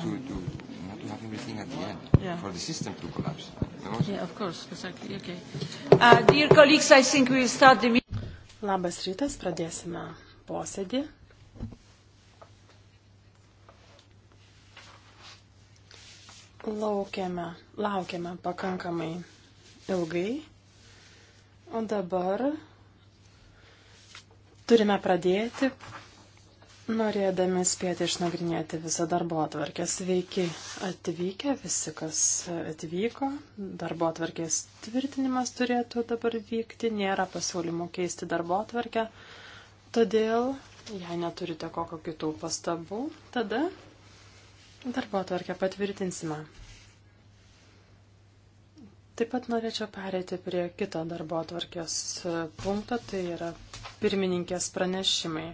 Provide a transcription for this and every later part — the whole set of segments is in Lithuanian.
to, to not to have everything at the end yeah. for the system to collapse. Yeah, of course, exactly. Okay. Uh, dear colleagues, I think we'll start the meeting. Labas rytas, pradėsime posėdį. Laukiame, laukiame pakankamai ilgai. O dabar turime pradėti Norėdami spėti išnagrinėti visą darbo atvarkę, sveiki atvykę visi, kas atvyko. Darbo atvarkės tvirtinimas turėtų dabar vykti, nėra pasiūlymų keisti darbo atvarkę. Todėl, jei neturite kokio kitų pastabų, tada darbo atvarkę patvirtinsime. Taip pat norėčiau perėti prie kito darbo atvarkės punkto, tai yra pirmininkės pranešimai.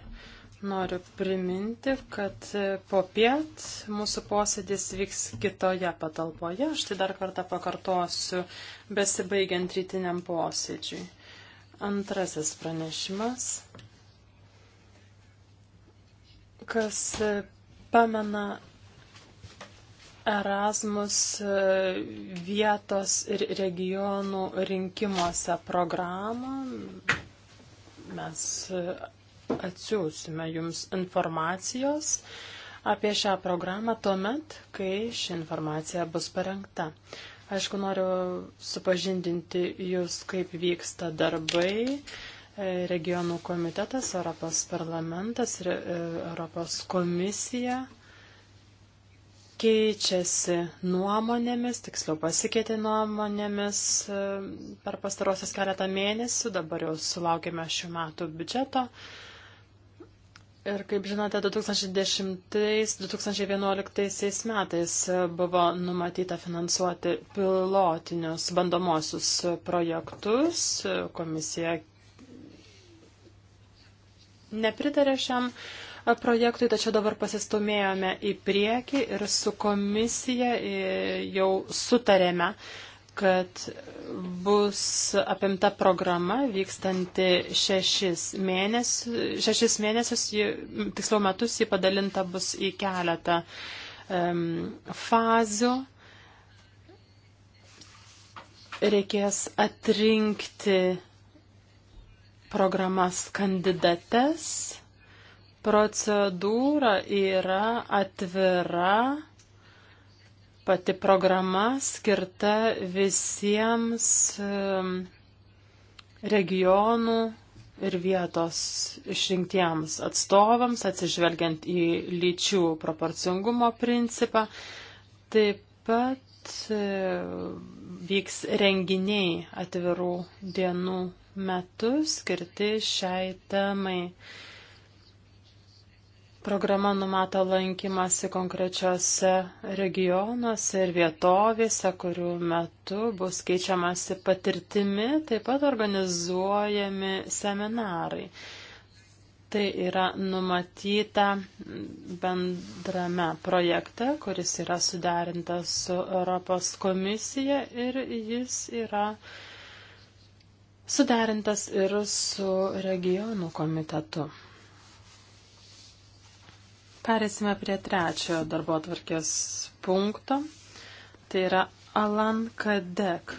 Noriu priminti, kad po piet mūsų posėdis vyks kitoje patalpoje. Aš tai dar kartą pakartosiu, besibaigiant rytiniam posėdžiui. Antrasis pranešimas. Kas pamena Erasmus vietos ir regionų rinkimuose programą, mes atsiūsime jums informacijos apie šią programą tuomet, kai ši informacija bus parengta. Aišku, noriu supažindinti jūs, kaip vyksta darbai. E, Regionų komitetas, Europos parlamentas ir e, Europos komisija keičiasi nuomonėmis, tiksliau pasikeitė nuomonėmis e, per pastarosius keletą mėnesių, dabar jau sulaukime šių metų biudžeto. Ir kaip žinote, 2010-2011 metais buvo numatyta finansuoti pilotinius bandomosius projektus. Komisija nepritarė šiam projektui, tačiau dabar pasistumėjome į priekį ir su komisija jau sutarėme kad bus apimta programa vykstanti šešis mėnesius, šešis mėnesius tiksliau metus jį padalinta bus į keletą um, fazių. Reikės atrinkti programas kandidates. Procedūra yra atvira pati programa skirta visiems regionų ir vietos išrinktiems atstovams, atsižvelgiant į lyčių proporcingumo principą. Taip pat e, vyks renginiai atvirų dienų metu skirti šiai temai. Programa numato lankymasi konkrečiose regionuose ir vietovėse, kurių metu bus keičiamasi patirtimi, taip pat organizuojami seminarai. Tai yra numatyta bendrame projekte, kuris yra suderintas su Europos komisija ir jis yra suderintas ir su regionų komitetu. Perėsime prie trečiojo darbo atvarkės punkto. Tai yra Alan Kadek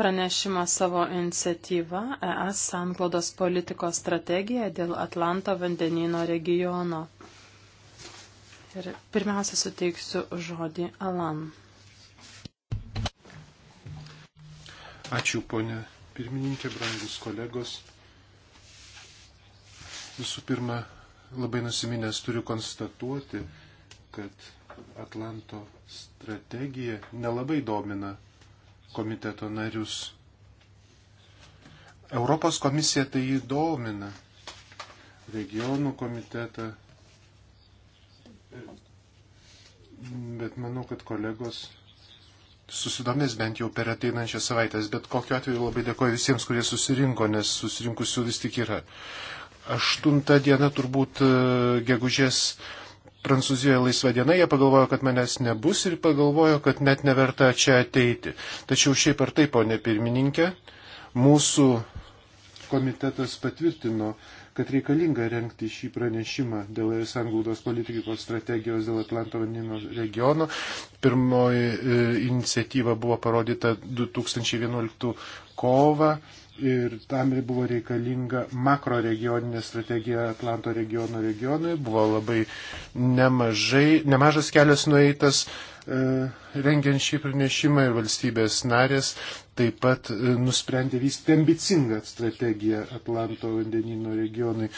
pranešimą savo iniciatyvą ES sanklodos politikos strategija dėl Atlanto vandenino regiono. Ir pirmiausia suteiksiu žodį Alan. Ačiū, ponė pirmininkė, brangus kolegos. Visų pirma, labai nusiminęs turiu konstatuoti, kad Atlanto strategija nelabai domina komiteto narius. Europos komisija tai įdomina, regionų komitetą, bet manau, kad kolegos susidomės bent jau per ateinančią savaitę. Bet kokiu atveju labai dėkoju visiems, kurie susirinko, nes susirinkusių vis tik yra aštuntą dieną turbūt e, gegužės Prancūzijoje laisva diena, jie pagalvojo, kad manęs nebus ir pagalvojo, kad net neverta čia ateiti. Tačiau šiaip ar taip, ponė pirmininkė, mūsų komitetas patvirtino, kad reikalinga renkti šį pranešimą dėl sanglaudos politikos strategijos dėl Atlanto vandenino regiono. Pirmoji e, iniciatyva buvo parodyta 2011 kovą ir tam buvo reikalinga makro regioninė strategija Atlanto regiono regionui. Buvo labai nemažai, nemažas kelias nueitas e, rengiant šį pranešimą ir valstybės narės taip pat e, nusprendė vystyti ambicingą strategiją Atlanto vandenino regionui.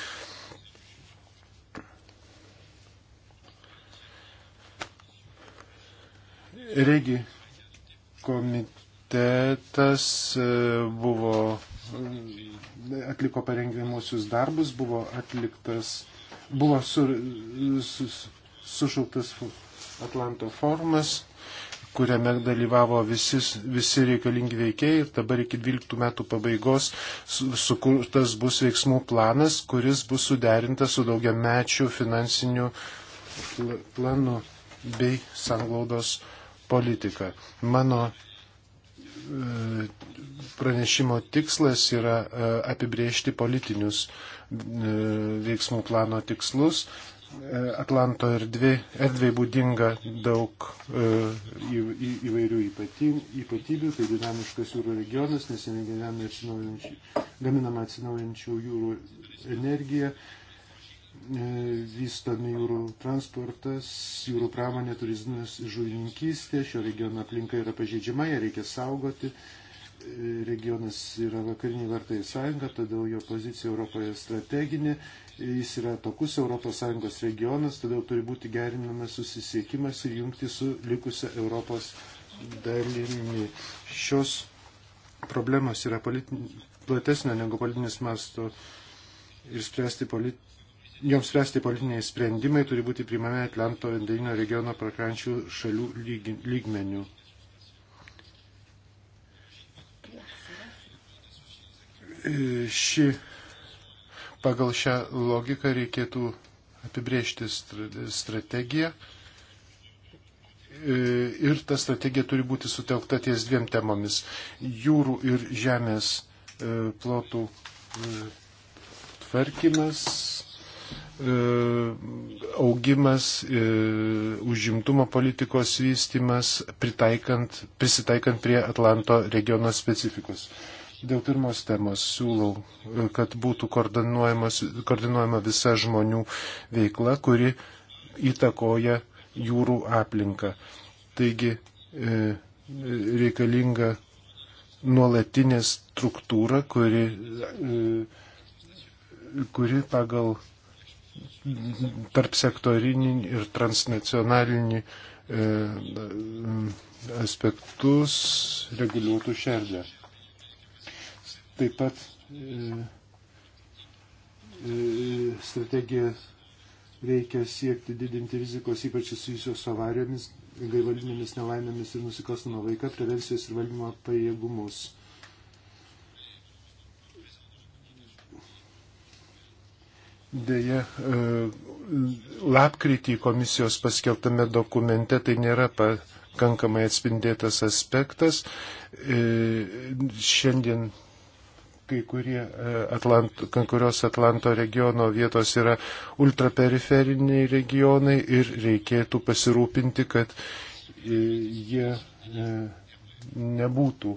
Regi komitetas komitetas e, buvo e, atliko parengimusius darbus, buvo atliktas, buvo su, su, sušauktas Atlanto forumas, kuriame dalyvavo visi, visi reikalingi veikėjai ir dabar iki 12 metų pabaigos sukurtas su, bus veiksmų planas, kuris bus suderintas su daugiamečių finansiniu planu bei sanglaudos politika. Mano pranešimo tikslas yra e, apibriežti politinius e, veiksmų plano tikslus. E, Atlanto erdvė, erdvė būdinga daug į, į, įvairių ypatybių, tai dinamiškas jūrų regionas, neseniai gaminama atsinaujančių jūrų energija, E, vystomi jūrų transportas, jūrų pramonė, turizmas, žuvininkystė, šio regiono aplinka yra pažeidžiama, ją reikia saugoti. E, regionas yra vakariniai vartai sąjunga, todėl jo pozicija Europoje strateginė, jis yra tokus ES regionas, todėl turi būti gerinamas susisiekimas ir jungti su likusia Europos dalimi. Šios problemos yra politin, platesnio negu politinis masto ir spręsti polit, joms spręsti politiniai sprendimai turi būti priimami Atlanto vandenino regiono pakrančių šalių lygmenių. Ši, pagal šią logiką reikėtų apibriežti strategiją ir ta strategija turi būti sutelkta ties dviem temomis - jūrų ir žemės e, plotų e, tvarkymas E, augimas, e, užimtumo politikos vystimas, prisitaikant prie Atlanto regiono specifikus. Dėl pirmos temos siūlau, e, kad būtų koordinuojama visa žmonių veikla, kuri įtakoja jūrų aplinką. Taigi reikalinga nuolatinė struktūra, kuri, kuri pagal tarp sektorinį ir transnacionalinį e, aspektus reguliuotų šerdė. Taip pat e, e, strategija reikia siekti didinti rizikos, ypač susijusios su avarijomis, gaivalinėmis nelaimėmis ir nusikalstama vaika, prevencijos ir valdymo pajėgumus. Deja, e, lapkritį komisijos paskelbtame dokumente tai nėra pakankamai atspindėtas aspektas. E, šiandien kai, kurie e, Atlanto, kai kurios Atlanto regiono vietos yra ultraperiferiniai regionai ir reikėtų pasirūpinti, kad jie nebūtų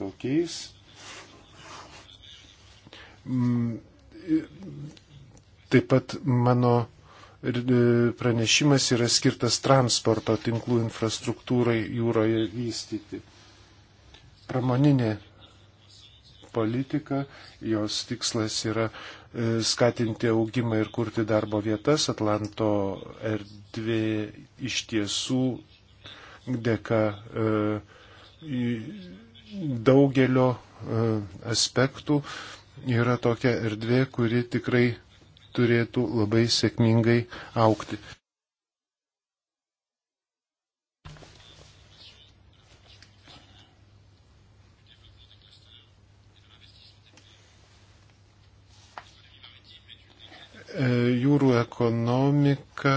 tokiais. Mm, Taip pat mano e, pranešimas yra skirtas transporto tinklų infrastruktūrai jūroje vystyti. Pramoninė politika, jos tikslas yra e, skatinti augimą ir kurti darbo vietas. Atlanto erdvė iš tiesų dėka e, daugelio aspektų yra tokia erdvė, kuri tikrai turėtų labai sėkmingai aukti. E, jūrų ekonomika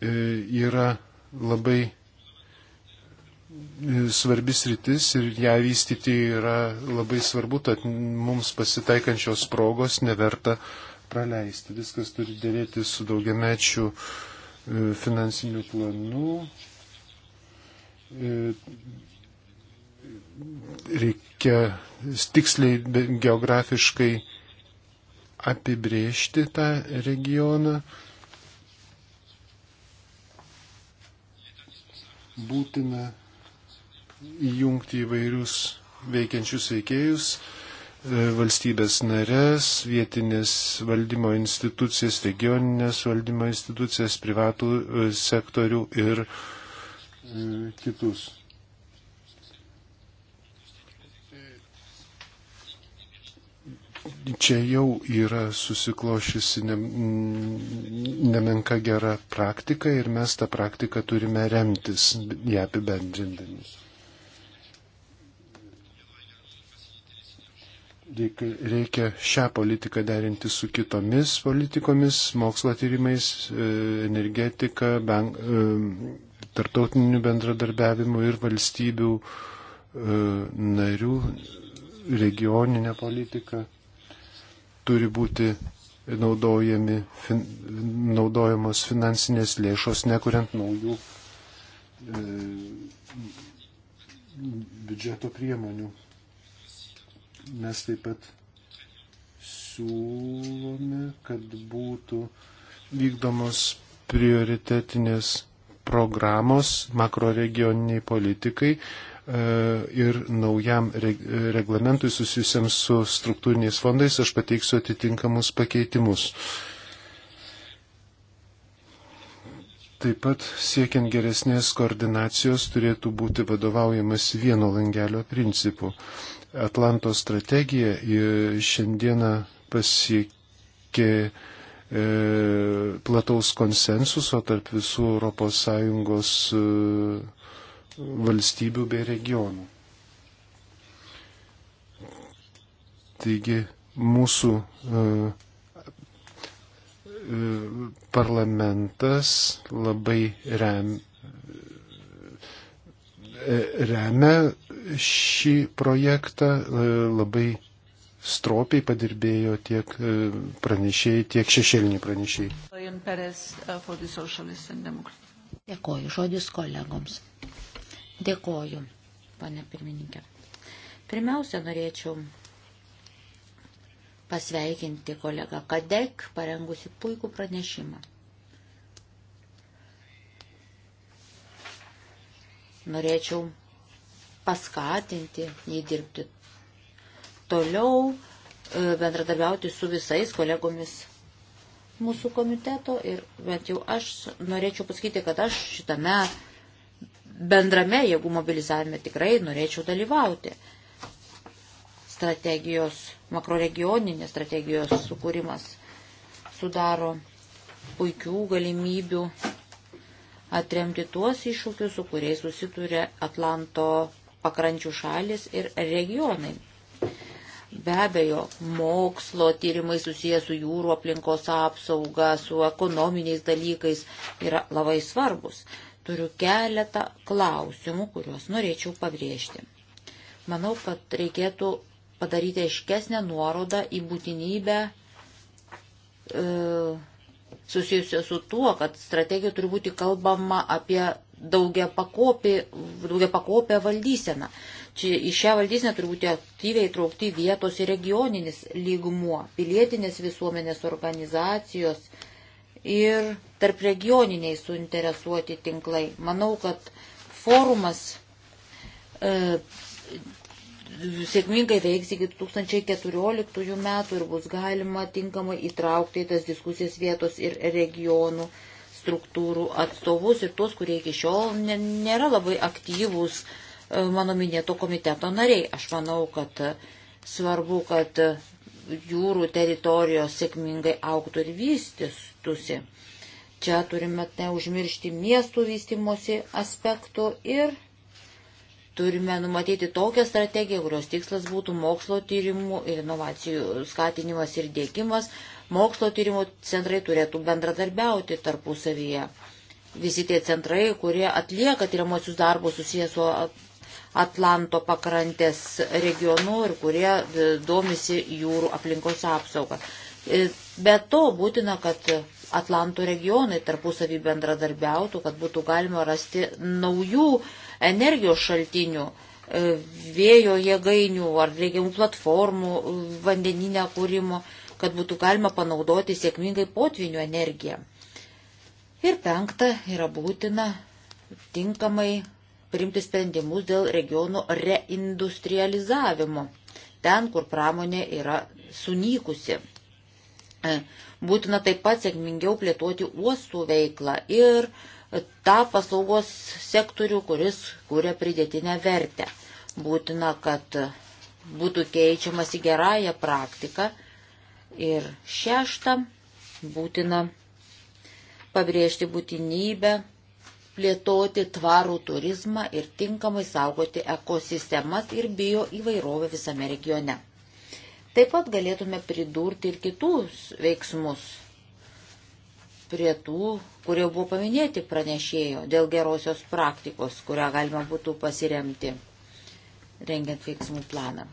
e, yra labai svarbis rytis ir ją vystyti yra labai svarbu, tad mums pasitaikančios progos neverta praleisti. Viskas turi dėlėti su daugiamečiu e, finansiniu planu. E, reikia tiksliai geografiškai apibriežti tą regioną. Būtina įjungti įvairius veikiančius veikėjus, e, valstybės narės, vietinės valdymo institucijas, regioninės valdymo institucijas, privatų e, sektorių ir e, kitus. Čia jau yra susiklošysi nemenka gera praktika ir mes tą praktiką turime remtis ją apibendrindami. Reikia šią politiką derinti su kitomis politikomis, mokslo tyrimais, e, energetika, bank, e, tartautiniu bendradarbiavimu ir valstybių e, narių regioninė politika turi būti naudojami, fin, naudojamos finansinės lėšos, nekuriant naujų e, biudžeto priemonių. Mes taip pat siūlome, kad būtų vykdomos prioritetinės programos makroregioniniai politikai e, ir naujam reglamentui susijusiam su struktūriniais fondais aš pateiksiu atitinkamus pakeitimus. Taip pat siekiant geresnės koordinacijos turėtų būti vadovaujamas vieno langelio principu. Atlanto strategija šiandieną pasiekė e, plataus konsensuso tarp visų ES e, valstybių bei regionų. Taigi mūsų e, parlamentas labai rem, remia šį projektą e, labai stropiai padirbėjo tiek e, pranešėjai, tiek šešėliniai pranešėjai. Uh, Dėkoju, žodis kolegoms. Dėkoju, pane pirmininkė. Pirmiausia, norėčiau pasveikinti kolegą Kadek, parengusi puikų pranešimą. Norėčiau paskatinti jį dirbti toliau, e, bendradarbiauti su visais kolegomis mūsų komiteto ir bent jau aš norėčiau pasakyti, kad aš šitame bendrame jėgų mobilizavime tikrai norėčiau dalyvauti. Strategijos, makroregioninės strategijos sukūrimas sudaro puikių galimybių atremti tuos iššūkius, su kuriais susituria Atlanto pakrančių šalis ir regionai. Be abejo, mokslo tyrimai susijęs su jūrų aplinkos apsauga, su ekonominiais dalykais yra labai svarbus. Turiu keletą klausimų, kuriuos norėčiau pabrėžti. Manau, kad reikėtų padaryti aiškesnę nuorodą į būtinybę e, susijusią su tuo, kad strategija turi būti kalbama apie daugia, pakopį, daugia pakopę valdyseną. Čia į šią valdyseną turi būti aktyviai traukti vietos ir regioninis lygmuo, pilietinės visuomenės organizacijos ir tarp regioniniai suinteresuoti tinklai. Manau, kad forumas e, sėkmingai veiks iki 2014 metų ir bus galima tinkamai įtraukti į tas diskusijas vietos ir regionų struktūrų atstovus ir tuos, kurie iki šiol nėra labai aktyvūs e, mano minėto komiteto nariai. Aš manau, kad e, svarbu, kad e, jūrų teritorijos sėkmingai auktų ir vystytųsi. Čia turime neužmiršti tai miestų vystimosi aspektų ir turime numatyti tokią strategiją, kurios tikslas būtų mokslo tyrimų ir inovacijų skatinimas ir dėkimas, Mokslo tyrimų centrai turėtų bendradarbiauti tarpusavyje. Visi tie centrai, kurie atlieka tyriamosius darbus susijęs su Atlanto pakrantės regionu ir kurie e, domisi jūrų aplinkos apsaugą. E, be to būtina, kad Atlanto regionai tarpusavį bendradarbiautų, kad būtų galima rasti naujų energijos šaltinių, e, vėjo jėgainių ar reikiamų platformų vandeninę kūrimo kad būtų galima panaudoti sėkmingai potvinių energiją. Ir penkta yra būtina tinkamai priimti sprendimus dėl regionų reindustrializavimo, ten, kur pramonė yra sunykusi. E, būtina taip pat sėkmingiau plėtoti uostų veiklą ir tą paslaugos sektorių, kuris kūrė pridėtinę vertę. Būtina, kad būtų keičiamasi gerąją praktiką Ir šešta, būtina pabrėžti būtinybę plėtoti tvarų turizmą ir tinkamai saugoti ekosistemas ir bio įvairovę visame regione. Taip pat galėtume pridurti ir kitus veiksmus prie tų, kurie buvo paminėti pranešėjo dėl gerosios praktikos, kurią galima būtų pasiremti rengiant veiksmų planą.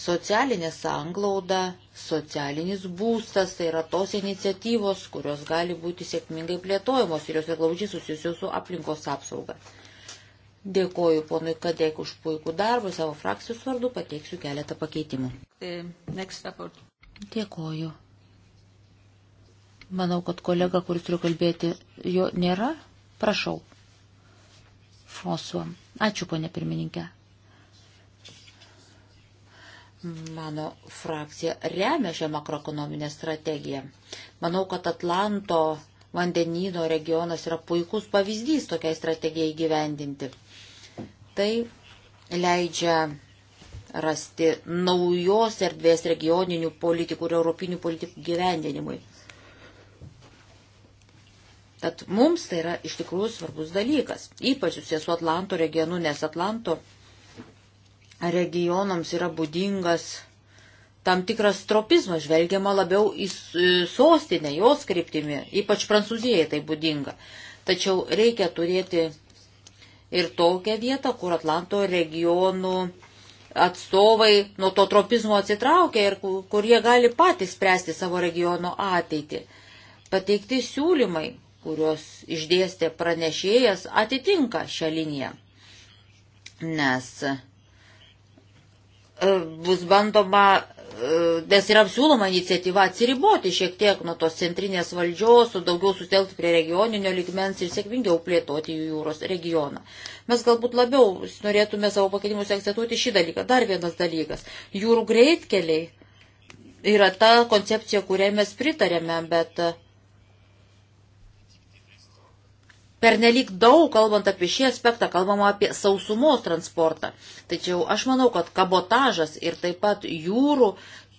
Socialinė sanglauda, socialinis būstas tai yra tos iniciatyvos, kurios gali būti sėkmingai plėtojamos ir jos yra glaudžiai susijusios su aplinkos apsauga. Dėkoju ponui Kadek už puikų darbą, savo frakcijos vardu pateiksiu keletą pakeitimų. Dėkoju. Manau, kad kolega, kuris turiu kalbėti, jo nėra. Prašau. François. Ačiū, ponė pirmininkė. Mano frakcija remia šią makroekonominę strategiją. Manau, kad Atlanto vandenyno regionas yra puikus pavyzdys tokiai strategijai gyvendinti. Tai leidžia rasti naujos erdvės regioninių politikų ir europinių politikų gyvendinimui. Tad mums tai yra iš tikrųjų svarbus dalykas, ypač susijęs su Atlanto regionu, nes Atlanto regionu regionams yra būdingas tam tikras tropizmas, žvelgiama labiau į sostinę, jos kryptimi, ypač Prancūzijai tai būdinga. Tačiau reikia turėti ir tokią vietą, kur Atlanto regionų atstovai nuo to tropizmo atsitraukia ir kur jie gali patys spręsti savo regiono ateitį. Pateikti siūlymai, kuriuos išdėstė pranešėjas, atitinka šią liniją. Nes E, bus bandoma, e, nes yra siūloma iniciatyva atsiriboti šiek tiek nuo tos centrinės valdžios, daugiau sutelkti prie regioninio ligmens ir sėkmingiau plėtoti jų jūros regioną. Mes galbūt labiau norėtume savo pakeitimus akcentuoti šį dalyką. Dar vienas dalykas. Jūrų greitkeliai yra ta koncepcija, kuriai mes pritarėme, bet uh, pernelik daug, kalbant apie šį aspektą, kalbama apie sausumos transportą. Tačiau aš manau, kad kabotažas ir taip pat jūrų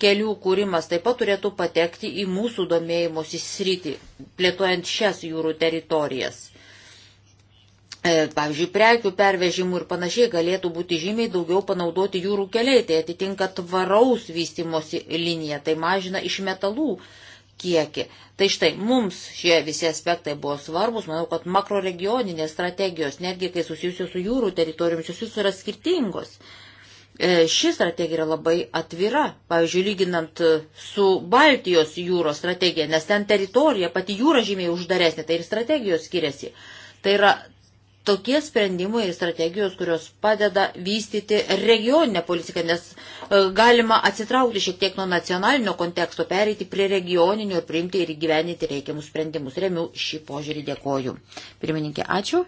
kelių kūrimas taip pat turėtų patekti į mūsų domėjimos įsritį, plėtojant šias jūrų teritorijas. E, pavyzdžiui, prekių pervežimų ir panašiai galėtų būti žymiai daugiau panaudoti jūrų keliai, tai atitinka tvaraus vystimosi liniją, tai mažina iš metalų kiekį. Tai štai mums šie visi aspektai buvo svarbus, manau, kad makroregioninės strategijos, netgi kai susijusios su jūrų teritorijomis, jos yra skirtingos. E, ši strategija yra labai atvira, pavyzdžiui, lyginant e, su Baltijos jūros strategija, nes ten teritorija, pati jūra žymiai uždaresnė, tai ir strategijos skiriasi. Tai yra tokie sprendimai ir strategijos, kurios padeda vystyti regioninę politiką, nes E, galima atsitraukti šiek tiek nuo nacionalinio konteksto, pereiti prie regioninio ir priimti ir įgyveninti reikiamus sprendimus. Remiu šį požiūrį, dėkoju. Pirmininkė, ačiū.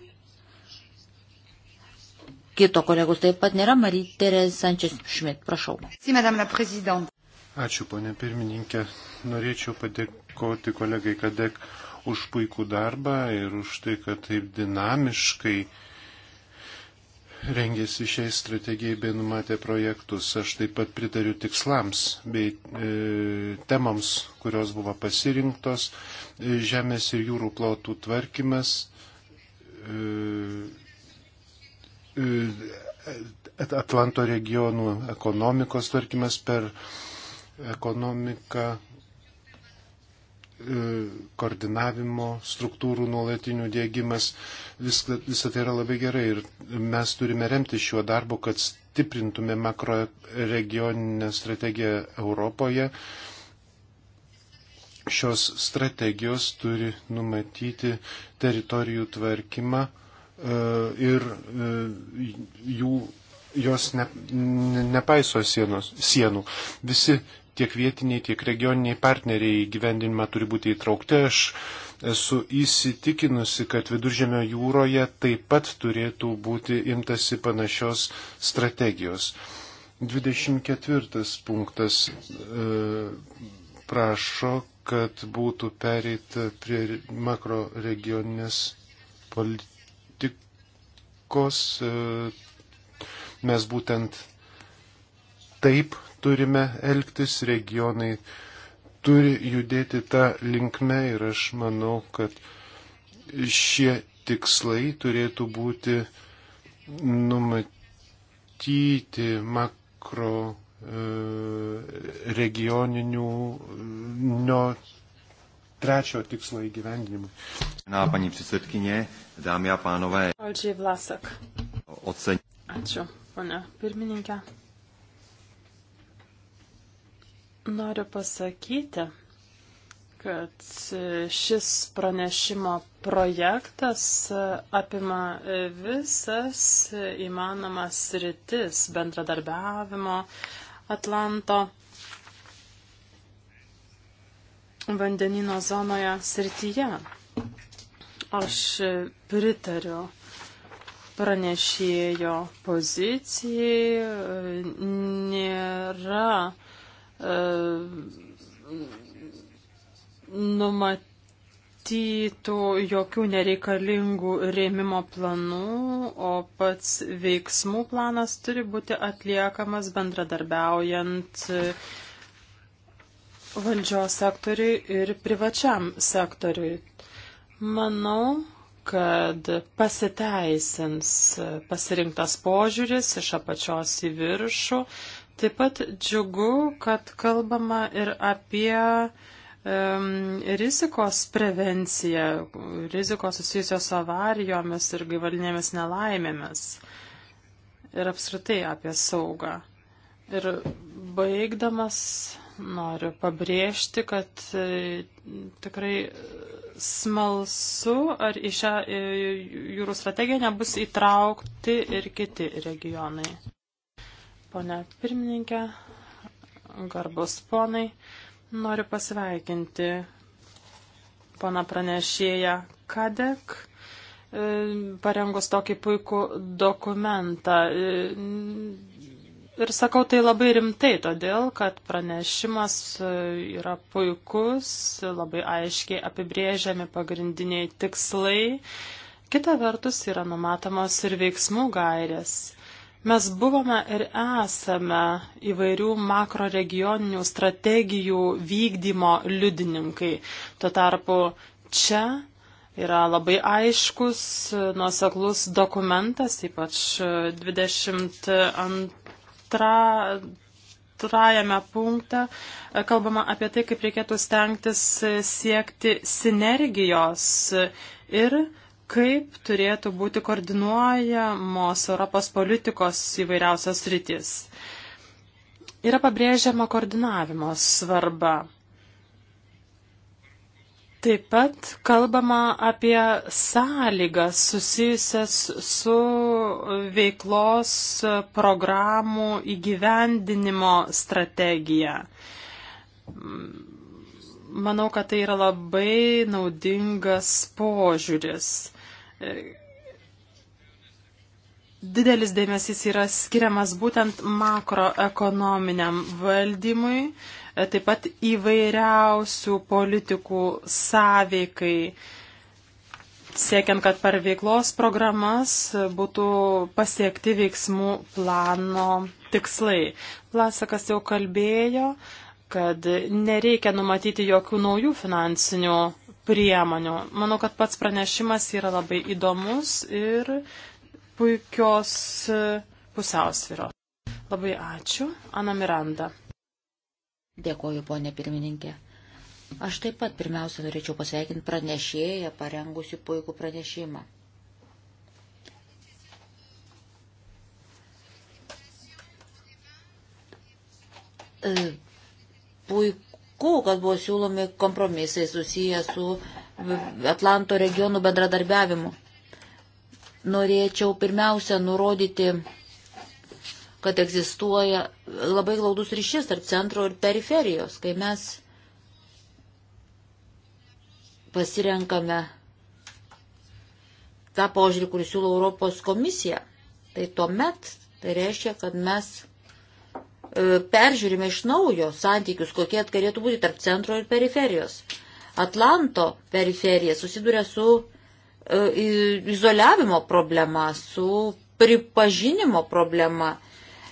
Kito kolegos taip pat nėra, Marija Teresa Sančias Šmit, prašau. Ačiū, ponė pirmininkė. Norėčiau padėkoti kolegai Kadek už puikų darbą ir už tai, kad taip dinamiškai uh, rengėsi šiai strategijai bei numatė projektus. Aš taip pat pritariu tikslams bei e, temams, kurios buvo pasirinktos. E, žemės ir jūrų plotų tvarkymas. E, e, Atlanto regionų ekonomikos tvarkymas per ekonomiką E, koordinavimo struktūrų nuolatinių dėgymas, visą vis tai yra labai gerai ir mes turime remti šiuo darbu, kad stiprintume makro regioninę strategiją Europoje. Šios strategijos turi numatyti teritorijų tvarkymą e, ir e, jų jos ne, ne, nepaiso sienos, sienų. Visi tiek vietiniai, tiek regioniniai partneriai gyvendinimą turi būti įtraukti. Aš esu įsitikinusi, kad viduržėmio jūroje taip pat turėtų būti imtasi panašios strategijos. 24 punktas e, prašo, kad būtų pereita prie makro regioninės politikos. E, mes būtent taip turime elgtis, regionai turi judėti tą linkmę ir aš manau, kad šie tikslai turėtų būti numatyti makro e, regioninio trečio tikslo įgyvendinimui. Na, paní předsedkyně, dámy a pánové. Valdžiai Vlasak. Ocen... Ačiū, ponia pirmininkė. Noriu pasakyti, kad šis pranešimo projektas apima visas įmanomas rytis bendradarbiavimo Atlanto vandenino zonoje srityje. Aš pritariu pranešėjo pozicijai. Nėra E, numatytų jokių nereikalingų rėmimo planų, o pats veiksmų planas turi būti atliekamas bendradarbiaujant valdžios sektoriui ir privačiam sektoriui. Manau, kad pasiteisins pasirinktas požiūris iš apačios į viršų, Taip pat džiugu, kad kalbama ir apie um, rizikos prevenciją, rizikos susijusios avarijomis ir gyvalinėmis nelaimėmis ir apskritai apie saugą. Ir baigdamas noriu pabrėžti, kad e, tikrai smalsu, ar į šią e, jūrų strategiją nebus įtraukti ir kiti regionai. Pone pirmininkė, garbus ponai, noriu pasveikinti pana pranešėją Kadek e, parengus tokį puikų dokumentą. E, ir sakau tai labai rimtai, todėl, kad pranešimas e, yra puikus, labai aiškiai apibrėžiami pagrindiniai tikslai. Kita vertus yra numatomos ir veiksmų gairės. Mes buvome ir esame įvairių makroregioninių strategijų vykdymo liudininkai. Tuo tarpu čia yra labai aiškus, nuoseklus dokumentas, ypač 22 punkte, kalbama apie tai, kaip reikėtų stengtis siekti sinergijos ir kaip turėtų būti koordinuojamos Europos politikos įvairiausios rytis. Yra pabrėžiama koordinavimo svarba. Taip pat kalbama apie sąlygas susijusias su veiklos programų įgyvendinimo strategija manau, kad tai yra labai naudingas požiūris didelis dėmesys yra skiriamas būtent makroekonominiam valdymui, e, taip pat įvairiausių politikų sąveikai siekiant, kad per veiklos programas būtų pasiekti veiksmų plano tikslai. Plasakas jau kalbėjo, kad nereikia numatyti jokių naujų finansinių priemonių. Manau, kad pats pranešimas yra labai įdomus ir puikios pusiausvyros. Labai ačiū. Ana Miranda. Dėkoju, ponė pirmininkė. Aš taip pat pirmiausia norėčiau pasveikinti pranešėją, parengusi puikų pranešimą. E, Puiku puiku, kad buvo siūlomi kompromisai susiję su Atlanto regionų bendradarbiavimu. Norėčiau pirmiausia nurodyti, kad egzistuoja labai glaudus ryšys tarp centro ir periferijos, kai mes pasirenkame tą požiūrį, kurį siūlo Europos komisija. Tai tuomet tai reiškia, kad mes E, peržiūrime iš naujo santykius, kokie galėtų būti tarp centro ir periferijos. Atlanto periferija susiduria su e, izoliavimo problema, su pripažinimo problema,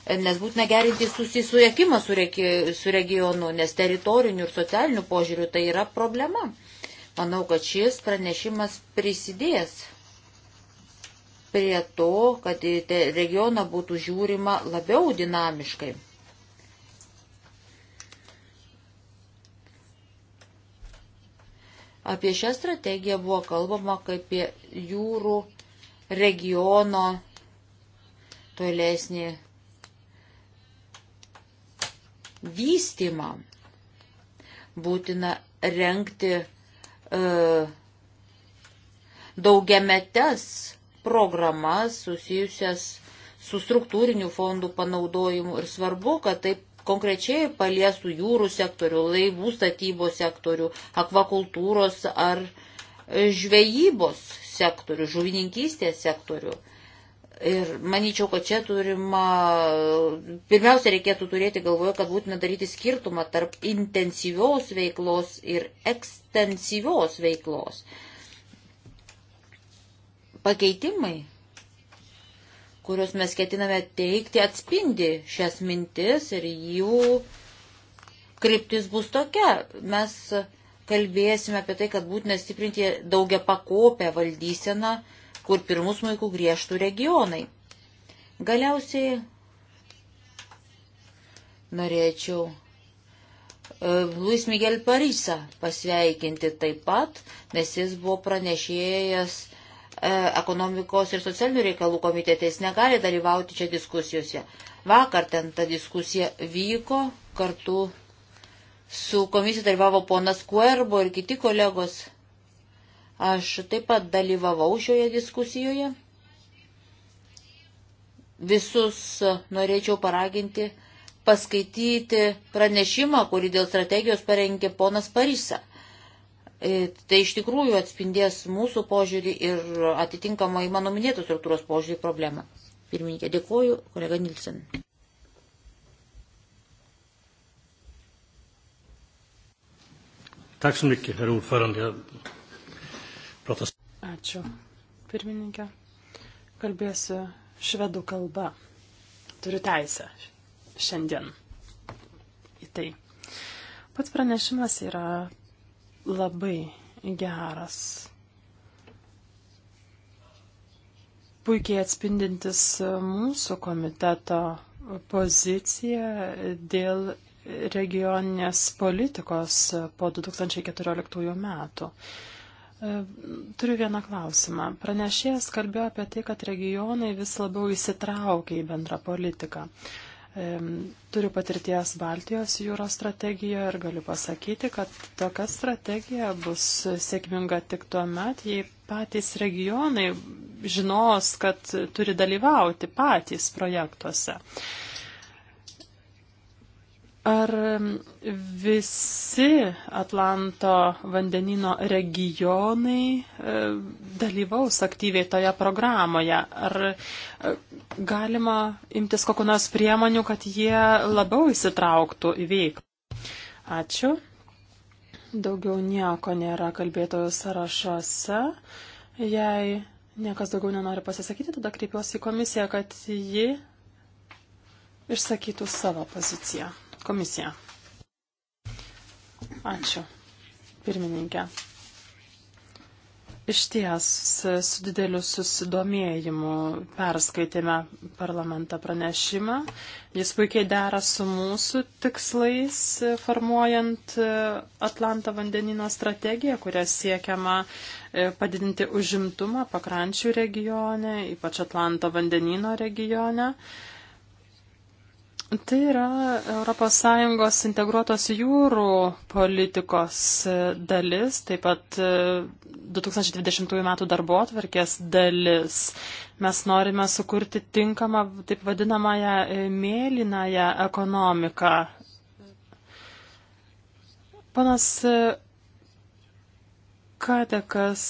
e, nes būtina gerinti susisiekimą su, regi su regionu, nes teritorinių ir socialinių požiūrių tai yra problema. Manau, kad šis pranešimas prisidės prie to, kad į regioną būtų žiūrima labiau dinamiškai. Apie šią strategiją buvo kalbama kaip apie jūrų regiono tolesnį vystimą. Būtina renkti e, daugiametes programas susijusias su struktūriniu fondų panaudojimu ir svarbu, kad taip konkrečiai paliestų jūrų sektorių, laivų statybos sektorių, akvakultūros ar e, žvejybos sektorių, žuvininkystės sektorių. Ir manyčiau, kad čia turima, pirmiausia, reikėtų turėti galvoje, kad būtina daryti skirtumą tarp intensyvios veiklos ir ekstensyvios veiklos. Pakeitimai kuriuos mes ketiname teikti, atspindi šias mintis ir jų kryptis bus tokia. Mes kalbėsime apie tai, kad būtina stiprinti daugia pakopę valdyseną, kur pirmus maikų griežtų regionai. Galiausiai norėčiau e, Luis Miguel Parisa pasveikinti taip pat, nes jis buvo pranešėjęs E, ekonomikos ir socialinių reikalų komitetės negali dalyvauti čia diskusijose. Vakar ten ta diskusija vyko, kartu su komisija dalyvavo ponas Kuerbo ir kiti kolegos. Aš taip pat dalyvavau šioje diskusijoje. Visus norėčiau paraginti paskaityti pranešimą, kurį dėl strategijos parengė ponas Parisa. E, tai iš tikrųjų atspindės mūsų požiūrį ir atitinkamai mano minėtos struktūros požiūrį problemą. Pirmininkė, dėkoju, kolega Nilsen. Tack så mycket, herr ordförande. Jag pratar... Ačiū, pirmininkė. Kalbėsiu švedų kalba. Turiu teisę šiandien į tai. Pats pranešimas yra labai geras, puikiai atspindintis mūsų komiteto poziciją dėl regioninės politikos po 2014 metų. Turiu vieną klausimą. Pranešėjas kalbėjo apie tai, kad regionai vis labiau įsitraukia į bendrą politiką. Turiu patirties Baltijos jūros strategijoje ir galiu pasakyti, kad tokia strategija bus sėkminga tik tuo met, jei patys regionai žinos, kad turi dalyvauti patys projektuose. Ar visi Atlanto vandenino regionai e, dalyvaus aktyviai toje programoje? Ar e, galima imtis kokiu nors priemonių, kad jie labiau įsitrauktų į veiklą? Ačiū. Daugiau nieko nėra kalbėtojų sąrašuose. Jei niekas daugiau nenori pasisakyti, tada kreipiuosi į komisiją, kad ji išsakytų savo poziciją. Komisija. Ačiū, pirmininkė. Iš ties su dideliu susidomėjimu perskaitėme parlamentą pranešimą. Jis puikiai dera su mūsų tikslais, formuojant e, Atlanto vandenino strategiją, kuria siekiama e, padidinti užimtumą pakrančių regione, ypač Atlanto vandenino regione. Tai yra ES integruotos jūrų politikos e, dalis, taip pat 2020 m. darbo atvarkės dalis. Mes norime sukurti tinkamą, taip vadinamąją, e, mėlynąją ekonomiką. Panas e, Katekas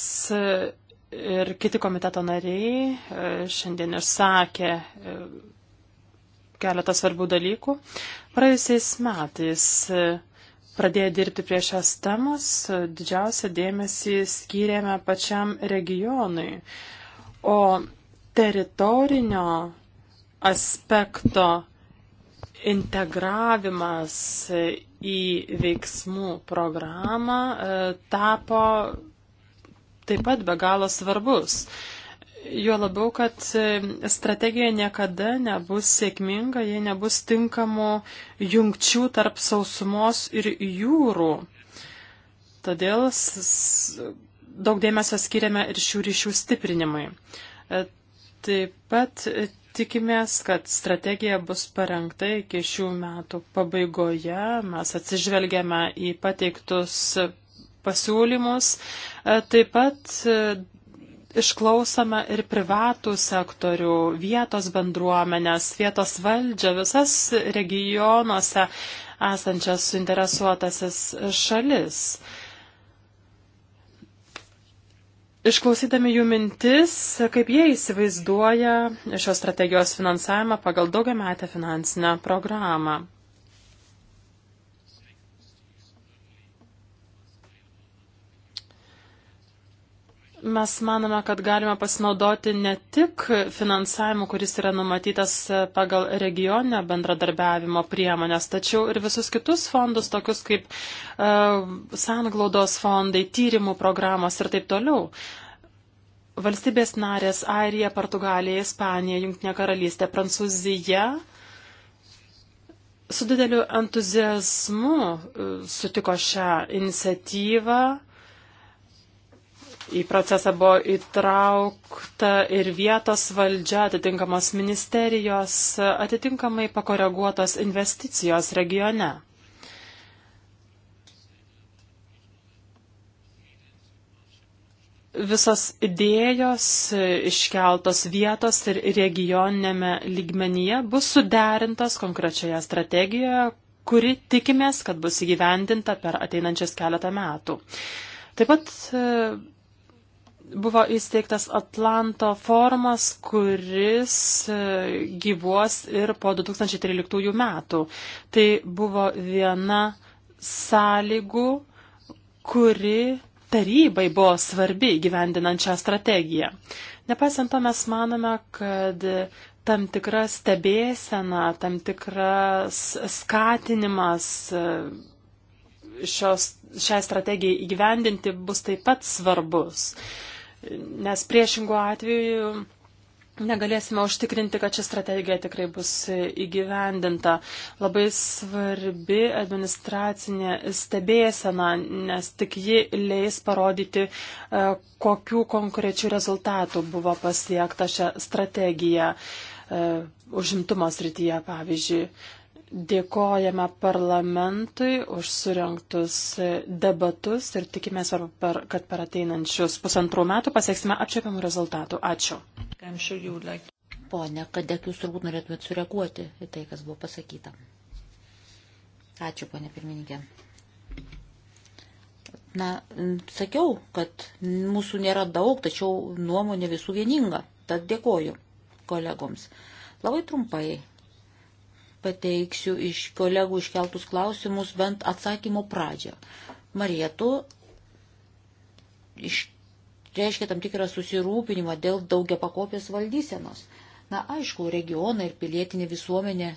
ir kiti komiteto nariai šiandien išsakė keletą svarbių dalykų. Praėjusiais metais e, pradėję dirbti prie šios temos, e, didžiausią dėmesį skyrėme pačiam regionui. O teritorinio aspekto integravimas e, į veiksmų programą tapo taip pat be galo svarbus. Juo labiau, kad e, strategija niekada nebus sėkminga, jei nebus tinkamų jungčių tarp sausumos ir jūrų. Todėl daug dėmesio skiriame ir šių ryšių stiprinimai. E, taip pat e, tikimės, kad strategija bus parengta iki šių metų pabaigoje. Mes atsižvelgiame į pateiktus pasiūlymus. Taip pat išklausome ir privatų sektorių, vietos bendruomenės, vietos valdžią, visas regionuose esančias suinteresuotasis šalis. Išklausydami jų mintis, kaip jie įsivaizduoja šios strategijos finansavimą pagal daugiametę finansinę programą. Mes manome, kad galime pasinaudoti ne tik finansavimu, kuris yra numatytas pagal regioninio bendradarbiavimo priemonės, tačiau ir visus kitus fondus, tokius kaip uh, sanglaudos fondai, tyrimų programos ir taip toliau. Valstybės narės Airija, Portugalija, Ispanija, Junktinė karalystė, Prancūzija su dideliu entuzijazmu e, sutiko šią iniciatyvą Į procesą buvo įtraukta ir vietos valdžia, atitinkamos ministerijos, atitinkamai pakoreguotos investicijos regione. Visos idėjos iškeltos vietos ir regioninėme lygmenyje bus suderintos konkrečioje strategijoje, kuri tikimės, kad bus įgyvendinta per ateinančias keletą metų. Taip pat buvo įsteigtas Atlanto formas, kuris e, gyvuos ir po 2013 metų. Tai buvo viena sąlygų, kuri tarybai buvo svarbi gyvendinant šią strategiją. Nepaisant to, mes manome, kad tam tikra stebėsena, tam tikras skatinimas e, šios, šią strategiją įgyvendinti bus taip pat svarbus. Uh, nes priešingų atveju negalėsime užtikrinti, kad ši strategija tikrai bus įgyvendinta. Labai svarbi administracinė stebėsena, nes tik ji leis parodyti, e, kokiu konkrečiu rezultatu buvo pasiekta šią strategiją e, užimtumo srityje, pavyzdžiui. Dėkojame parlamentui už surinktus debatus ir tikimės, kad per ateinančius pusantrų metų pasieksime apčiopiamų rezultatų. Ačiū. Pone Kadek, jūs turbūt norėtumėt sureaguoti į tai, kas buvo pasakyta. Ačiū, ponė pirmininkė. Na, sakiau, kad mūsų nėra daug, tačiau nuomonė visų vieninga. Tad dėkoju kolegoms. Labai trumpai pateiksiu iš kolegų iškeltus klausimus bent atsakymo pradžią. Marietų reiškia tam tikrą susirūpinimą dėl daugia pakopės valdysenos. Na, aišku, regionai ir pilietinė visuomenė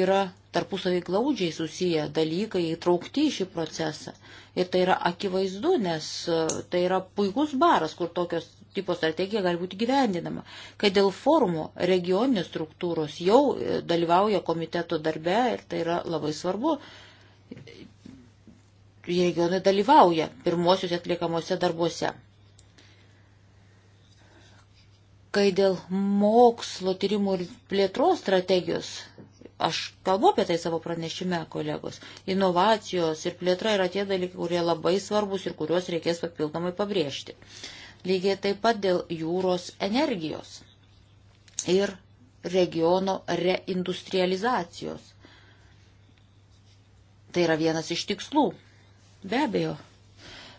yra tarpusavį glaudžiai susiję dalykai įtraukti į šį procesą. Ir tai yra akivaizdu, nes e, tai yra puikus baras, kur tokios tipo strategija gali būti gyvendinama. Kai dėl forumo regioninės struktūros jau e, dalyvauja komiteto darbe ir tai yra labai svarbu, regionai dalyvauja pirmosiuose atliekamuose darbuose. Kai dėl mokslo tyrimų ir plėtros strategijos aš kalbu apie tai savo pranešime, kolegos. Inovacijos ir plėtra yra tie dalykai, kurie labai svarbus ir kuriuos reikės papildomai pabrėžti lygiai taip pat dėl jūros energijos ir regiono reindustrializacijos. Tai yra vienas iš tikslų. Be abejo,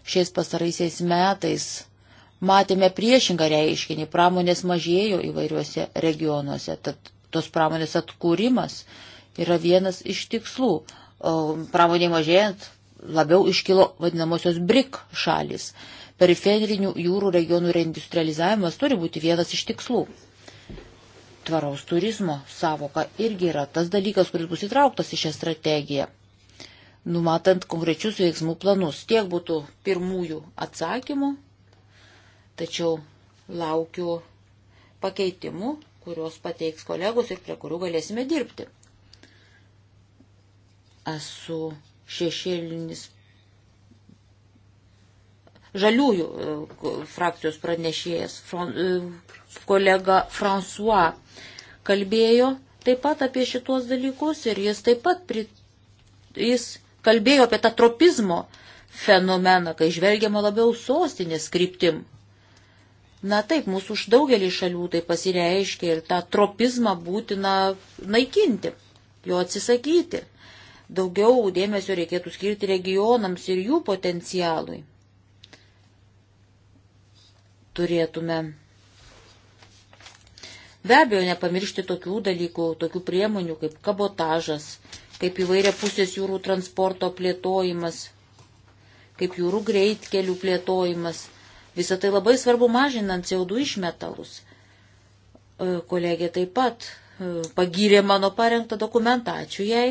šiais pasaraisiais metais matėme priešingą reiškinį, pramonės mažėjo įvairiuose regionuose, tad tos pramonės atkūrimas yra vienas iš tikslų. O pramonė mažėjant labiau iškilo vadinamosios BRIC šalis periferinių jūrų regionų reindustrializavimas turi būti vienas iš tikslų. Tvaraus turizmo savoka irgi yra tas dalykas, kuris bus įtrauktas į šią strategiją, numatant konkrečius veiksmų planus. Tiek būtų pirmųjų atsakymų, tačiau laukiu pakeitimų, kuriuos pateiks kolegos ir prie kurių galėsime dirbti. Esu šešėlinis žaliųjų e, frakcijos pranešėjas, e, kolega François, kalbėjo taip pat apie šitos dalykus ir jis taip pat pri, jis kalbėjo apie tą tropizmo fenomeną, kai žvelgiama labiau sostinės kryptim. Na taip, mūsų už daugelį šalių tai pasireiškia ir tą tropizmą būtina naikinti, jo atsisakyti. Daugiau dėmesio reikėtų skirti regionams ir jų potencialui turėtume be abejo nepamiršti tokių dalykų, tokių priemonių kaip kabotažas, kaip įvairia pusės jūrų transporto plėtojimas, kaip jūrų greitkelių plėtojimas. Visą tai labai svarbu mažinant CO2 išmetalus. E, kolegė taip pat e, pagyrė mano parengtą dokumentą, ačiū jai.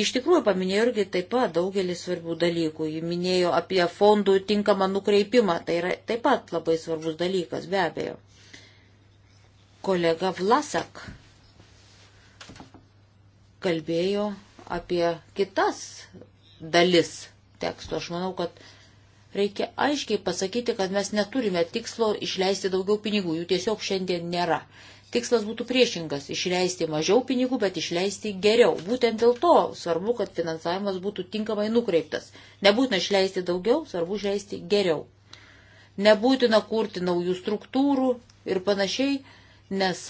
Iš tikrųjų paminėjo irgi taip pat daugelį svarbių dalykų. Ji minėjo apie fondų tinkamą nukreipimą. Tai yra taip pat labai svarbus dalykas, be abejo. Kolega Vlasak kalbėjo apie kitas dalis teksto. Aš manau, kad reikia aiškiai pasakyti, kad mes neturime tikslo išleisti daugiau pinigų, jų tiesiog šiandien nėra tikslas būtų priešingas - išleisti mažiau pinigų, bet išleisti geriau. Būtent dėl to svarbu, kad finansavimas būtų tinkamai nukreiptas. Nebūtina išleisti daugiau, svarbu išleisti geriau. Nebūtina kurti naujų struktūrų ir panašiai, nes,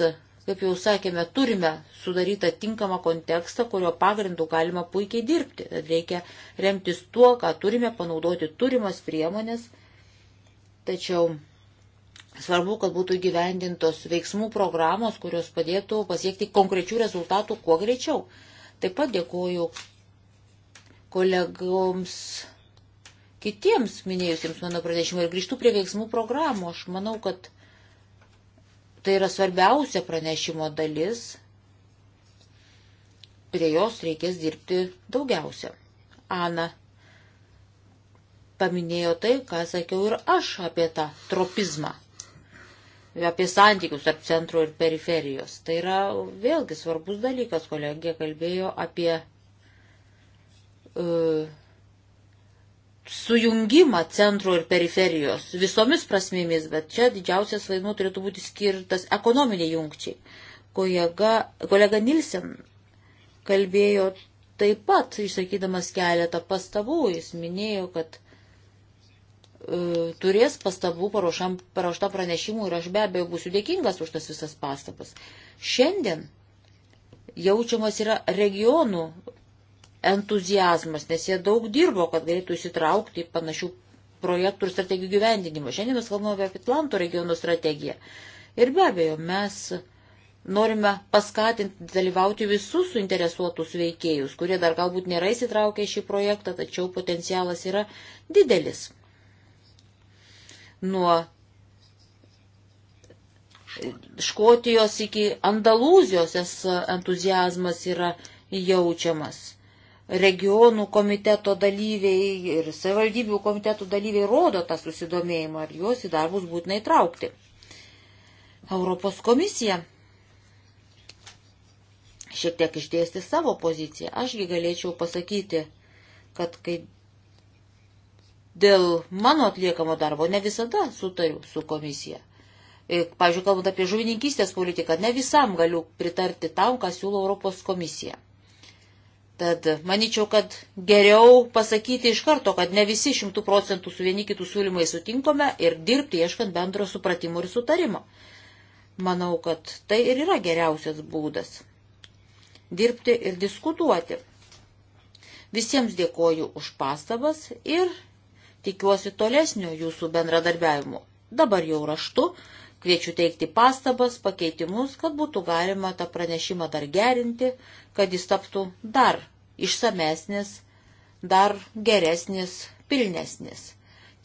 kaip jau sakėme, turime sudarytą tinkamą kontekstą, kurio pagrindų galima puikiai dirbti. Tad reikia remtis tuo, ką turime, panaudoti turimas priemonės. Tačiau Svarbu, kad būtų įgyvendintos veiksmų programos, kurios padėtų pasiekti konkrečių rezultatų kuo greičiau. Taip pat dėkoju kolegoms kitiems minėjusiems mano pranešimą ir grįžtų prie veiksmų programų. Aš manau, kad tai yra svarbiausia pranešimo dalis. Prie jos reikės dirbti daugiausia. Ana paminėjo tai, ką sakiau ir aš apie tą tropizmą apie santykius tarp centro ir periferijos. Tai yra vėlgi svarbus dalykas, kolegė kalbėjo apie uh, sujungimą centro ir periferijos visomis prasmėmis, bet čia didžiausias vaidmuo turėtų būti skirtas ekonominiai jungčiai. Kolega, kolega Nilsen kalbėjo taip pat, išsakydamas keletą pastabų, jis minėjo, kad E, turės pastabų paruošam, paruošta pranešimų ir aš be abejo būsiu dėkingas už tas visas pastabas. Šiandien jaučiamas yra regionų entuzijazmas, nes jie daug dirbo, kad galėtų įsitraukti į panašių projektų ir strategijų gyvendinimą. Šiandien mes kalbame apie Atlanto regionų strategiją. Ir be abejo, mes norime paskatinti dalyvauti visus suinteresuotus veikėjus, kurie dar galbūt nėra įsitraukę į šį projektą, tačiau potencialas yra didelis nuo Škotijos iki Andalūzijos entuzijazmas yra jaučiamas. Regionų komiteto dalyviai ir savivaldybių komiteto dalyviai rodo tą susidomėjimą, ar juos į darbus būtinai traukti. Europos komisija šiek tiek išdėsti savo poziciją. Ašgi galėčiau pasakyti, kad kai dėl mano atliekamo darbo ne visada sutariu su komisija. E, pavyzdžiui, kalbant apie žuvininkystės politiką, ne visam galiu pritarti tam, ką siūlo Europos komisija. Tad manyčiau, kad geriau pasakyti iš karto, kad ne visi šimtų procentų su vieni kitų siūlymai sutinkome ir dirbti ieškant bendro supratimo ir sutarimo. Manau, kad tai ir yra geriausias būdas. Dirbti ir diskutuoti. Visiems dėkoju už pastabas ir Tikiuosi tolesnio jūsų bendradarbiavimo. Dabar jau raštu, kviečiu teikti pastabas, pakeitimus, kad būtų galima tą pranešimą dar gerinti, kad jis taptų dar išsamesnis, dar geresnis, pilnesnis.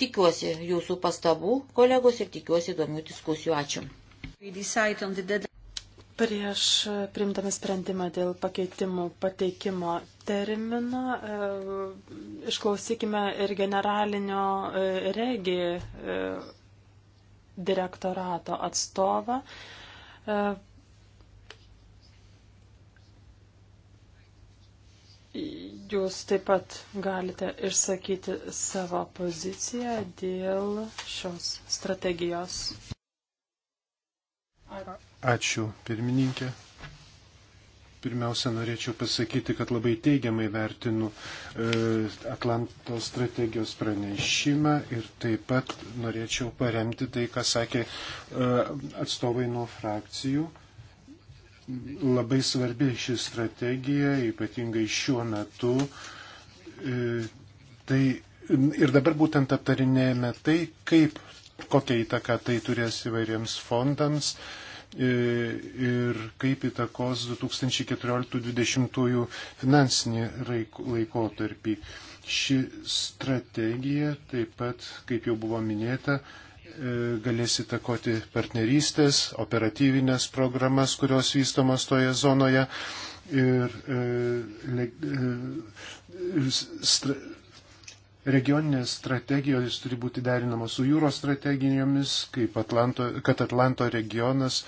Tikiuosi jūsų pastabų, kolegos, ir tikiuosi įdomių diskusijų. Ačiū. Prieš e, primdami sprendimą dėl pakeitimų pateikimo termino, e, išklausykime ir generalinio e, regi direktorato atstovą. Jūs taip pat galite išsakyti savo poziciją dėl šios strategijos. Ar... Ačiū, pirmininkė. Pirmiausia, norėčiau pasakyti, kad labai teigiamai vertinu e, Atlanto strategijos pranešimą ir taip pat norėčiau paremti tai, ką sakė e, atstovai nuo frakcijų. Labai svarbi ši strategija, ypatingai šiuo metu. E, tai ir dabar būtent aptarinėjame tai, kaip, kokią įtaką tai turės įvairiems fondams. E, ir kaip įtakos 2014-2020 finansinį laikotarpį. Ši strategija taip pat, kaip jau buvo minėta, e, galės įtakoti partnerystės, operatyvinės programas, kurios vystomos toje zonoje. Ir, e, le, e, stra, Regioninės strategijos turi būti derinamos su jūros strategijomis, kaip Atlanto, kad Atlanto regionas e,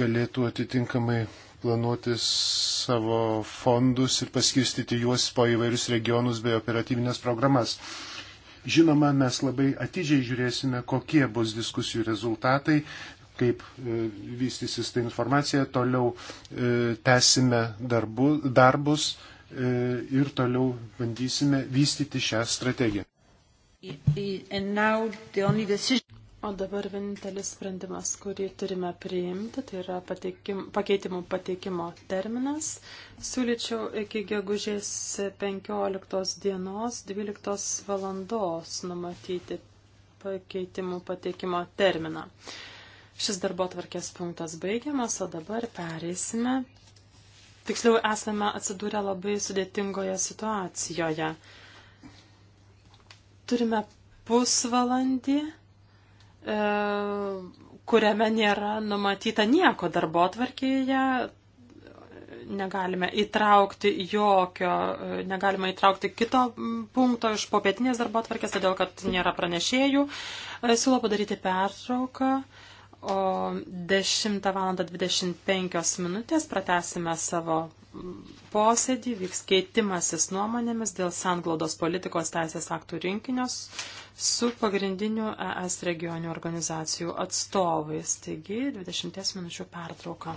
galėtų atitinkamai planuoti savo fondus ir paskirstyti juos po įvairius regionus bei operatyvinės programas. Žinoma, mes labai atidžiai žiūrėsime, kokie bus diskusijų rezultatai, kaip e, vystysis ta informacija, toliau e, tęsime darbu, darbus E, ir toliau bandysime vystyti šią strategiją. O dabar vienintelis sprendimas, kurį turime priimti, tai yra pateikim, pakeitimų pateikimo terminas. Siūlyčiau iki gegužės 15 dienos 12 valandos numatyti pakeitimų pateikimo terminą. Šis darbo tvarkės punktas baigiamas, o dabar pereisime Tiksliau esame atsidūrę labai sudėtingoje situacijoje. Turime pusvalandį, e, kuriame nėra numatyta nieko darbo atvarkėje, negalime įtraukti jokio, e, negalime įtraukti kito punkto iš popietinės darbo atvarkės, todėl kad nėra pranešėjų. E, siūlau padaryti pertrauką o 10 val. 25 minutės pratesime savo posėdį, vyks keitimasis nuomonėmis dėl sanglaudos politikos teisės aktų rinkinios su pagrindiniu ES regionių organizacijų atstovais. Taigi 20 minučių pertrauka.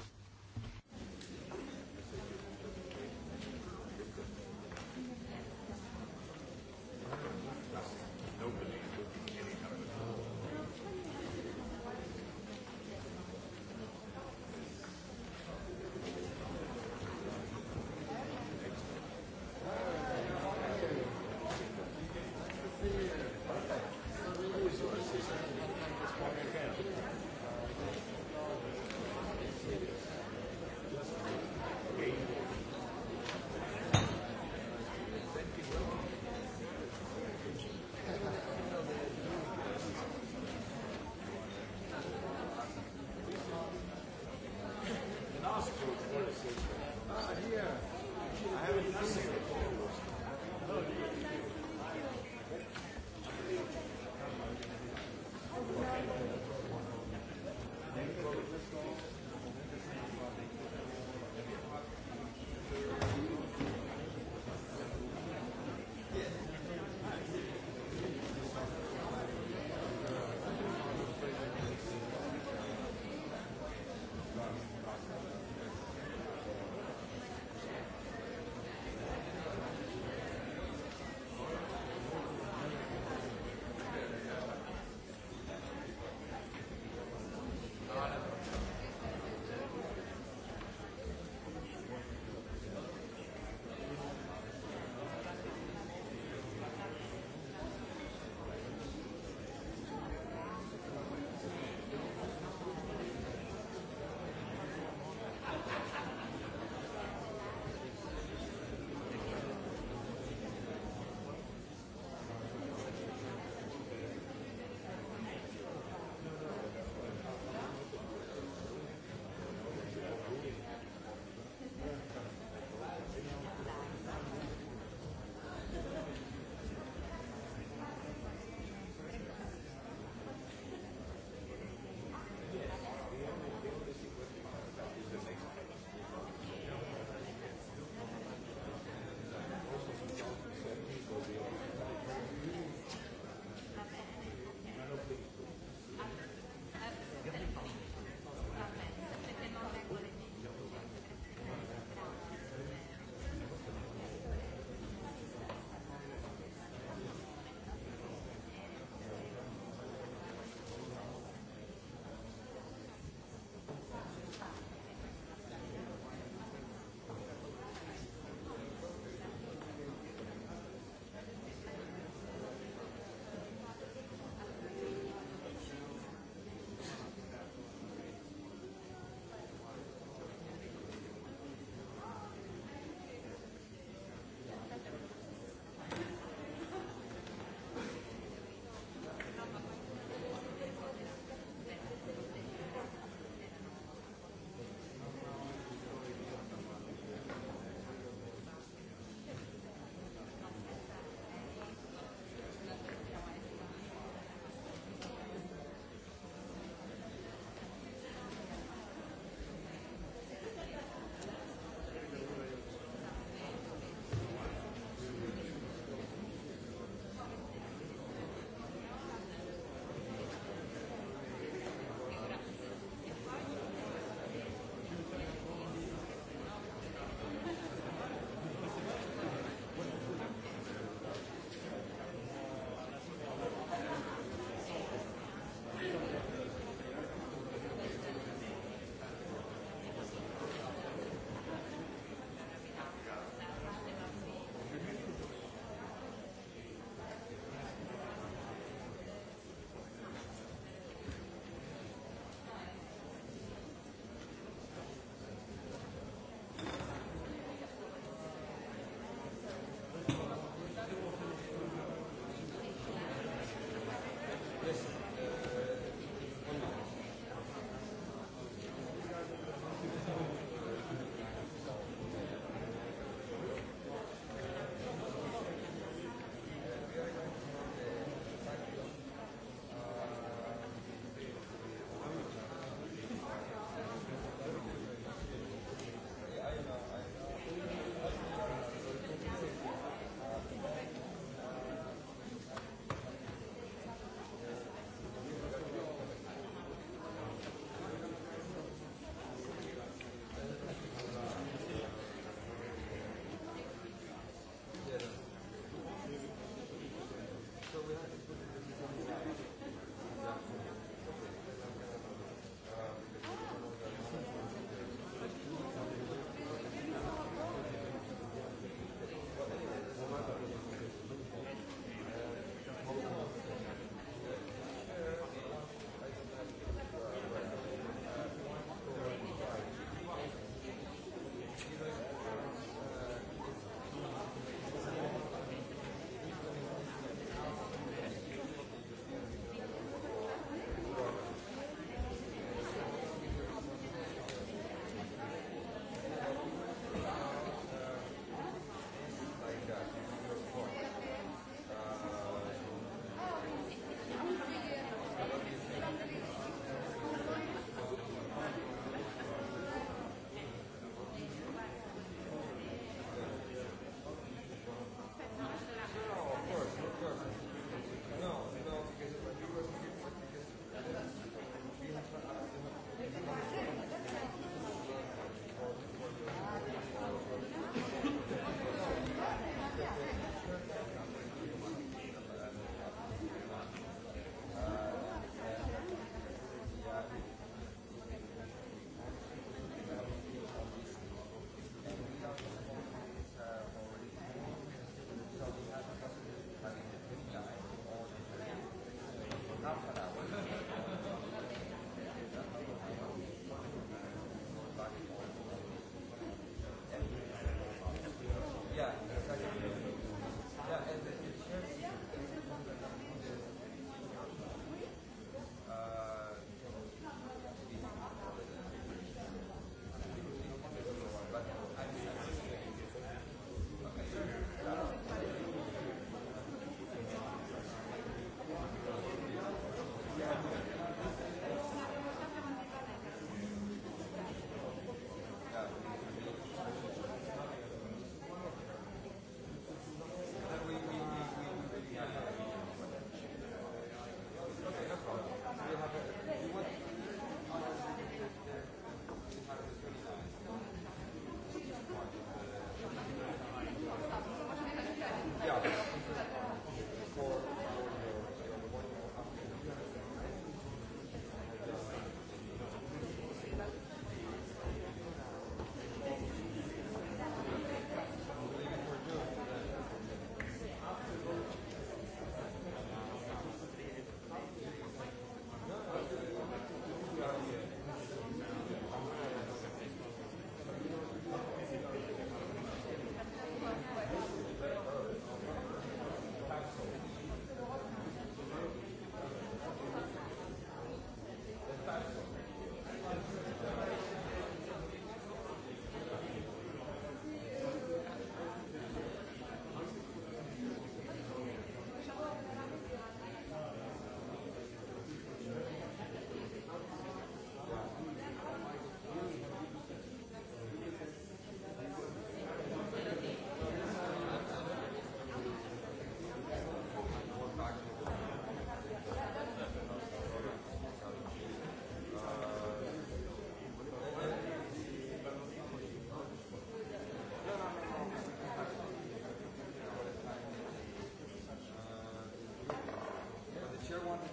one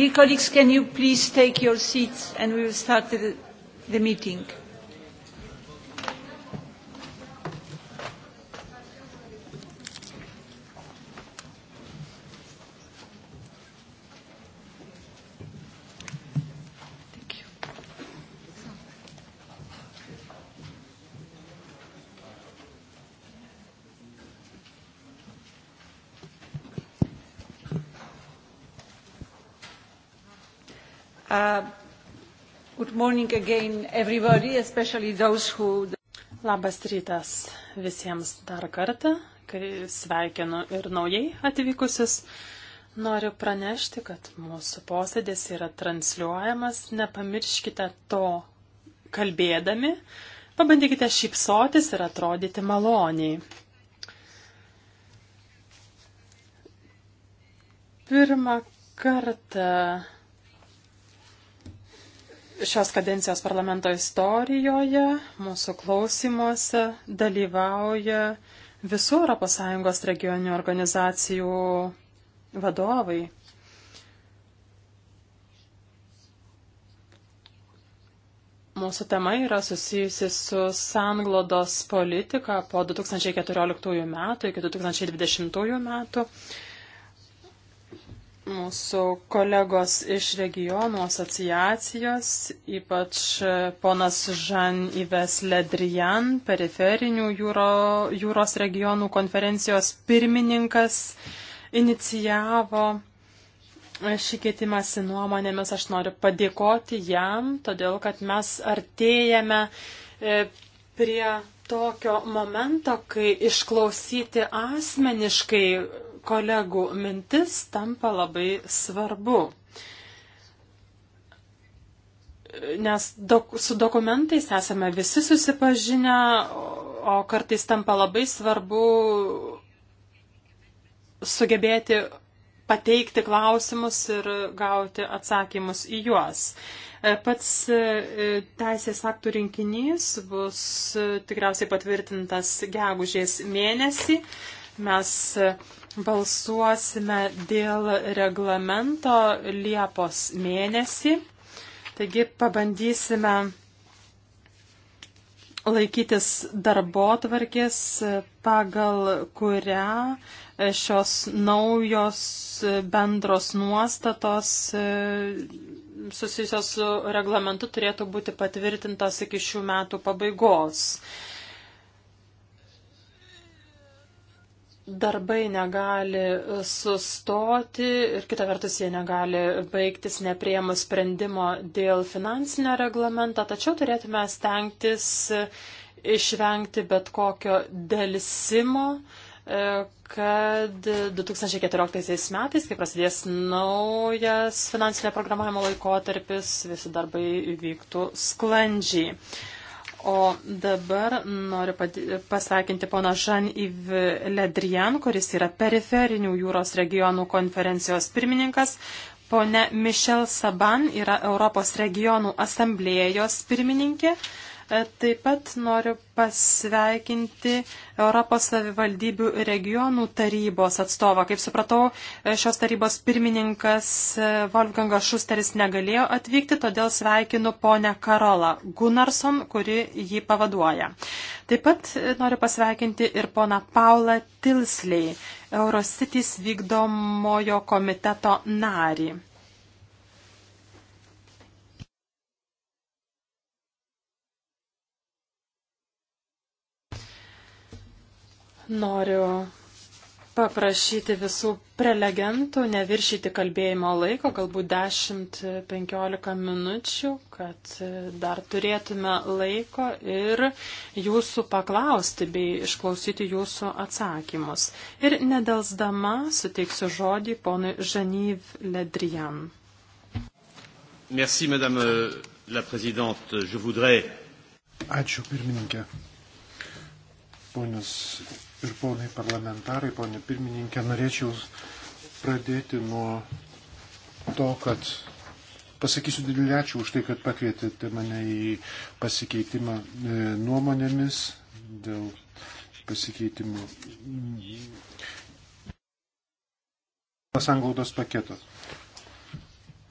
Dear colleagues, can you please take your seats and we will start the, the meeting. Good morning again everybody, especially those who... Labas rytas visiems dar kartą, kai sveikinu ir naujai atvykusius. Noriu pranešti, kad mūsų posėdis yra transliuojamas. Nepamirškite to kalbėdami. Pabandykite šypsotis ir atrodyti maloniai. Pirmą kartą šios kadencijos parlamento istorijoje, mūsų klausimuose dalyvauja visų ES regioninių organizacijų vadovai. Mūsų tema yra susijusi su sanglodos politika po 2014 metų iki 2020 metų mūsų kolegos iš regionų asociacijos, ypač ponas Žan Ives Ledrijan, periferinių jūro, jūros regionų konferencijos pirmininkas, inicijavo šį keitimąsi nuomonėmis. Aš noriu padėkoti jam, todėl kad mes artėjame e, prie tokio momento, kai išklausyti asmeniškai kolegų mintis tampa labai svarbu. Nes dok, su dokumentais esame visi susipažinę, o kartais tampa labai svarbu sugebėti pateikti klausimus ir gauti atsakymus į juos. E, pats e, teisės aktų rinkinys bus e, tikriausiai patvirtintas gegužės mėnesį. Mes Balsuosime dėl reglamento Liepos mėnesį. Taigi pabandysime laikytis darbo tvarkės, pagal kurią šios naujos bendros nuostatos e, susijusios su reglamentu turėtų būti patvirtintos iki šių metų pabaigos. darbai negali sustoti ir kita vertus jie negali baigtis nepriemus sprendimo dėl finansinio reglamento, tačiau turėtume stengtis išvengti bet kokio dėlsimo, e, kad 2014 metais, kai prasidės naujas finansinio programavimo laikotarpis, visi darbai vyktų sklandžiai. O dabar noriu pasakinti poną Žan-Yv Ledrian, kuris yra periferinių jūros regionų konferencijos pirmininkas. Pone Michel Saban yra Europos regionų asamblėjos pirmininkė. E, taip pat noriu pasveikinti Europos savivaldybių regionų tarybos atstovą. Kaip supratau, e, šios tarybos pirmininkas e, Wolfgangas Šusteris negalėjo atvykti, todėl sveikinu ponę Karolą Gunnarsson, kuri jį pavaduoja. Taip pat noriu pasveikinti ir poną Paulą Tilsley, Eurocities vykdomojo komiteto narį. Noriu paprašyti visų prelegentų neviršyti kalbėjimo laiko, galbūt 10-15 minučių, kad e, dar turėtume laiko ir jūsų paklausti bei išklausyti jūsų atsakymus. Ir nedelsdama suteiksiu žodį ponui Žanyv Ledrian. Merci, madame euh, la présidente. Je voudrais. Ačiū, pirmininkė. Ponas ir ponai parlamentarai, ponė pirmininkė, norėčiau pradėti nuo to, kad pasakysiu didelį ačiū už tai, kad pakvietėte mane į pasikeitimą e, nuomonėmis dėl pasikeitimų pasanglaudos paketo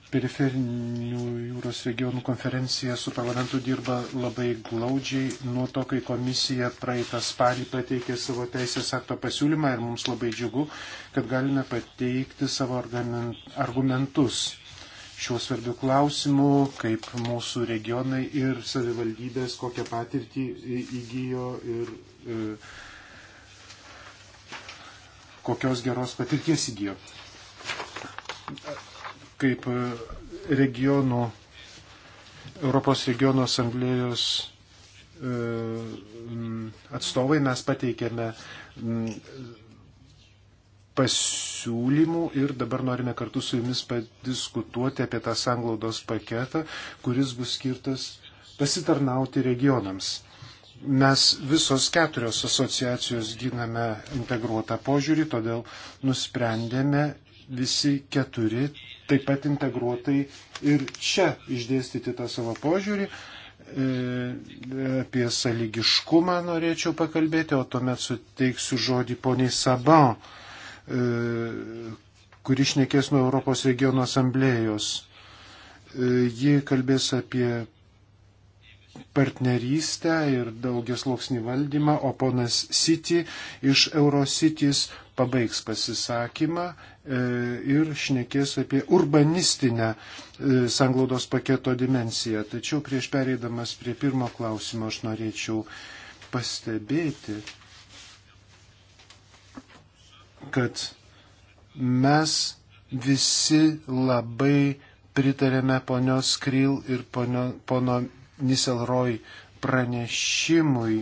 periferinių jūros regionų konferencija su parlamentu dirba labai glaudžiai nuo to, kai komisija praeitą spalį pateikė savo teisės akto pasiūlymą ir mums labai džiugu, kad galime pateikti savo argumentus šiuo svarbiu klausimu, kaip mūsų regionai ir savivaldybės kokią patirtį įgyjo ir e, kokios geros patirties įgyjo kaip e, regionų, Europos regionų asamblėjos e, mm, atstovai mes pateikėme mm, pasiūlymų ir dabar norime kartu su jumis padiskutuoti apie tą sanglaudos paketą, kuris bus skirtas pasitarnauti regionams. Mes visos keturios asociacijos giname integruotą požiūrį, todėl nusprendėme visi keturi taip pat integruotai ir čia išdėstyti tą savo požiūrį. E, apie saligiškumą norėčiau pakalbėti, o tuomet suteiksiu žodį poniai Sabao, e, kuri šnekės nuo Europos regiono asamblėjos. E, ji kalbės apie partnerystę ir daugias loksnį valdymą, o ponas City iš Eurocities pabaigs pasisakymą E, ir šnekės apie urbanistinę e, sanglaudos paketo dimensiją. Tačiau prieš pereidamas prie pirmo klausimo aš norėčiau pastebėti, kad mes visi labai pritarėme ponios Kryl ir ponio, pono Niselroj pranešimui,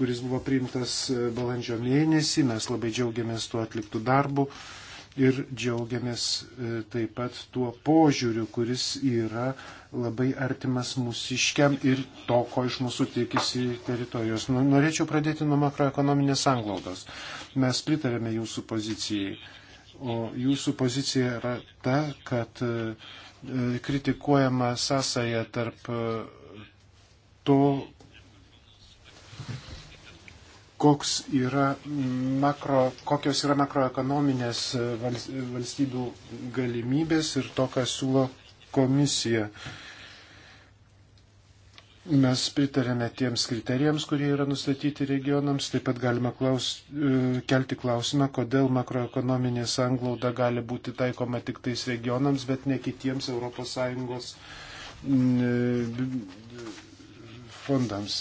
kuris buvo priimtas e, balandžio mėnesį. Mes labai džiaugiamės tuo atliktų darbų. Uh, ir džiaugiamės e, taip pat tuo požiūriu, kuris yra labai artimas mūsiškiam ir to, ko iš mūsų tikisi teritorijos. Nu, norėčiau pradėti nuo makroekonominės anglaudos. Mes pritarėme jūsų pozicijai, o jūsų pozicija yra ta, kad e, e, kritikuojama sąsaja tarp to, koks yra makro, kokios yra makroekonominės valstybių galimybės ir to, ką siūlo komisija. Mes pritarėme tiems kriterijams, kurie yra nustatyti regionams. Taip pat galima klaus, e, kelti klausimą, kodėl makroekonominė sanglauda gali būti taikoma tik tais regionams, bet ne kitiems ES e, fondams.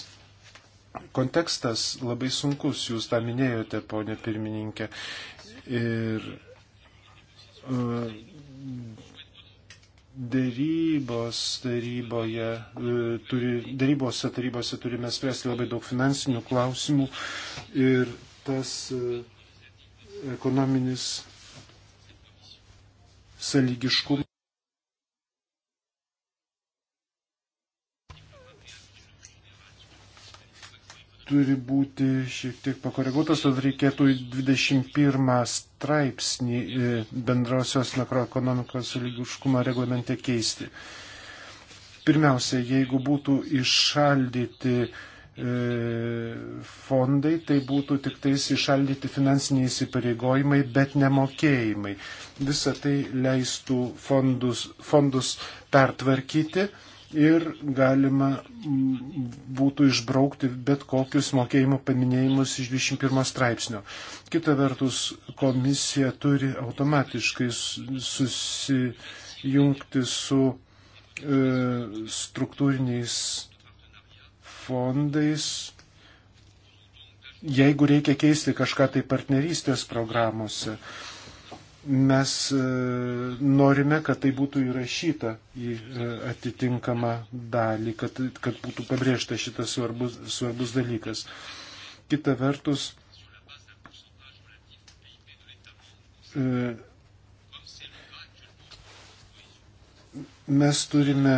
Kontekstas labai sunkus, jūs tą minėjote, ponė pirmininkė. Ir e, dėrybos taryboje, e, turi, dėrybose tarybose turime spręsti labai daug finansinių klausimų ir tas e, ekonominis sąlygiškumas. turi būti šiek tiek pakoreguotas, tad reikėtų 21 straipsnį e, bendrosios makroekonomikos lygiškumo reglamente keisti. Pirmiausia, jeigu būtų išaldyti e, fondai, tai būtų tik tais išaldyti finansiniai įsipareigojimai, bet nemokėjimai. Visą tai leistų fondus, fondus pertvarkyti ir galima būtų išbraukti bet kokius mokėjimo paminėjimus iš 21 straipsnio. Kita vertus, komisija turi automatiškai susijungti su e, struktūriniais fondais. Jeigu reikia keisti kažką tai partnerystės programuose, mes e, norime, kad tai būtų įrašyta į e, atitinkamą dalį, kad, kad būtų pabrėžta šitas svarbus, svarbus dalykas. Kita vertus, e, mes turime,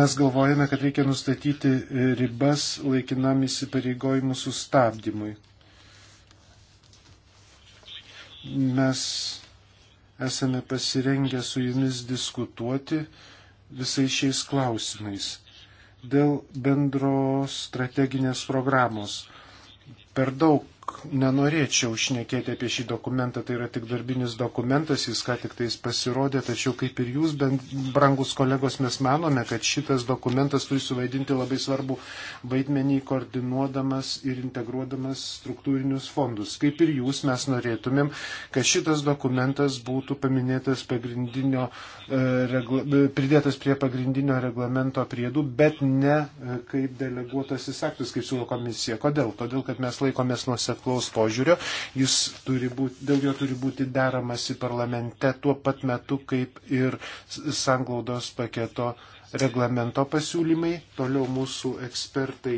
mes galvojame, kad reikia nustatyti ribas laikinam įsipareigojimų sustabdymui. Mes esame pasirengę su jumis diskutuoti visais šiais klausimais dėl bendros strateginės programos. Per daug nenorėčiau šnekėti apie šį dokumentą, tai yra tik darbinis dokumentas, jis ką tik tais pasirodė, tačiau kaip ir jūs, bent brangus kolegos, mes manome, kad šitas dokumentas turi suvaidinti labai svarbu vaidmenį koordinuodamas ir integruodamas struktūrinius fondus. Kaip ir jūs, mes norėtumėm, kad šitas dokumentas būtų paminėtas pagrindinio, e, e, pridėtas prie pagrindinio reglamento priedų, bet ne e, kaip deleguotasis aktas, kaip siūlo komisija. Kodėl? Todėl, kad mes laikomės nuose nuoseklaus požiūrio, jis turi būti, dėl jo turi būti deramasi parlamente tuo pat metu, kaip ir sanglaudos paketo reglamento pasiūlymai. Toliau mūsų ekspertai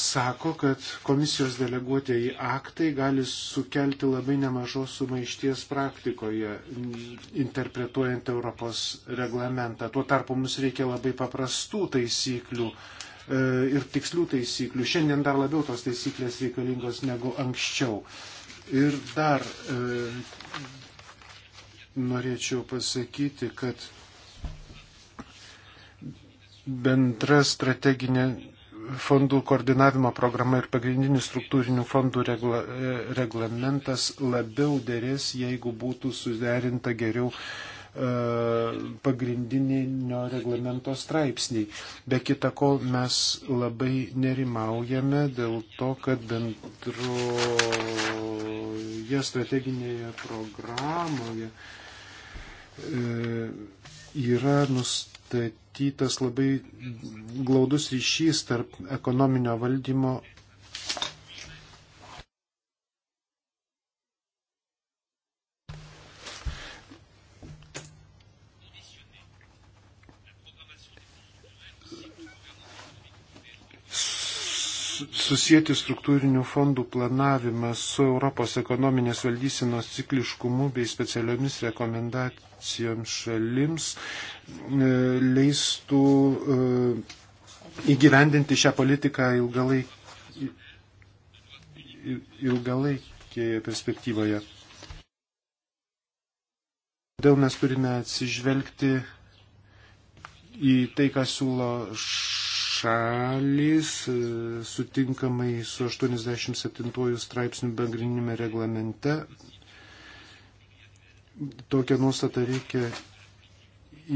sako, kad komisijos deleguotieji aktai gali sukelti labai nemažos sumaišties praktikoje, interpretuojant Europos reglamentą. Tuo tarpu mums reikia labai paprastų taisyklių E, ir tikslių taisyklių. Šiandien dar labiau tos taisyklės reikalingos negu anksčiau. Ir dar e, norėčiau pasakyti, kad bendra strateginė fondų koordinavimo programa ir pagrindinis struktūrinių fondų regla, e, reglamentas labiau dėrės, jeigu būtų suderinta geriau E, pagrindinio reglamento straipsniai. Be kita ko, mes labai nerimaujame dėl to, kad bendroje strateginėje programoje e, yra nustatytas labai glaudus ryšys tarp ekonominio valdymo susijęti struktūrinių fondų planavimą su Europos ekonominės valdysinos cikliškumu bei specialiomis rekomendacijoms šalims e, leistų e, įgyvendinti šią politiką ilgalaikėje ilgalaikė perspektyvoje. Todėl mes turime atsižvelgti į tai, ką siūlo š šalis e, sutinkamai su 87 straipsnių bendrinime reglamente. Tokią nuostatą reikia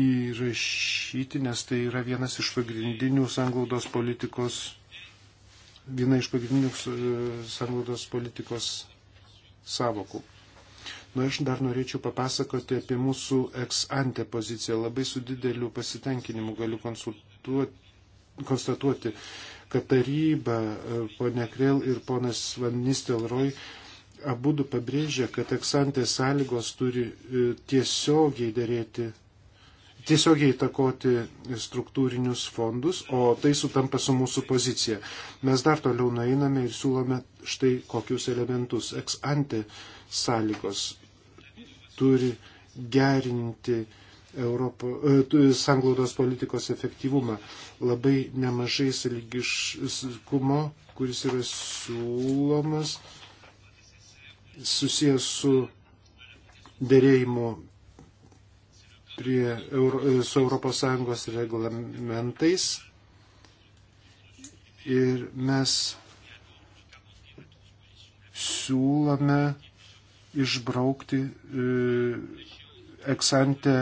įrašyti, nes tai yra vienas iš pagrindinių sanglaudos politikos, viena iš pagrindinių e, sanglaudos politikos savokų. Na, aš dar norėčiau papasakoti apie mūsų ex ante poziciją. Labai su dideliu pasitenkinimu galiu konsultuoti konstatuoti, kad taryba, e, ponė Krėl ir ponas Van Nistelroj, abu du pabrėžia, kad eksantės sąlygos turi e, tiesiogiai dėrėti, tiesiogiai įtakoti struktūrinius fondus, o tai sutampa su mūsų pozicija. Mes dar toliau nueiname ir siūlome štai kokius elementus. Eksantė sąlygos turi gerinti Europo, e, sanglaudos politikos efektyvumą. Labai nemažai saligiškumo, kuris yra siūlomas, susijęs su dėrėjimu prie, e, su ES reglamentais. Ir mes siūlome išbraukti e, eksantę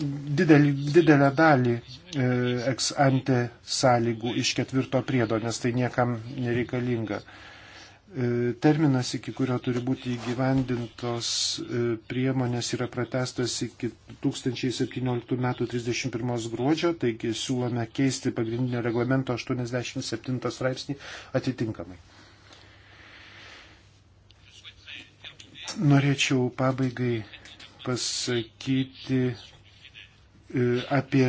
didelį, didelę dalį e, ex ante sąlygų iš ketvirto priedo, nes tai niekam nereikalinga. E, terminas, iki kurio turi būti įgyvendintos e, priemonės, yra pratestas iki 2017 m. 31 gruodžio, taigi siūlome keisti pagrindinio reglamento 87 straipsnį atitinkamai. Norėčiau pabaigai pasakyti E, apie,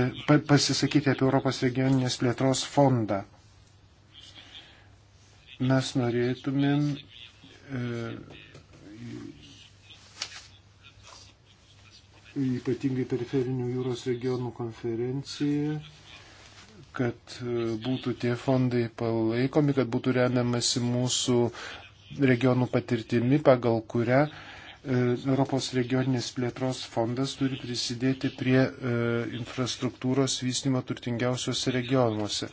pasisakyti apie Europos regioninės plėtros fondą. Mes norėtumėm e, ypatingai periferinių jūros regionų konferencijoje, kad e, būtų tie fondai palaikomi, kad būtų remiamasi mūsų regionų patirtimi, pagal kurią uh, E, Europos regioninės plėtros fondas turi prisidėti prie e, infrastruktūros vystimo turtingiausiuose regionuose.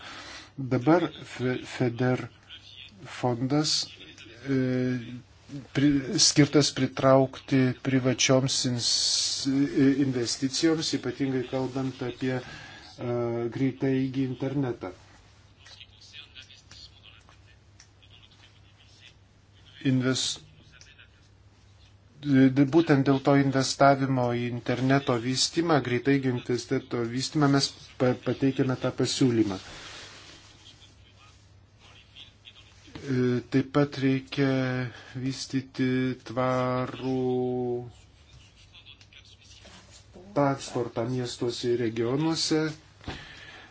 Dabar FEDER fondas e, skirtas pritraukti privačioms investicijoms, ypatingai kalbant apie greitai įgy internetą. Invest būtent dėl to investavimo į interneto vystimą, greitai interneto vystimą mes pateikėme tą pasiūlymą. E, taip pat reikia vystyti tvarų transportą miestuose ir regionuose.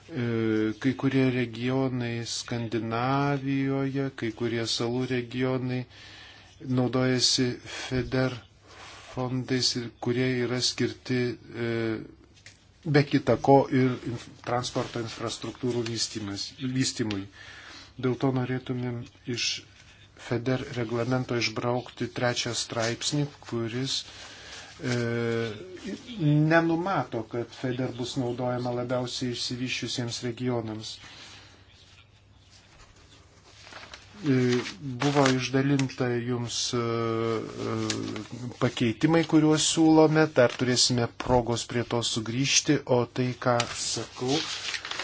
E, kai kurie regionai Skandinavijoje, kai kurie salų regionai naudojasi FEDER fondais, kurie yra skirti e, be kita ko ir transporto infrastruktūrų vystymui. Dėl to norėtumėm iš FEDER reglamento išbraukti trečią straipsnį, kuris e, nenumato, kad FEDER bus naudojama labiausiai išsivyščiusiems regionams. Buvo išdalinta jums e, e, pakeitimai, kuriuos siūlome, dar turėsime progos prie to sugrįžti, o tai, ką sakau,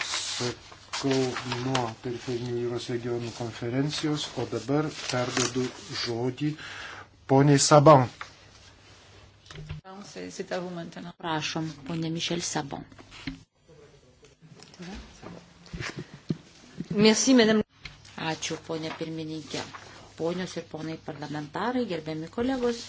sakau nuo periferinių jūros regionų konferencijos, o dabar perdodu žodį poniai Sabam. Prašom, ponė Mišel Sabon. Merci, madame. Ačiū, ponė pirmininkė. Ponios ir ponai parlamentarai, gerbiami kolegos,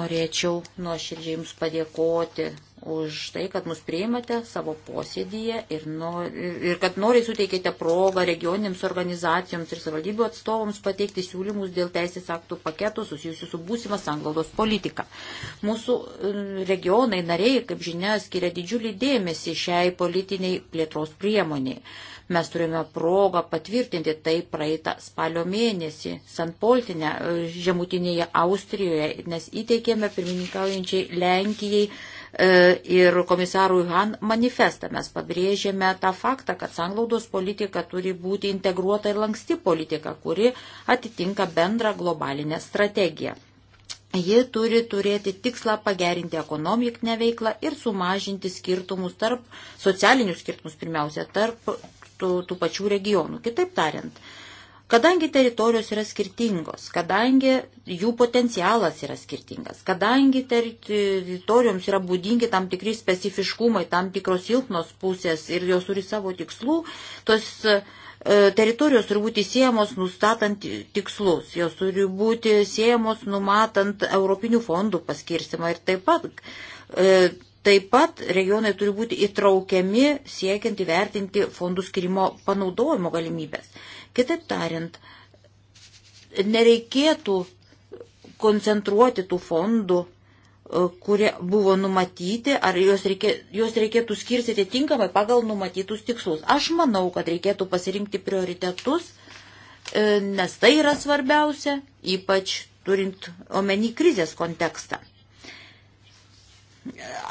norėčiau nuoširdžiai Jums padėkoti už tai, kad mus priimate savo posėdyje ir, nor, ir kad noriai suteikėte progą regioniniams organizacijoms ir savaldybių atstovams pateikti siūlymus dėl teisės aktų paketų susijusių su būsimas anglados politika. Mūsų e, regionai nariai, kaip žinia, skiria didžiulį dėmesį šiai politiniai plėtros priemoniai. Mes turime progą patvirtinti tai praeitą spalio mėnesį Sanpoltinę e, žemutinėje Austrijoje, nes įteikėme pirmininkaujančiai Lenkijai E, ir komisarui Han manifestą. Mes pabrėžėme tą faktą, kad sanglaudos politika turi būti integruota ir lanksti politika, kuri atitinka bendrą globalinę strategiją. Ji turi turėti tikslą pagerinti ekonominę veiklą ir sumažinti skirtumus tarp, socialinius skirtumus pirmiausia, tarp tų, tų pačių regionų. Kitaip tariant, uh, Kadangi teritorijos yra skirtingos, kadangi jų potencialas yra skirtingas, kadangi teritorijoms yra būdingi tam tikri specifiškumai, tam tikros silpnos pusės ir jos turi savo tikslų, tos e, teritorijos turi būti siejamos nustatant tikslus, jos turi būti siejamos numatant Europinių fondų paskirstimą ir taip pat, e, taip pat regionai turi būti įtraukiami siekiant įvertinti fondų skirimo panaudojimo galimybės. Kitaip tariant, nereikėtų koncentruoti tų fondų, e, kurie buvo numatyti, ar juos, reikė, juos reikėtų skirstyti tinkamai pagal numatytus tikslus. Aš manau, kad reikėtų pasirinkti prioritetus, e, nes tai yra svarbiausia, ypač turint omeny krizės kontekstą.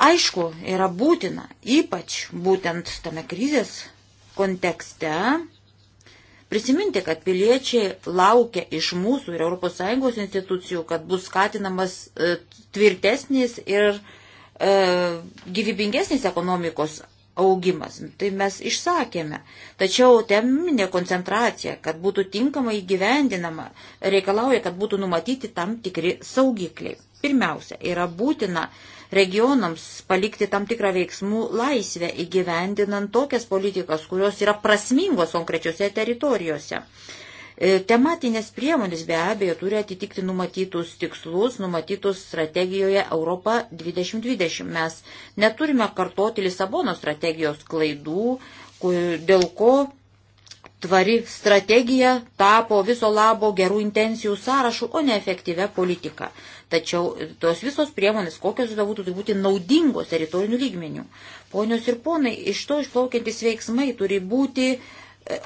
Aišku, yra būtina, ypač būtent tame krizės kontekste prisiminti, kad piliečiai laukia iš mūsų ir ES institucijų, kad bus skatinamas e, tvirtesnis ir e, gyvybingesnis ekonomikos augimas. Tai mes išsakėme. Tačiau teminė koncentracija, kad būtų tinkamai įgyvendinama, reikalauja, kad būtų numatyti tam tikri saugikliai. Pirmiausia, yra būtina uh, regionams palikti tam tikrą veiksmų laisvę įgyvendinant tokias politikas, kurios yra prasmingos konkrečiose teritorijose. E, tematinės priemonės be abejo turi atitikti numatytus tikslus, numatytus strategijoje Europa 2020. Mes neturime kartoti Lisabono strategijos klaidų, dėl ko tvari strategija tapo viso labo gerų intencijų sąrašų, o ne efektyvę politiką. Tačiau tos visos priemonės, kokios jos tai būtų, turi būti naudingos teritorinių lygmenių. Ponios ir ponai, iš to išplaukiantis veiksmai turi būti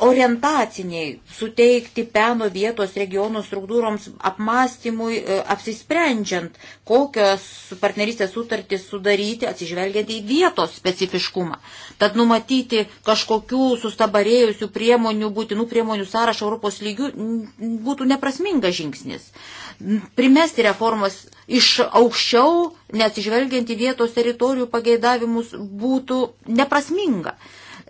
orientaciniai, suteikti peno vietos regionų struktūroms apmastymui, e, apsisprendžiant, kokios partnerystės sutartys sudaryti, atsižvelgiant į vietos specifiškumą. Tad numatyti kažkokių sustabarėjusių priemonių, būtinų priemonių sąrašą Europos lygių būtų neprasmingas žingsnis. Primesti reformas iš aukščiau, neatsižvelgiant į vietos teritorijų pageidavimus, būtų neprasminga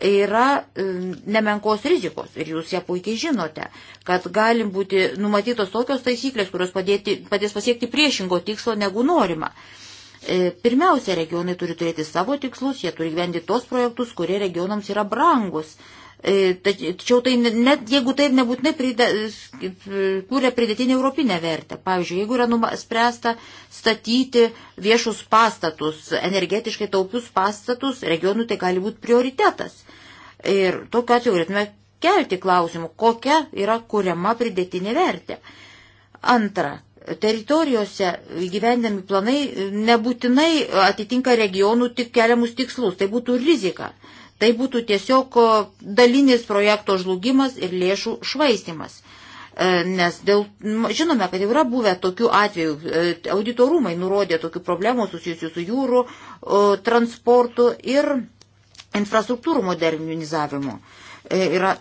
yra e, nemenkos rizikos ir jūs ją puikiai žinote, kad galim būti numatytos tokios taisyklės, kurios padėti, padės pasiekti priešingo tikslo negu norima. E, pirmiausia, regionai turi turėti savo tikslus, jie turi gyventi tos projektus, kurie regionams yra brangus. E, tačiau tai net jeigu tai nebūtinai pridė, kūrė pridėtinį europinę vertę. Pavyzdžiui, jeigu yra nuspręsta statyti viešus pastatus, energetiškai taupius pastatus, regionų tai gali būti prioritetas. Ir tokiu atveju galėtume kelti klausimų, kokia yra kuriama pridėtinė vertė. Antra, teritorijose gyvendami planai nebūtinai atitinka regionų tik keliamus tikslus, tai būtų rizika. Tai būtų tiesiog dalinis projekto žlugimas ir lėšų švaistimas. E, nes dėl, žinome, kad jau yra buvę tokių atvejų, e, auditorumai nurodė tokių problemų susijusių su jūrų transportu ir infrastruktūrų modernizavimu. E, yra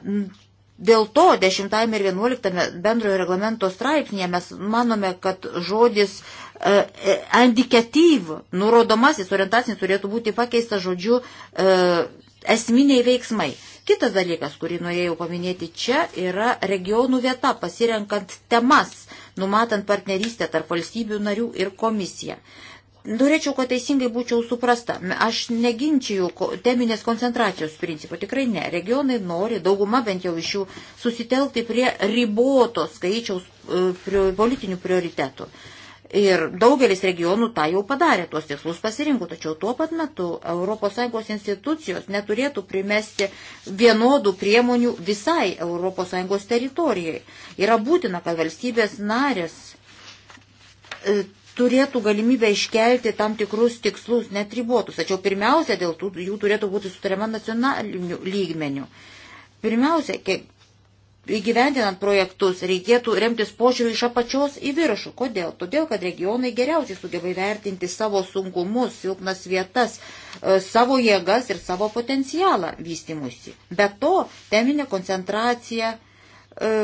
Dėl to 10 ir 11 bendrojo reglamento straipsnėje mes manome, kad žodis uh, indikatyv, nurodomasis orientacinis turėtų būti pakeistas žodžiu uh, esminiai veiksmai. Kitas dalykas, kurį norėjau paminėti čia, yra regionų vieta, pasirenkant temas, numatant partnerystę tarp valstybių narių ir komisiją. Norėčiau, kad teisingai būčiau suprasta. Aš neginčiau teminės koncentracijos principų, tikrai ne. Regionai nori, dauguma bent jau iš jų, susitelkti prie riboto skaičiaus e, prie politinių prioritetų. Ir daugelis regionų tą jau padarė, tuos tikslus pasirinko, tačiau tuo pat metu ES institucijos neturėtų primesti vienodų priemonių visai ES teritorijai. Yra būtina, kad valstybės narės e, turėtų galimybę iškelti tam tikrus tikslus, net ribotus, tačiau pirmiausia dėl tų, jų turėtų būti sutariama nacionaliniu lygmeniu. Pirmiausia, įgyvendinant projektus reikėtų remtis požiūriu iš apačios į viršų. Kodėl? Todėl, kad regionai geriausiai sugeba įvertinti savo sunkumus, silpnas vietas, e, savo jėgas ir savo potencialą vystimusi. Be to, teminė koncentracija e,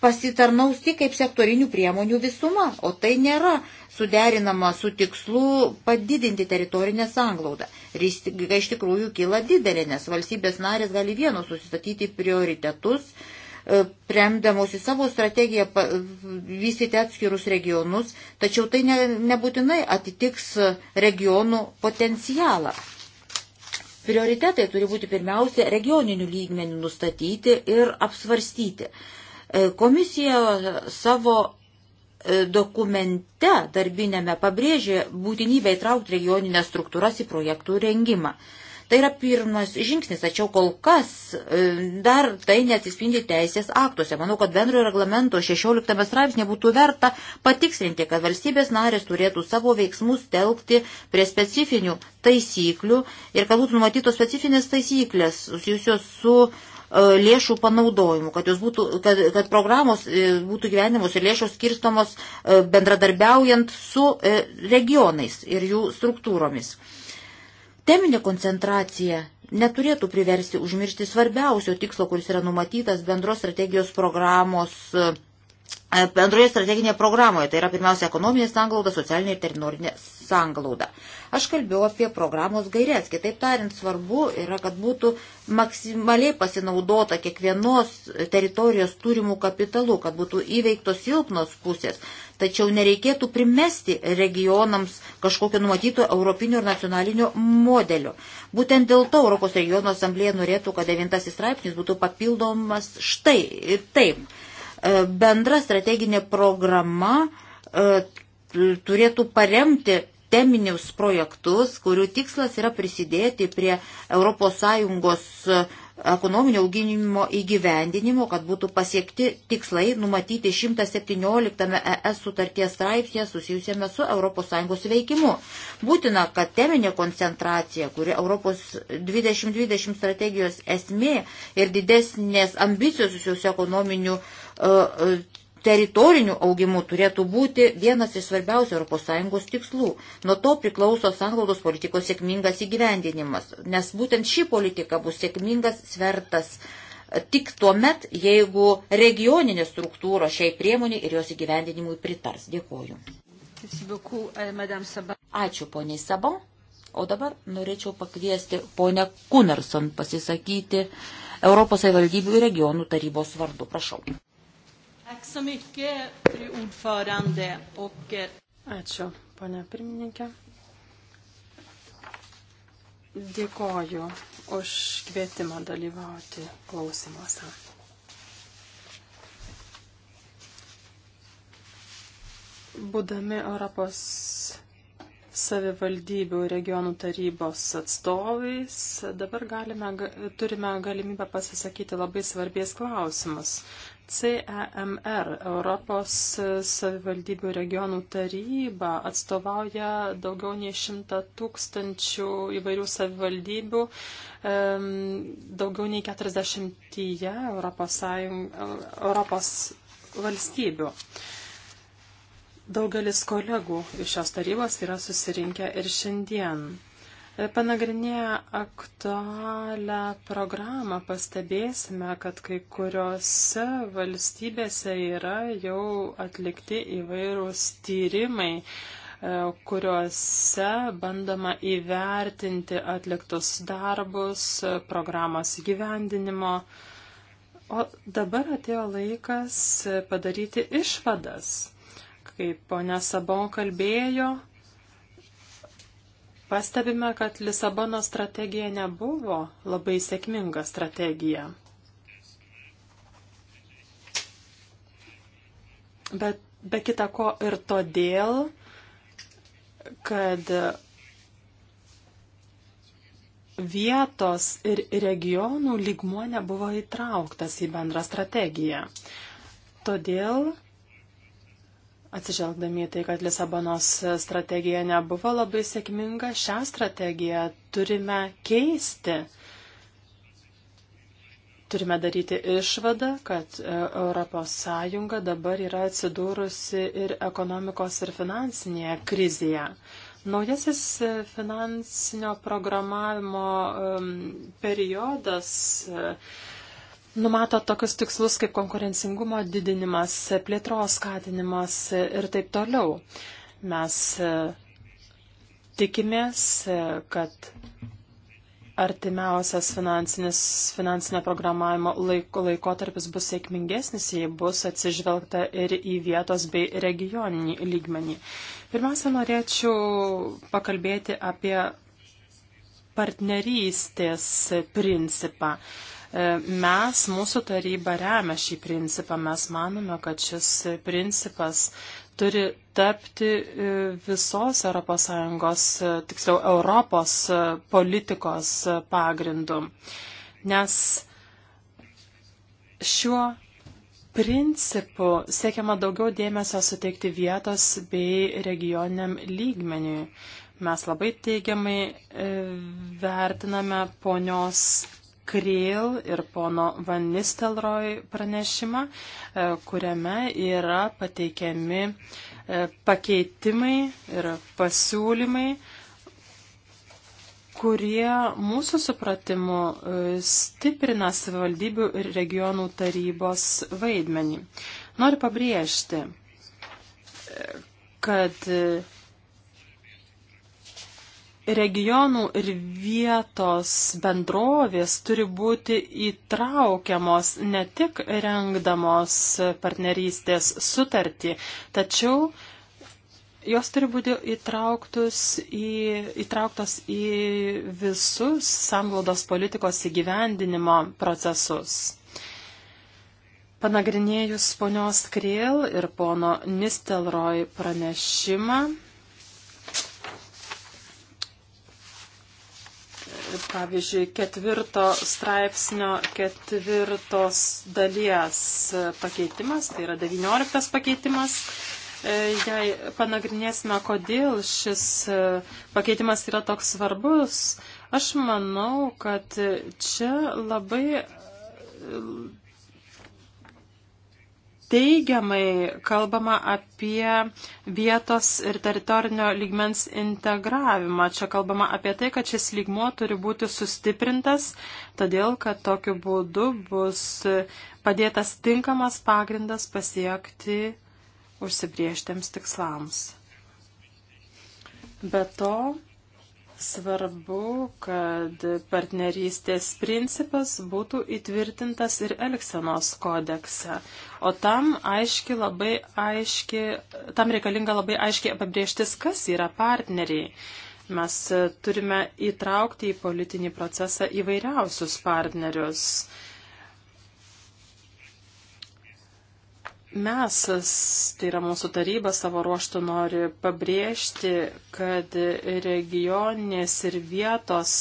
pasitarnaus tik kaip sektorinių priemonių visuma, o tai nėra suderinama su tikslu padidinti teritorinę sanglaudą. Rizika iš tikrųjų kyla didelė, nes valstybės narės gali vienos susistatyti prioritetus, uh, remdamosi savo strategiją vystyti atskirus regionus, tačiau tai ne, nebūtinai atitiks regionų potencialą. Prioritetai turi būti pirmiausia regioninių lygmenių nustatyti ir apsvarstyti. E, komisija savo e, dokumente darbinėme pabrėžė būtinybę įtraukti regioninės struktūras į projektų rengimą. Tai yra pirmas žingsnis, tačiau kol kas e, dar tai neatsispindi teisės aktuose. Manau, kad bendrojo reglamento 16 straipsnė būtų verta patikslinti, kad valstybės narės turėtų savo veiksmus telkti prie specifinių taisyklių ir kad būtų numatytos specifinės taisyklės susijusios su e, lėšų panaudojimu, kad, būtų, kad, kad programos e, būtų gyvenimos ir lėšos skirstomos bendradarbiaujant su regionais ir jų struktūromis. Teminė koncentracija neturėtų priversti užmiršti svarbiausio tikslo, kuris yra numatytas bendros strategijos programos, e, bendroje strateginėje programoje. Tai yra pirmiausia ekonominė sanglauda, socialinė ir teritorinė sanglauda. Aš kalbėjau apie programos gairės. Kitaip tariant, svarbu yra, kad būtų maksimaliai pasinaudota kiekvienos teritorijos turimų kapitalų, kad būtų įveiktos silpnos pusės, tačiau nereikėtų primesti regionams kažkokio numatyto europinio ir nacionalinio modelio. Būtent dėl to Europos regiono asamblėje norėtų, kad devintasis straipsnis būtų papildomas štai ir taip. E, bendra strateginė programa e, turėtų paremti teminius projektus, kurių tikslas yra prisidėti prie ES ekonominio auginimo įgyvendinimo, kad būtų pasiekti tikslai numatyti 117 ES sutarties straipsnėje susijusiame su ES veikimu. Būtina, kad teminė koncentracija, kuri Europos 2020 strategijos esmė ir didesnės ambicijos susijusių ekonominių e, e, teritoriniu augimu turėtų būti vienas iš svarbiausių ES tikslų. Nuo to priklauso sanglaudos politikos sėkmingas įgyvendinimas, nes būtent ši politika bus sėkmingas svertas tik tuo met, jeigu regioninė struktūra šiai priemonė ir jos įgyvendinimui pritars. Dėkoju. Euh, Ačiū poniai Sabon. O dabar norėčiau pakviesti ponę Kunerson pasisakyti Europos savivaldybių regionų tarybos vardu. Prašau. Eh, Ačiū, ponia pirmininkė. Dėkoju už kvietimą dalyvauti klausimuose. Būdami Europos savivaldybių regionų tarybos atstovais, dabar galime, turime galimybę pasisakyti labai svarbiais klausimus. CEMR, Europos savivaldybių regionų taryba, atstovauja daugiau nei šimtą tūkstančių įvairių savivaldybių, daugiau nei 40 Europos, Sąjung, Europos valstybių. Daugelis kolegų iš šios tarybos yra susirinkę ir šiandien. Panagrinėję aktualią programą pastebėsime, kad kai kuriuose valstybėse yra jau atlikti įvairūs tyrimai, e, kuriuose bandoma įvertinti atliktus darbus, programos įgyvendinimo. O dabar atėjo laikas padaryti išvadas. Kaip ponia Sabon kalbėjo, Pastebime, kad Lisabono strategija nebuvo labai sėkminga strategija. Bet be kita ko ir todėl, kad vietos ir regionų lygmuo nebuvo įtrauktas į bendrą strategiją. Todėl Atsižvelgdami tai, kad Lisabonos strategija nebuvo labai sėkminga, šią strategiją turime keisti. Turime daryti išvadą, kad ES dabar yra atsidūrusi ir ekonomikos ir finansinėje krizėje. Naujasis e, finansinio programavimo periodas e, numato tokius tikslus kaip konkurencingumo didinimas, plėtros skatinimas ir taip toliau. Mes e, tikimės, e, kad artimiausias finansinio programavimo laiko, laikotarpis bus sėkmingesnis, jei bus atsižvelgta ir į vietos bei regioninį lygmenį. Pirmiausia, norėčiau pakalbėti apie partnerystės principą. E, mes, mūsų taryba remia šį principą, mes manome, kad šis principas turi tapti e, visos ES, e, tiksliau Europos politikos pagrindu. Nes šiuo principu siekiama daugiau dėmesio suteikti vietos bei regioniam lygmeniui. Mes labai teigiamai vertiname ponios Kryl ir pono Van Nistelrooy pranešimą, e, kuriame yra pateikiami e, pakeitimai ir pasiūlymai, kurie mūsų supratimu e, stiprina savivaldybių ir regionų tarybos vaidmenį. Noriu pabrėžti, kad regionų ir vietos bendrovės turi būti įtraukiamos ne tik rengdamos partnerystės sutartį, tačiau jos turi būti įtrauktus į, įtrauktos į visus sanglaudos politikos įgyvendinimo procesus. Panagrinėjus ponios Kriel ir pono Nistelroj pranešimą, pavyzdžiui, ketvirto straipsnio ketvirtos dalies pakeitimas, tai yra 19 pakeitimas. E, jei panagrinėsime, kodėl šis e, pakeitimas yra toks svarbus, aš manau, kad čia labai teigiamai kalbama apie vietos ir teritorinio lygmens integravimą. Čia kalbama apie tai, kad šis lygmuo turi būti sustiprintas, todėl kad tokiu būdu bus padėtas tinkamas pagrindas pasiekti užsibrieštiems tikslams. Be to, Svarbu, kad partnerystės principas būtų įtvirtintas ir Elksenos kodekse, o tam, aiški, labai aiški, tam reikalinga labai aiškiai apibrieštis, kas yra partneriai. Mes turime įtraukti į politinį procesą įvairiausius partnerius. Mes, tai yra mūsų taryba, savo ruoštų nori pabrėžti, kad regioninės ir vietos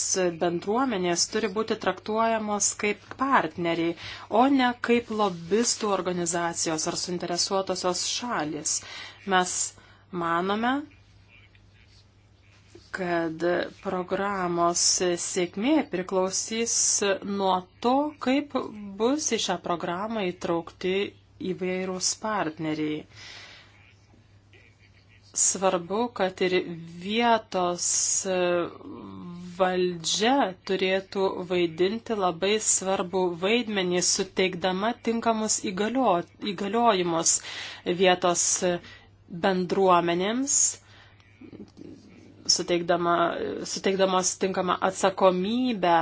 bendruomenės turi būti traktuojamos kaip partneriai, o ne kaip lobistų organizacijos ar suinteresuotosios šalis. Mes manome, kad programos sėkmė priklausys nuo to, kaip bus į šią programą įtraukti įvairūs partneriai. Svarbu, kad ir vietos valdžia turėtų vaidinti labai svarbu vaidmenį, suteikdama tinkamus įgalio, įgaliojimus vietos bendruomenėms suteikdama, suteikdamos tinkamą atsakomybę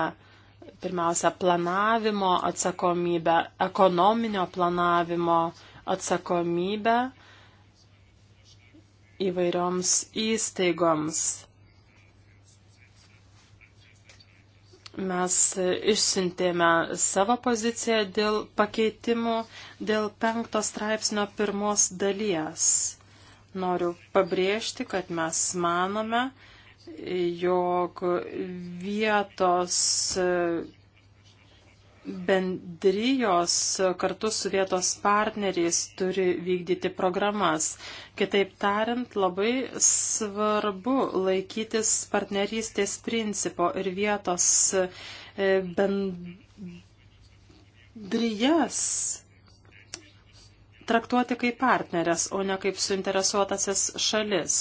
pirmiausia planavimo atsakomybę, ekonominio planavimo atsakomybę įvairioms įstaigoms. Mes išsintėme savo poziciją dėl pakeitimų dėl penkto straipsnio pirmos dalies. Noriu pabrėžti, kad mes manome, jog vietos e, bendrijos kartu su vietos partneriais turi vykdyti programas. Kitaip tariant, labai svarbu laikytis partnerystės principo ir vietos e, bendrijas traktuoti kaip partnerės, o ne kaip suinteresuotasis šalis.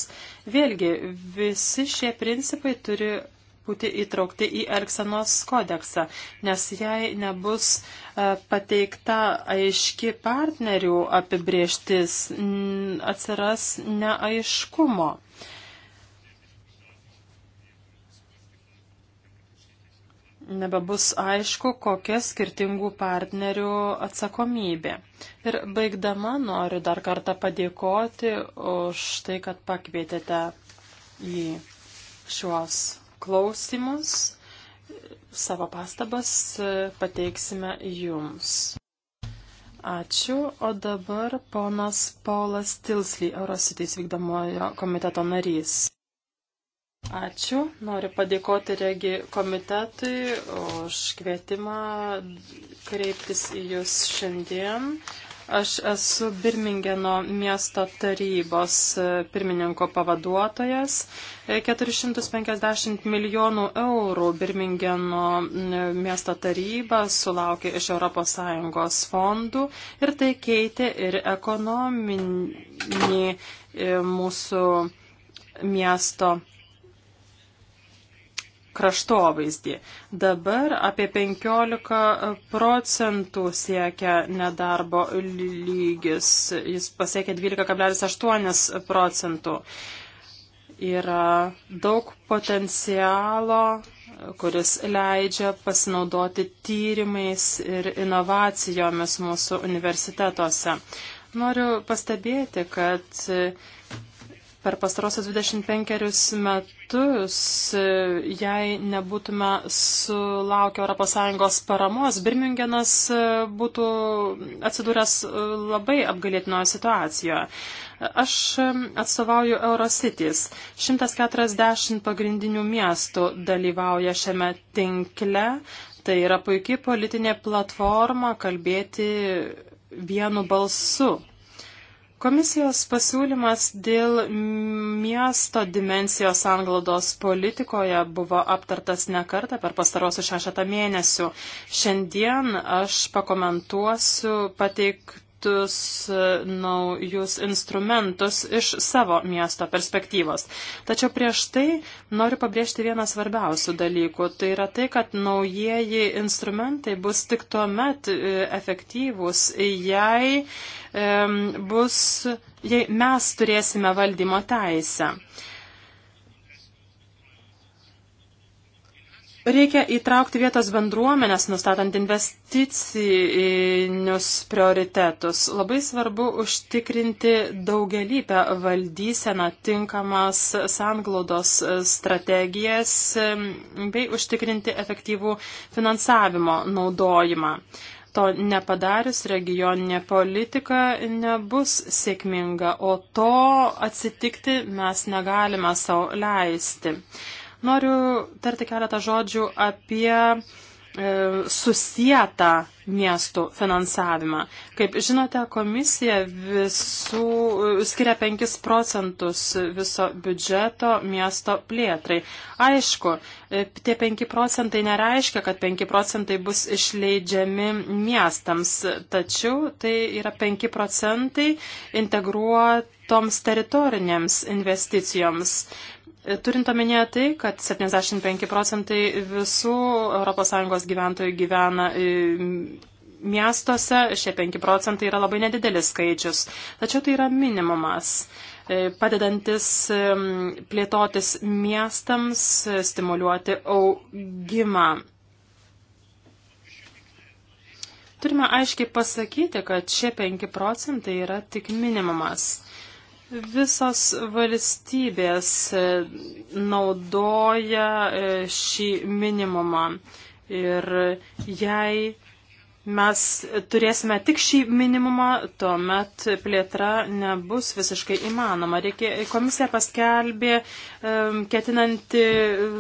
Vėlgi, visi šie principai turi būti įtraukti į Elksenos kodeksą, nes jei nebus e, pateikta aiški partnerių apibrieštis, atsiras neaiškumo. nebebus aišku, kokia skirtingų partnerių atsakomybė. Ir baigdama noriu dar kartą padėkoti už tai, kad pakvietėte į šiuos klausimus. Savo pastabas pateiksime jums. Ačiū. O dabar ponas Paulas Tilsly, Eurositys vykdomojo komiteto narys. Ačiū. Noriu padėkoti Regi komitetui už kvietimą kreiptis į Jūs šiandien. Aš esu Birmingeno miesto tarybos pirmininko pavaduotojas. 450 milijonų eurų Birmingeno miesto taryba sulaukė iš ES fondų ir tai keitė ir ekonominį e, mūsų miesto kraštovaizdį. Dabar apie 15 procentų siekia nedarbo lygis, jis pasiekia 12,8 procentų. Yra daug potencialo, kuris leidžia pasinaudoti tyrimais ir inovacijomis mūsų universitetuose. Noriu pastebėti, kad per pastarosius 25 metus, e, jei nebūtume sulaukę ES paramos, Birmingenas e, būtų atsidūręs e, labai apgalėtinoje situacijoje. Aš atstovauju Eurocities. 140 pagrindinių miestų dalyvauja šiame tinkle. Tai yra puikiai politinė platforma kalbėti vienu balsu Komisijos pasiūlymas dėl miesto dimensijos anglados politikoje buvo aptartas ne kartą per pastarosius šešetą mėnesių. Šiandien aš pakomentuosiu pateik, kitus e, naujus instrumentus iš savo miesto perspektyvos. Tačiau prieš tai noriu pabrėžti vieną svarbiausių dalykų. Tai yra tai, kad naujieji instrumentai bus tik tuo met e, efektyvūs, jei bus, jei mes turėsime valdymo teisę. Reikia įtraukti vietos bendruomenės, nustatant investicinius prioritetus. Labai svarbu užtikrinti daugelįpę valdyseną, tinkamas sanglaudos strategijas bei užtikrinti efektyvų finansavimo naudojimą. To nepadarius regioninė politika nebus sėkminga, o to atsitikti mes negalime savo leisti. Noriu tarti keletą žodžių apie e, susietą miestų finansavimą. Kaip žinote, komisija visų e, skiria 5 procentus viso biudžeto miesto plėtrai. Aišku, e, tie 5 procentai nereiškia, kad 5 procentai bus išleidžiami miestams, tačiau tai yra 5 procentai integruotoms teritorinėms investicijoms. Turint omenyje tai, kad 75 procentai visų ES gyventojų gyvena e, miestuose, šie 5 procentai yra labai nedidelis skaičius, tačiau tai yra minimumas e, padedantis e, plėtotis miestams, stimuliuoti augimą. Turime aiškiai pasakyti, kad šie 5 procentai yra tik minimumas. Visos valstybės e, naudoja e, šį minimumą ir jei mes turėsime tik šį minimumą, tuomet plėtra nebus visiškai įmanoma. Reikia, komisija paskelbė ketinanti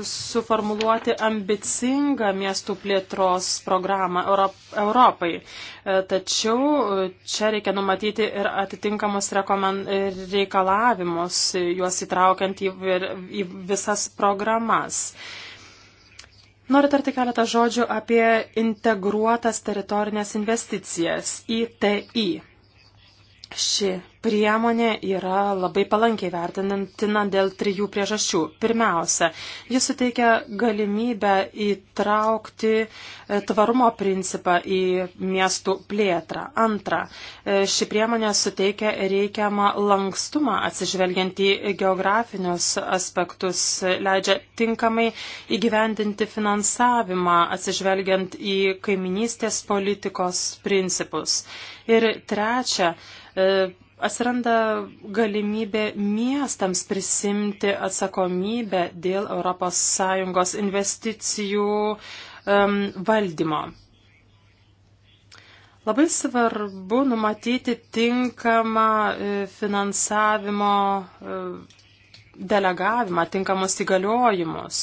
suformuluoti ambicingą miestų plėtros programą Europai. E, tačiau e, čia reikia numatyti ir atitinkamus reikalavimus, juos įtraukiant į visas programas. Noriu tarti keletą žodžių apie integruotas teritorinės investicijas, ITI. Ši priemonė yra labai palankiai vertinantina dėl trijų priežasčių. Pirmiausia, jis suteikia galimybę įtraukti e, tvarumo principą į miestų plėtrą. Antra, e, ši priemonė suteikia reikiamą lankstumą atsižvelgiant į geografinius aspektus, leidžia tinkamai įgyvendinti finansavimą atsižvelgiant į kaiminystės politikos principus. Ir trečia, e, atsiranda galimybė miestams prisimti atsakomybę dėl ES investicijų um, valdymo. Labai svarbu numatyti tinkamą e, finansavimo e, delegavimą, tinkamus įgaliojimus.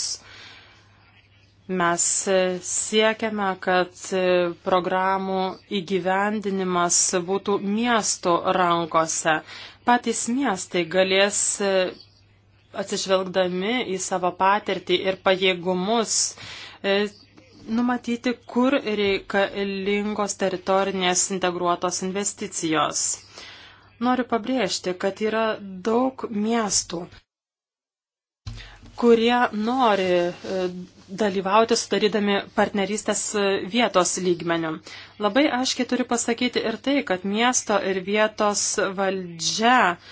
Mes e, siekiame, kad e, programų įgyvendinimas būtų miestų rankose. Patys miestai galės e, atsižvelgdami į savo patirtį ir pajėgumus numatyti, kur reikalingos teritorinės integruotos investicijos. Noriu pabrėžti, kad yra daug miestų, kurie nori dalyvauti sudarydami partnerystės vietos lygmenių. Labai aiškiai turiu pasakyti ir tai, kad miesto ir vietos valdžia uh,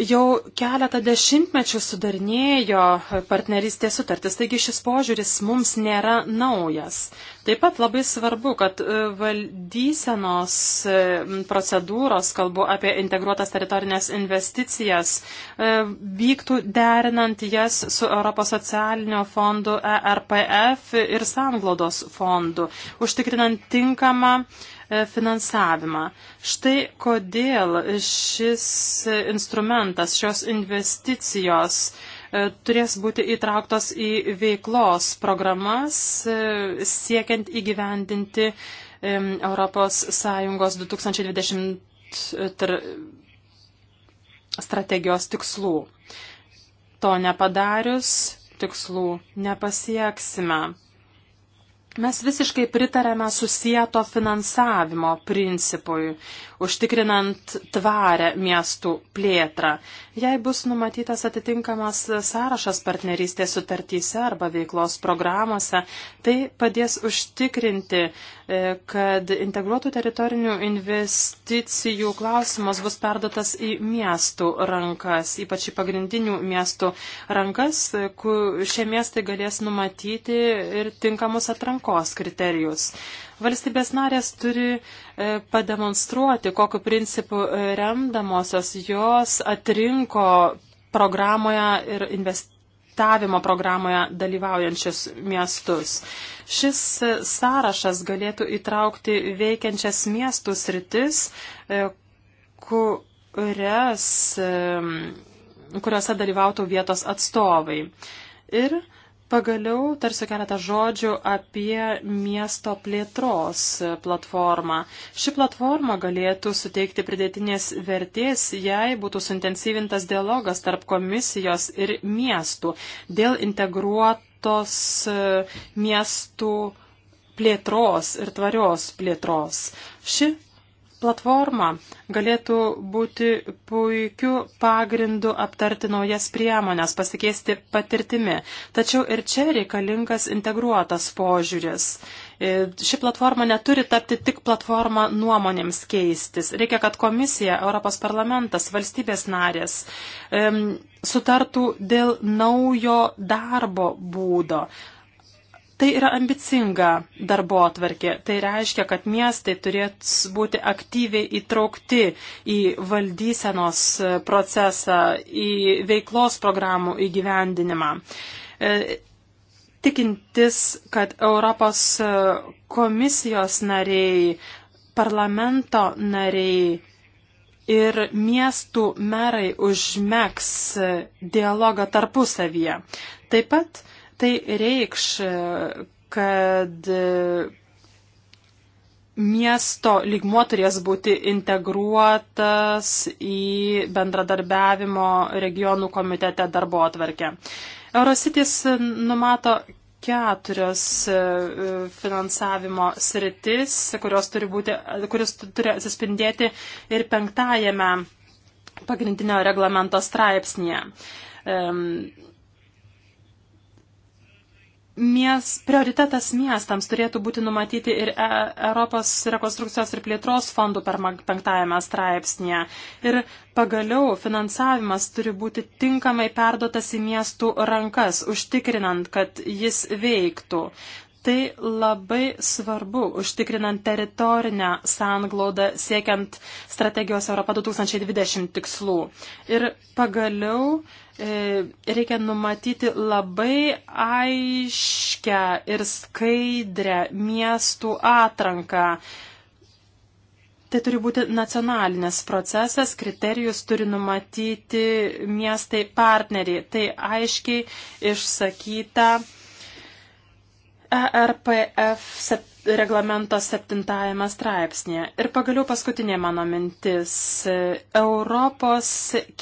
jau keletą dešimtmečių sudarinėjo partnerystės sutartis, taigi šis požiūris mums nėra naujas. Taip pat labai svarbu, kad e, valdysenos e, procedūros, kalbu apie integruotas teritorinės investicijas, e, vyktų derinant jas su Europos socialinio fondu ERPF ir Sanglaudos fondu, užtikrinant tinkamą E, finansavimą. Štai kodėl šis instrumentas, šios investicijos e, turės būti įtrauktos į veiklos programas e, siekiant įgyvendinti ES 2020 strategijos tikslų. To nepadarius tikslų nepasieksime. Mes visiškai pritarėme susijęto finansavimo principui, užtikrinant tvarę miestų plėtrą. Jei bus numatytas atitinkamas sąrašas partnerystės sutartyse arba veiklos programuose, tai padės užtikrinti, e, kad integruotų teritorinių investicijų klausimas bus perdotas į miestų rankas, ypač į pagrindinių miestų rankas, e, kur šie miestai galės numatyti ir tinkamus atrankus atrankos kriterijus. Valstybės narės turi e, pademonstruoti, kokiu principu e, remdamosios jos atrinko programoje ir investavimo programoje dalyvaujančius miestus. Šis e, sąrašas galėtų įtraukti veikiančias miestų sritis, kurias kuriuose dalyvautų vietos atstovai. Ir Pagaliau tarsiu keletą žodžių apie miesto plėtros platformą. Ši platforma galėtų suteikti pridėtinės vertės, jei būtų suintensyvintas dialogas tarp komisijos ir miestų dėl integruotos e, miestų plėtros ir tvarios plėtros. Ši platforma galėtų būti puikiu pagrindu aptarti naujas priemonės, pasikeisti patirtimi. Tačiau ir čia reikalingas integruotas požiūris. E, ši platforma neturi tapti tik platforma nuomonėms keistis. Reikia, kad komisija, Europos parlamentas, valstybės narės sutartų dėl naujo darbo būdo. Tai yra ambicinga darbo atvarkė. Tai reiškia, kad miestai turės būti aktyviai įtraukti į valdysenos procesą, į veiklos programų įgyvendinimą. E, tikintis, kad Europos komisijos nariai, parlamento nariai ir miestų merai užmėgs dialogą tarpusavyje. Taip pat Tai reikš, kad miesto lygmuo turės būti integruotas į bendradarbiavimo regionų komitete darbo atvarkę. Eurocities numato keturios e, finansavimo sritis, kurios turi būti, kuris turi atsispindėti ir penktajame pagrindinio reglamento straipsnėje. Um, Mies, prioritetas miestams turėtų būti numatyti ir e Europos rekonstrukcijos ir plėtros fondų per penktajame straipsnėje. Ir pagaliau finansavimas turi būti tinkamai perdotas į miestų rankas, užtikrinant, kad jis veiktų. Tai labai svarbu, užtikrinant teritorinę sanglaudą, siekiant strategijos Europa 2020 tikslų. Ir pagaliau E, reikia numatyti labai aiškę ir skaidrę miestų atranką. Tai turi būti nacionalinis procesas, kriterijus turi numatyti miestai partneriai. Tai aiškiai išsakyta ERPF reglamento septintajame straipsnėje. Ir pagaliau paskutinė mano mintis. Europos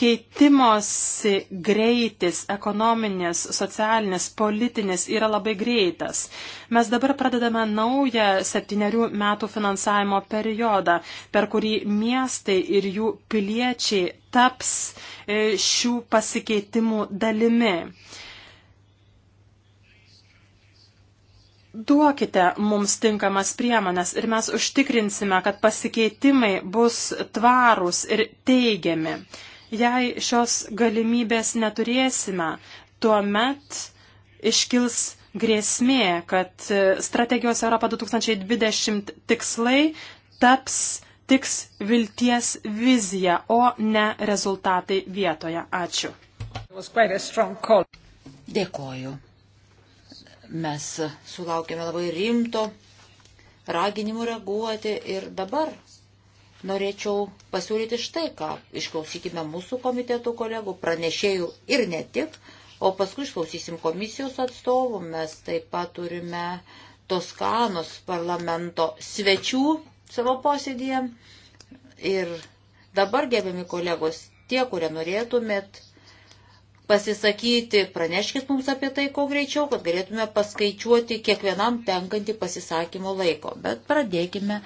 keitimosi greitis, ekonominis, socialinis, politinis yra labai greitas. Mes dabar pradedame naują septyniarių metų finansavimo periodą, per kurį miestai ir jų piliečiai taps e, šių pasikeitimų dalimi. Duokite mums tinkamas priemonės ir mes užtikrinsime, kad pasikeitimai bus tvarūs ir teigiami. Jei šios galimybės neturėsime, tuomet iškils grėsmė, kad strategijos Europa 2020 tikslai taps tiks vilties vizija, o ne rezultatai vietoje. Ačiū. Dėkoju. Mes sulaukėme labai rimto raginimų reaguoti ir dabar norėčiau pasiūlyti štai ką. Išklausykime mūsų komitetų kolegų, pranešėjų ir ne tik, o paskui išklausysim komisijos atstovų. Mes taip pat turime Toskanos parlamento svečių savo posėdėje. Ir dabar, gerbiami kolegos, tie, kurie norėtumėt pasisakyti, praneškis mums apie tai, ko greičiau, kad galėtume paskaičiuoti kiekvienam tenkantį pasisakymo laiko. Bet pradėkime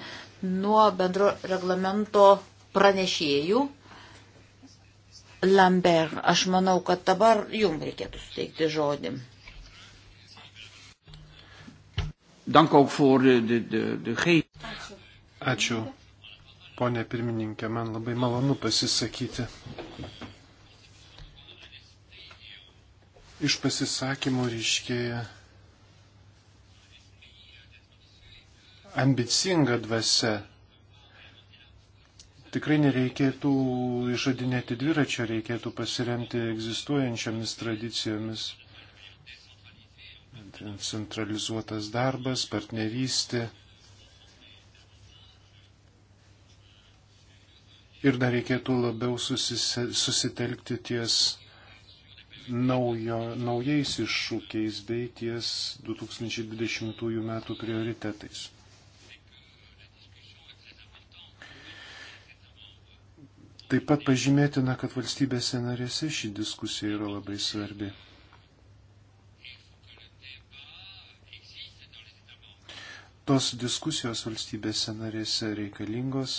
nuo bendro reglamento pranešėjų. Lambert, aš manau, kad dabar jums reikėtų suteikti žodį. Dank ook voor de, de, de, de geest. Ačiū. Ačiū. Pone pirmininkė, man labai malonu pasisakyti. Iš pasisakymų ryškėja ambicinga dvasia. Tikrai nereikėtų išradinėti dviračio, reikėtų pasiremti egzistuojančiomis tradicijomis. Centralizuotas darbas, partnerystė. Ir dar reikėtų labiau susitelkti ties naujo, naujais iššūkiais bei ties 2020 metų prioritetais. Taip pat pažymėtina, kad valstybėse narėse ši diskusija yra labai svarbi. Tos diskusijos valstybėse narėse reikalingos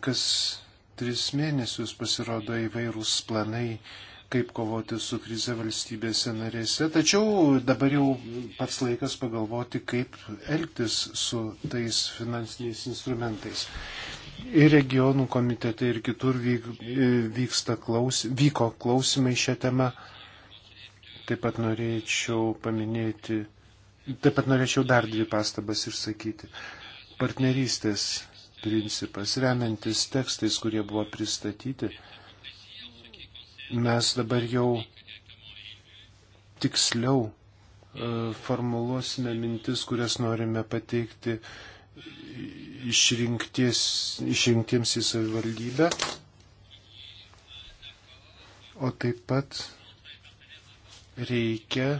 kas tris mėnesius pasirodo įvairūs planai, kaip kovoti su krize valstybėse narėse. Tačiau dabar jau pats laikas pagalvoti, kaip elgtis su tais finansiniais instrumentais. Ir regionų komitete, ir kitur vyksta klaus, vyko klausimai šią temą. Taip pat norėčiau paminėti, taip pat norėčiau dar dvi pastabas išsakyti. Partnerystės principas, remiantis tekstais, kurie buvo pristatyti, mes dabar jau tiksliau e, formuluosime mintis, kurias norime pateikti išrinktiems į savivaldybę, o taip pat reikia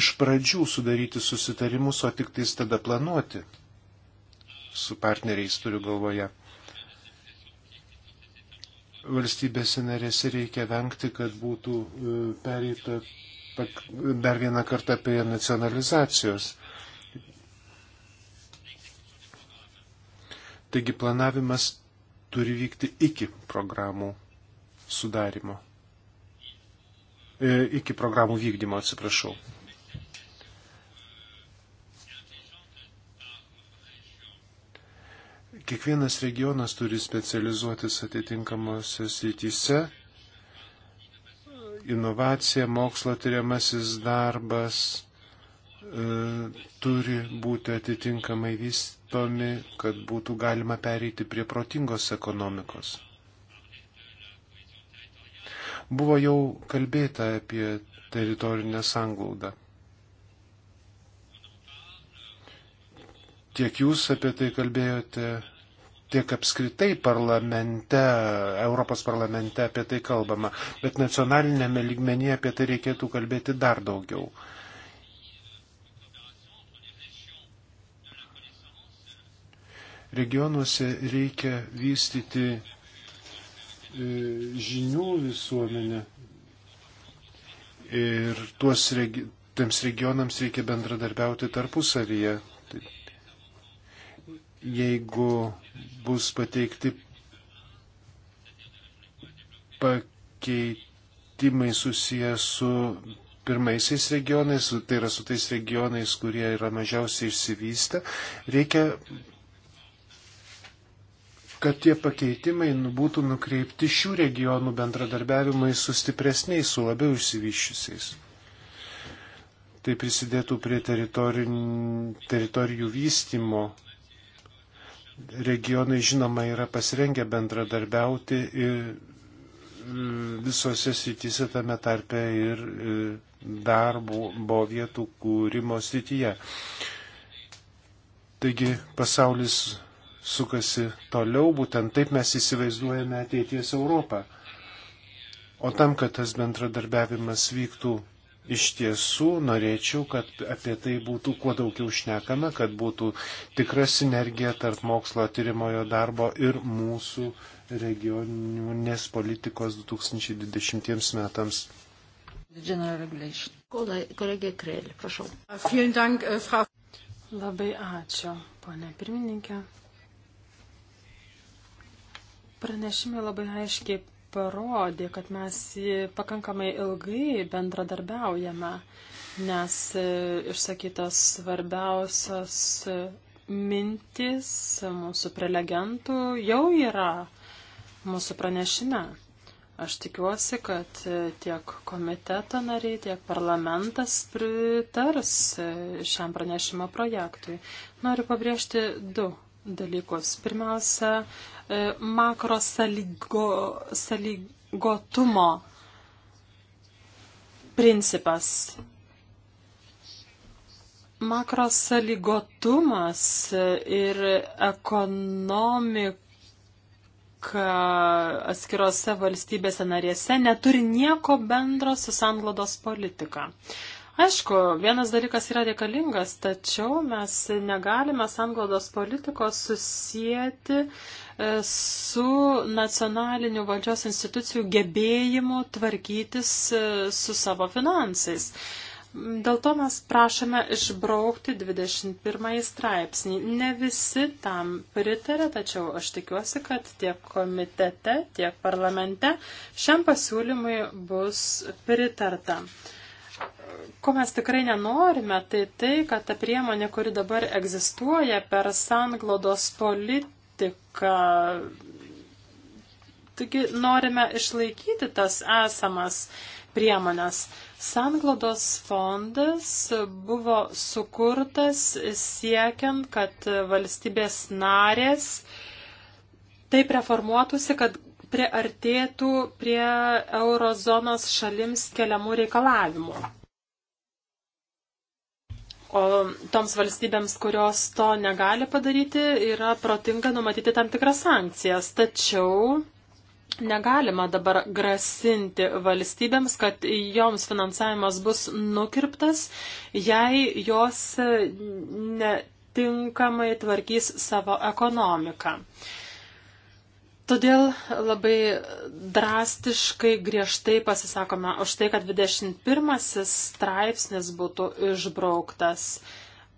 iš pradžių sudaryti susitarimus, o tik tais tada planuoti su partneriais turiu galvoje. Valstybėse narėse reikia vengti, kad būtų e, pereita dar vieną kartą apie nacionalizacijos. Taigi planavimas turi vykti iki programų sudarimo. E, iki programų vykdymo, atsiprašau. Kiekvienas regionas turi specializuotis atitinkamose srityse. Inovacija, mokslo tyriamasis darbas e, turi būti atitinkamai vystomi, kad būtų galima pereiti prie protingos ekonomikos. Buvo jau kalbėta apie teritorinę sanglaudą. Tiek jūs apie tai kalbėjote, tiek apskritai parlamente, Europos parlamente apie tai kalbama, bet nacionalinėme lygmenyje apie tai reikėtų kalbėti dar daugiau. Regionuose reikia vystyti e, žinių visuomenę ir tuos, regi, tiems regionams reikia bendradarbiauti tarpusavyje. Taip jeigu bus pateikti pakeitimai susijęs su pirmaisiais regionais, tai yra su tais regionais, kurie yra mažiausiai išsivystę, reikia kad tie pakeitimai nu, būtų nukreipti šių regionų bendradarbiavimui su stipresniais, su labiau išsivyščiusiais. Tai prisidėtų prie teritorijų vystimo Regionai žinoma yra pasirengę bendradarbiauti visose srityse tame tarpe ir darbo vietų kūrimo srityje. Taigi pasaulis sukasi toliau, būtent taip mes įsivaizduojame ateities Europą. O tam, kad tas bendradarbiavimas vyktų iš tiesų norėčiau, kad apie tai būtų kuo daugiau šnekama, kad būtų tikra sinergija tarp mokslo tyrimojo darbo ir mūsų regioninės politikos 2020 metams. Kolegė Krėl, prašau. Äh, labai ačiū, ponė pirmininkė. Pranešime labai aiškiai parodė, kad mes pakankamai ilgai bendradarbiaujame, nes e, išsakytos svarbiausios mintis mūsų prelegentų jau yra mūsų pranešime. Aš tikiuosi, kad e, tiek komiteto nariai, tiek parlamentas pritars e, šiam pranešimo projektui. Noriu pabrėžti du dalykus. Pirmiausia, e, makro sąlygo, sąlygotumo principas. Makro sąlygotumas ir ekonomik atskirose valstybėse narėse neturi nieko bendro su sanglodos politika. Aišku, vienas dalykas yra reikalingas, tačiau mes negalime sanglaudos politikos susijęti e, su nacionaliniu valdžios institucijų gebėjimu tvarkytis e, su savo finansais. Dėl to mes prašome išbraukti 21 straipsnį. Ne visi tam pritarė, tačiau aš tikiuosi, kad tiek komitete, tiek parlamente šiam pasiūlymui bus pritarta ko mes tikrai nenorime, tai tai, kad ta priemonė, kuri dabar egzistuoja per sanglodos politiką, taigi norime išlaikyti tas esamas priemonės. Sanglodos fondas buvo sukurtas siekiant, kad valstybės narės taip reformuotųsi, kad priartėtų prie eurozonos šalims keliamų reikalavimų. O toms valstybėms, kurios to negali padaryti, yra protinga numatyti tam tikras sankcijas. Tačiau negalima dabar grasinti valstybėms, kad joms finansavimas bus nukirptas, jei jos netinkamai tvarkys savo ekonomiką. Uh, Todėl labai drastiškai griežtai pasisakome už tai, kad 21 straipsnis būtų išbrauktas.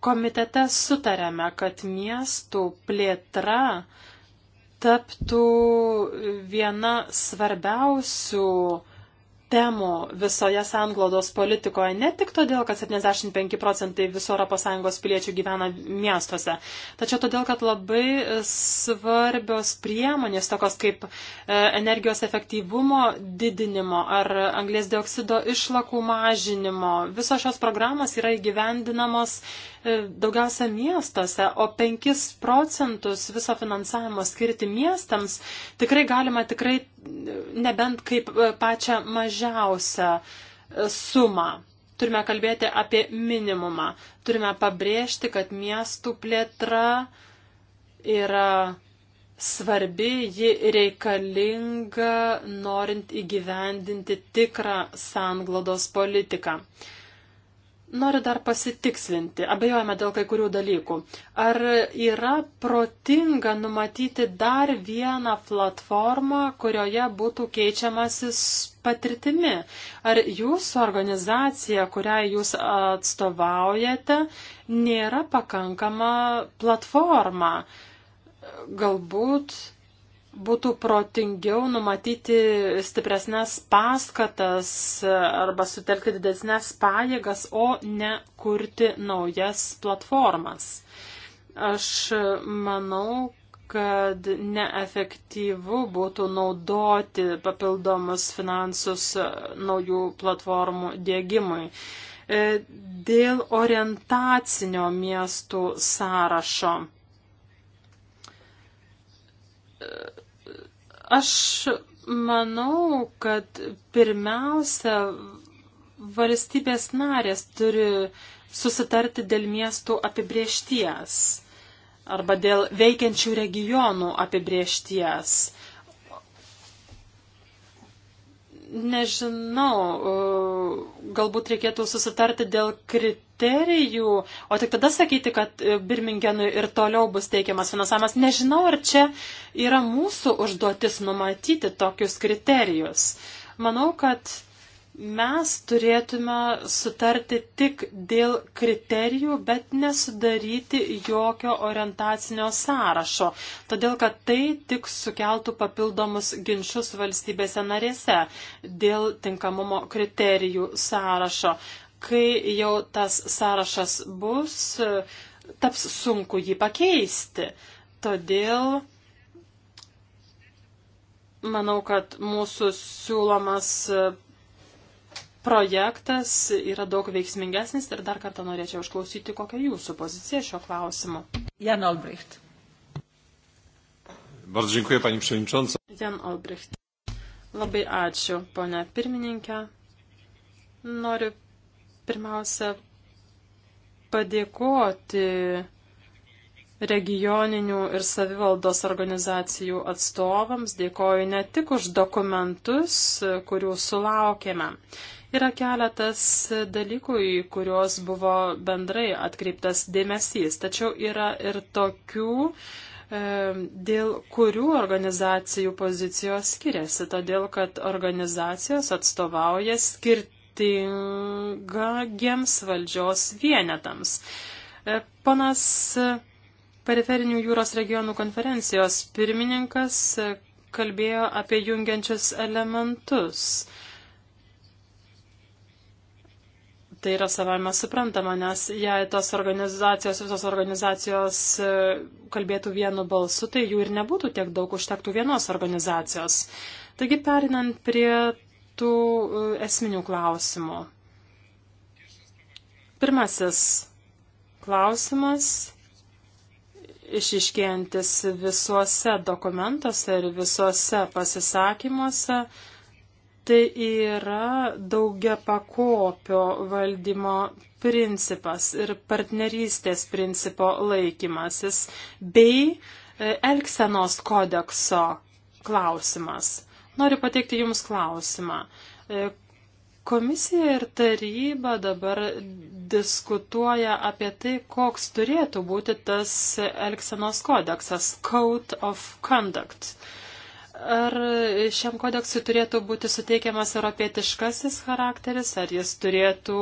Komitete sutarėme, kad miestų plėtra taptų viena svarbiausių temų visoje sanglodos politikoje, ne tik todėl, kad 75 procentai viso ES piliečių gyvena miestuose, tačiau todėl, kad labai svarbios priemonės, tokios kaip e, energijos efektyvumo didinimo ar anglės dioksido išlakų mažinimo, visos šios programos yra įgyvendinamos daugiausia miestuose, o 5 procentus viso finansavimo skirti miestams tikrai galima tikrai nebent kaip e, pačią mažiausią e, sumą. Turime kalbėti apie minimumą. Turime pabrėžti, kad miestų plėtra yra svarbi, ji reikalinga norint įgyvendinti tikrą sanglodos politiką. Noriu dar pasitikslinti, abejojame dėl kai kurių dalykų. Ar yra protinga numatyti dar vieną platformą, kurioje būtų keičiamasis patirtimi? Ar jūsų organizacija, kurią jūs atstovaujate, nėra pakankama platforma? Galbūt būtų protingiau numatyti stipresnės paskatas arba sutelkti didesnės pajėgas, o ne kurti naujas platformas. Aš manau, kad neefektyvu būtų naudoti papildomus finansus naujų platformų dėgymui. E, dėl orientacinio miestų sąrašo e, Aš manau, kad pirmiausia, valstybės narės turi susitarti dėl miestų apibriešties arba dėl veikiančių regionų apibriešties. Nežinau, e, galbūt reikėtų susitarti dėl kriterijų, o tik tada sakyti, kad e, Birmingenui ir toliau bus teikiamas finansavimas. Nežinau, ar čia yra mūsų užduotis numatyti tokius kriterijus. Manau, kad mes turėtume sutarti tik dėl kriterijų, bet nesudaryti jokio orientacinio sąrašo, todėl kad tai tik sukeltų papildomus ginčius valstybėse narėse dėl tinkamumo kriterijų sąrašo. Kai jau tas sąrašas bus, taps sunku jį pakeisti. Todėl manau, kad mūsų siūlomas projektas yra daug veiksmingesnis ir dar kartą norėčiau išklausyti, kokia jūsų pozicija šio klausimu. Jan Albrecht. Bardzo dziękuję, pani przewodnicząca. Jan Albrecht. Labai ačiū, ponia pirmininkė. Noriu pirmiausia padėkoti regioninių ir savivaldos organizacijų atstovams dėkoju ne tik už dokumentus, kurių sulaukėme. Yra keletas dalykų, į kuriuos buvo bendrai atkreiptas dėmesys, tačiau yra ir tokių, e, dėl kurių organizacijų pozicijos skiriasi, todėl kad organizacijos atstovauja skirtingagiems valdžios vienetams. E, Panas periferinių jūros regionų konferencijos pirmininkas e, kalbėjo apie jungiančius elementus. Tai yra savame suprantama, nes jei tos organizacijos, visos organizacijos e, kalbėtų vienu balsu, tai jų ir nebūtų tiek daug, užtektų vienos organizacijos. Taigi perinant prie tų e, esminių klausimų. Pirmasis klausimas išiškėjantis visuose dokumentuose ir visuose pasisakymuose Tai yra daugia pakopio valdymo principas ir partnerystės principo laikymasis bei e, Elksenos kodekso klausimas. Noriu pateikti Jums klausimą. E, komisija ir taryba dabar diskutuoja apie tai, koks turėtų būti tas Elksenos kodeksas, Code of Conduct. Uh, ar šiam kodeksui turėtų būti suteikiamas europietiškasis charakteris, ar jis turėtų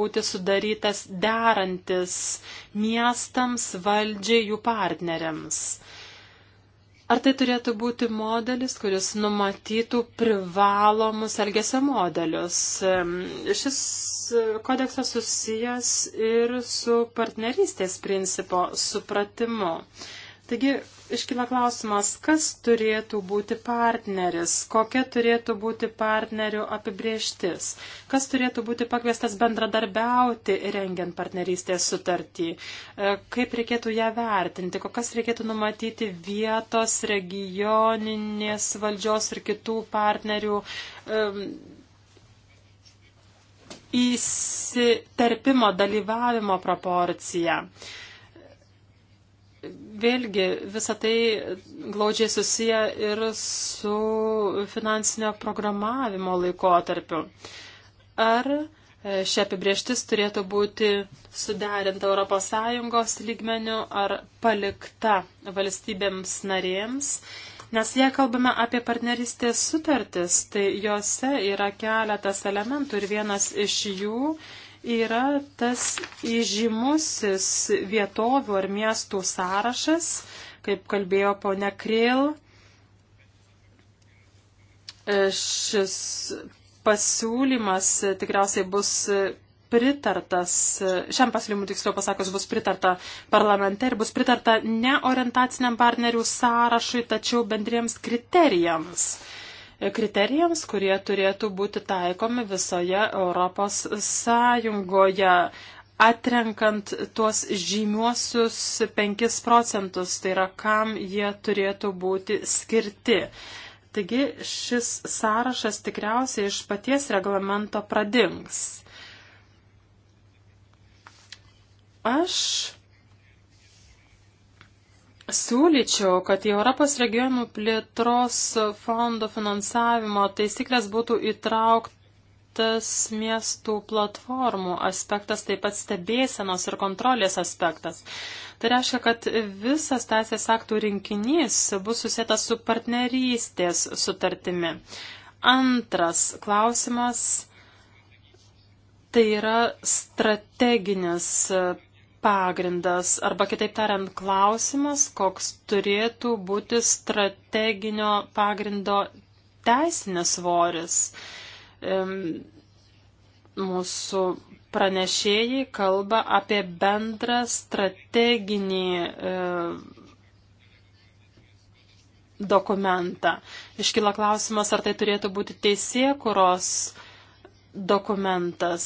būti sudarytas derantis miestams, valdžiai, jų partneriams. Ar tai turėtų būti modelis, kuris numatytų privalomus elgesio modelius? Šis kodeksas susijęs ir su partnerystės principo supratimu. Taigi iškyla klausimas, kas turėtų būti partneris, kokia turėtų būti partnerių apibrieštis, kas turėtų būti pakviestas bendradarbiauti rengiant partnerystės sutartį, e, kaip reikėtų ją vertinti, kokias reikėtų numatyti vietos, regioninės valdžios ir kitų partnerių. Um, Įsiterpimo dalyvavimo proporcija. Uh, vėlgi visą tai glaudžiai susiję ir su finansinio programavimo laikotarpiu. Ar e, ši apibrieštis turėtų būti suderinta ES lygmeniu ar palikta valstybėms narėms? Nes jei kalbame apie partnerystės sutartis, tai juose yra keletas elementų ir vienas iš jų yra tas įžymusis vietovių ar miestų sąrašas, kaip kalbėjo ponia Kril. E, šis pasiūlymas tikriausiai bus pritartas, e, šiam pasiūlymui tiksliau pasakius, bus pritarta parlamente ir bus pritarta ne orientaciniam partnerių sąrašui, tačiau bendriems kriterijams. Uh, kriterijams, kurie turėtų būti taikomi visoje Europos Sąjungoje, atrenkant tuos žymiuosius 5 procentus, tai yra kam jie turėtų būti skirti. Taigi šis sąrašas tikriausiai iš paties reglamento pradings. Aš Siūlyčiau, kad į Europos regionų plėtros fondo finansavimo taisyklės būtų įtrauktas miestų platformų aspektas, taip pat stebėsenos ir kontrolės aspektas. Tai reiškia, kad visas teisės aktų rinkinys bus susijęs su partnerystės sutartimi. Antras klausimas tai yra strateginis pagrindas arba kitaip tariant klausimas, koks turėtų būti strateginio pagrindo teisinės svoris. Mūsų pranešėjai kalba apie bendrą strateginį e, dokumentą. Iškyla klausimas, ar tai turėtų būti teisėkuros dokumentas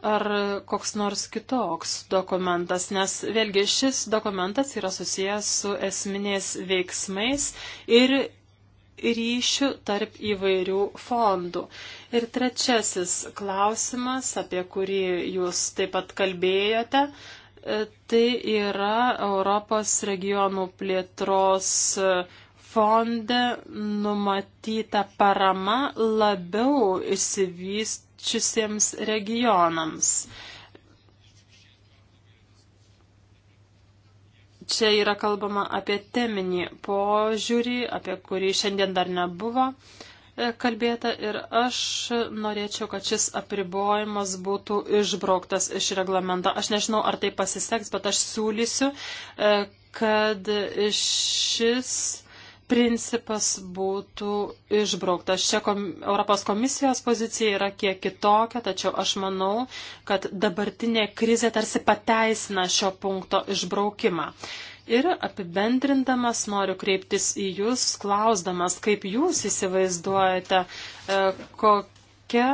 ar koks nors kitoks dokumentas, nes vėlgi šis dokumentas yra susijęs su esminiais veiksmais ir ryšių tarp įvairių fondų. Ir trečiasis klausimas, apie kurį jūs taip pat kalbėjote, e, tai yra Europos regionų plėtros e, fonde numatyta parama labiau išsivystyti pačiusiems regionams. Čia yra kalbama apie teminį požiūrį, apie kurį šiandien dar nebuvo e, kalbėta ir aš norėčiau, kad šis apribojimas būtų išbrauktas iš reglamento. Aš nežinau, ar tai pasiseks, bet aš siūlysiu, e, kad šis principas būtų išbrauktas. Čia kom, Europos komisijos pozicija yra kiek kitokia, tačiau aš manau, kad dabartinė krizė tarsi pateisina šio punkto išbraukimą. Ir apibendrindamas noriu kreiptis į Jūs, klausdamas, kaip Jūs įsivaizduojate, e, kokia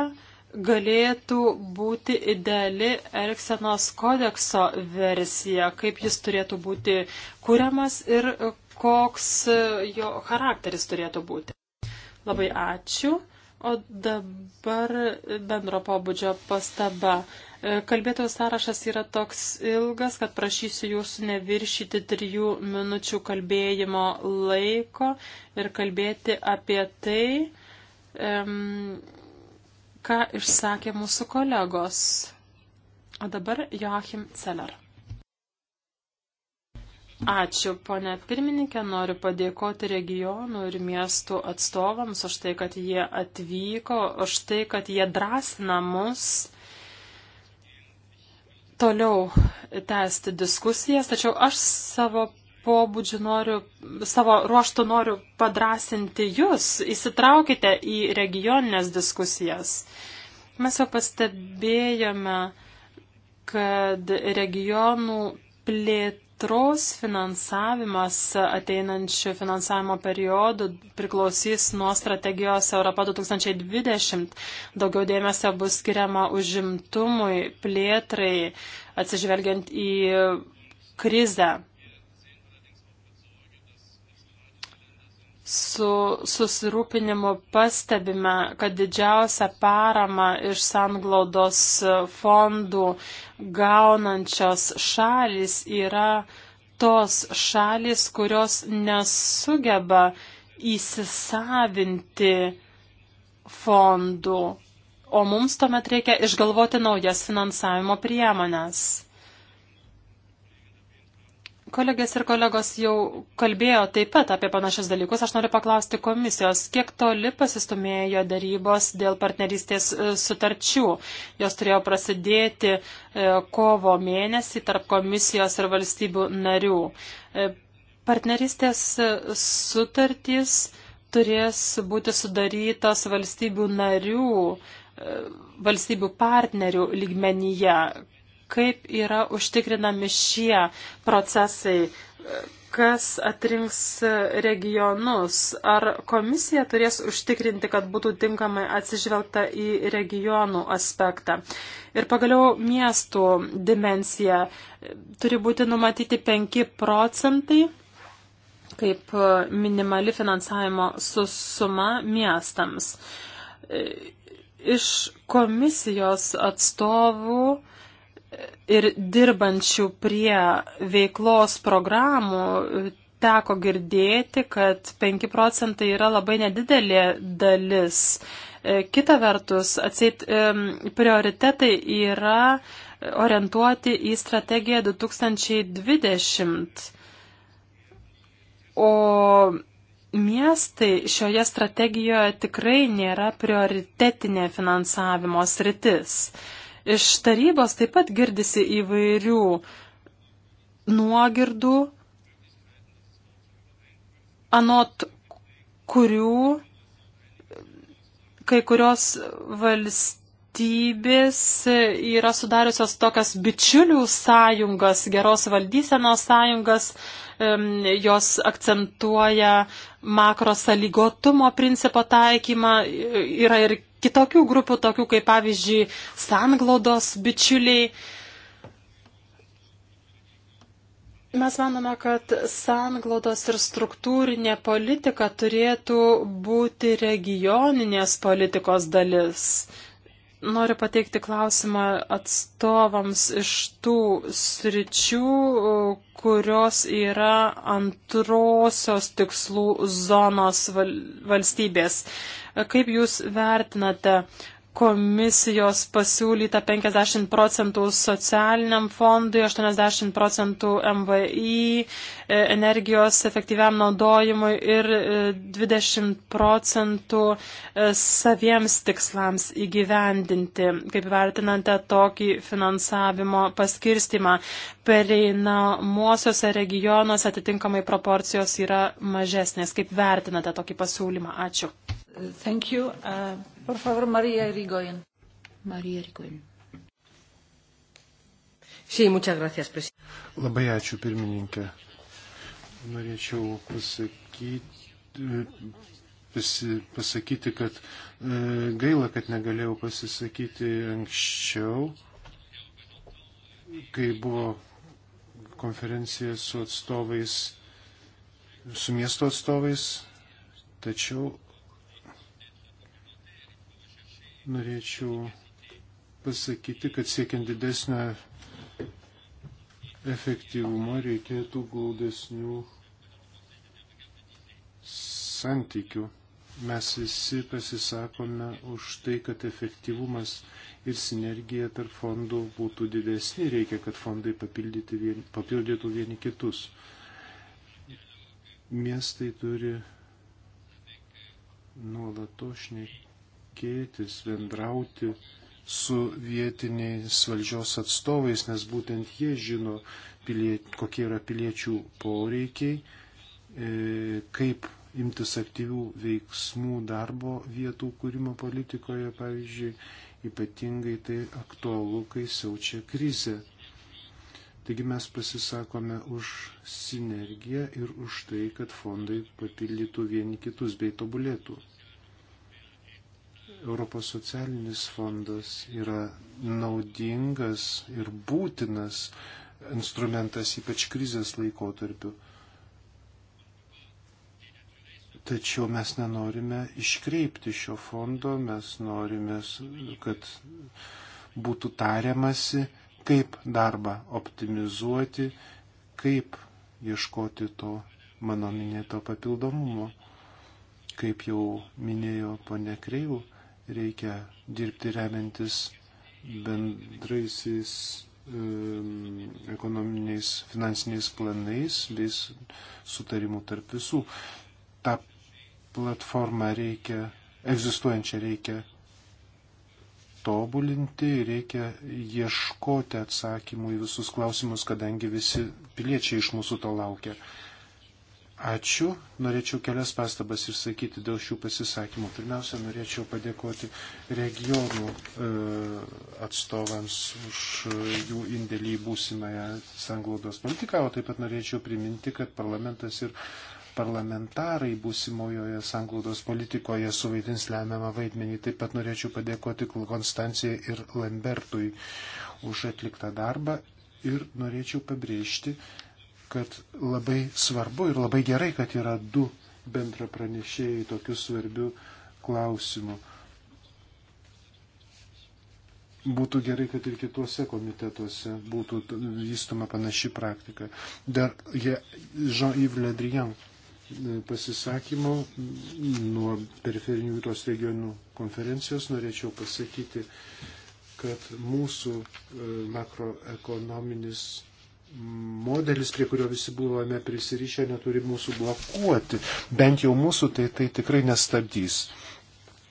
galėtų būti ideali Elksenos kodekso versija, kaip jis turėtų būti kuriamas ir koks e, jo charakteris turėtų būti. Labai ačiū. O dabar bendro pobūdžio pastaba. E, kalbėtojų sąrašas yra toks ilgas, kad prašysiu jūsų neviršyti trijų minučių kalbėjimo laiko ir kalbėti apie tai, ką išsakė mūsų kolegos. O dabar Joachim Celler. Ačiū, ponė pirmininkė, noriu padėkoti regionų ir miestų atstovams už tai, kad jie atvyko, už tai, kad jie drąsina mus toliau tęsti diskusijas, tačiau aš savo pobūdžių noriu, savo ruoštų noriu padrasinti jūs, įsitraukite į regioninės diskusijas. Mes jau pastebėjome, kad regionų plėtė plėtros finansavimas ateinančių finansavimo periodų priklausys nuo strategijos Europa 2020. Daugiau dėmesio bus skiriama užimtumui, plėtrai, atsižvelgiant į krizę. Su susirūpinimu pastebime, kad didžiausia parama iš sanglaudos fondų uh, gaunančios šalis yra tos šalis, kurios nesugeba įsisavinti fondų, o mums tuomet reikia išgalvoti naujas finansavimo priemonės. Kolegės ir kolegos jau kalbėjo taip pat apie panašius dalykus. Aš noriu paklausti komisijos, kiek toli pasistumėjo darybos dėl partnerystės e, sutarčių. Jos turėjo prasidėti e, kovo mėnesį tarp komisijos ir valstybių narių. E, partnerystės sutartys turės būti sudarytos valstybių narių, valstybių partnerių lygmenyje kaip yra užtikrinami šie procesai, kas atrinks regionus, ar komisija turės užtikrinti, kad būtų tinkamai atsižvelgta į regionų aspektą. Ir pagaliau miestų dimensija turi būti numatyti 5 procentai kaip minimali finansavimo suma miestams. Iš komisijos atstovų ir dirbančių prie veiklos programų teko girdėti, kad 5 procentai yra labai nedidelė dalis. E, kita vertus, atseit prioritetai yra orientuoti į strategiją 2020. O miestai šioje strategijoje tikrai nėra prioritetinė finansavimo sritis. Iš tarybos taip pat girdisi įvairių nuogirdų, anot kurių kai kurios valstybės yra sudariusios tokias bičiulių sąjungas, geros valdysenos sąjungas, jos akcentuoja makro sąlygotumo principo taikymą, yra ir kitokių grupių, tokių kaip pavyzdžiui sanglaudos bičiuliai. Mes manome, kad sanglaudos ir struktūrinė politika turėtų būti regioninės politikos dalis. Noriu pateikti klausimą atstovams iš tų sričių, e, kurios yra antrosios tikslų zonos valstybės. E, kaip Jūs vertinate, komisijos pasiūlyta 50 procentų socialiniam fondui, 80 procentų MVI, e, energijos efektyviam naudojimui ir 20 e, procentų e, saviems tikslams įgyvendinti, kaip vertinate tokį finansavimo paskirstimą. Pereinamosiuose regionuose atitinkamai proporcijos yra mažesnės. Kaip vertinate tokį pasiūlymą? Ačiū. Thank you. Uh... Por favor, María Irigoyen. María Irigoyen. Sí, muchas gracias, presidente. Labai ačiū, pirmininkė. Norėčiau pasakyti, pasi, pasakyti kad e, gaila, kad negalėjau pasisakyti anksčiau, kai buvo konferencija su atstovais, su miesto atstovais, tačiau norėčiau pasakyti, kad siekiant didesnio efektyvumo reikėtų glaudesnių santykių. Mes visi pasisakome už tai, kad efektyvumas ir sinergija tarp fondų būtų didesni, reikia, kad fondai vien, papildytų vieni kitus. Miestai turi nuolato šnekėti šnekėtis, bendrauti su vietiniais valdžios atstovais, nes būtent jie žino, pilie, kokie yra piliečių poreikiai, e, kaip imtis aktyvių veiksmų darbo vietų kūrimo politikoje, pavyzdžiui, ypatingai tai aktualu, kai siaučia krizė. Taigi mes pasisakome už sinergiją ir už tai, kad fondai papildytų vieni kitus bei tobulėtų. Europos socialinis fondas yra naudingas ir būtinas instrumentas, ypač krizės laikotarpiu. Tačiau mes nenorime iškreipti šio fondo, mes norime, kad būtų tariamasi, kaip darbą optimizuoti, kaip ieškoti to mano minėto papildomumo. Kaip jau minėjo ponė Kreivų, Reikia dirbti remiantis bendraisiais ekonominiais finansiniais planais bei sutarimų tarp visų. Ta platforma reikia, egzistuojančią reikia tobulinti ir reikia ieškoti atsakymų į visus klausimus, kadangi visi piliečiai iš mūsų to laukia. Ačiū. Norėčiau kelias pastabas išsakyti dėl šių pasisakymų. Pirmiausia, norėčiau padėkoti regionų e, atstovams už jų indėlį į būsimąją sanglaudos politiką, o taip pat norėčiau priminti, kad parlamentas ir parlamentarai būsimojoje sanglaudos politikoje suvaidins lemiamą vaidmenį. Taip pat norėčiau padėkoti Konstancijai ir Lambertui už atliktą darbą ir norėčiau pabrėžti, kad labai svarbu ir labai gerai, kad yra du bendra pranešėjai tokiu svarbiu klausimu. Būtų gerai, kad ir kituose komitetuose būtų vystoma panaši praktika. Dar Jean-Yves Ledrian e, pasisakymo nuo periferinių jūros regionų konferencijos norėčiau pasakyti, kad mūsų e, makroekonominis modelis, prie kurio visi buvome prisirišę, neturi mūsų blokuoti. Bent jau mūsų tai, tai tikrai nestabdys.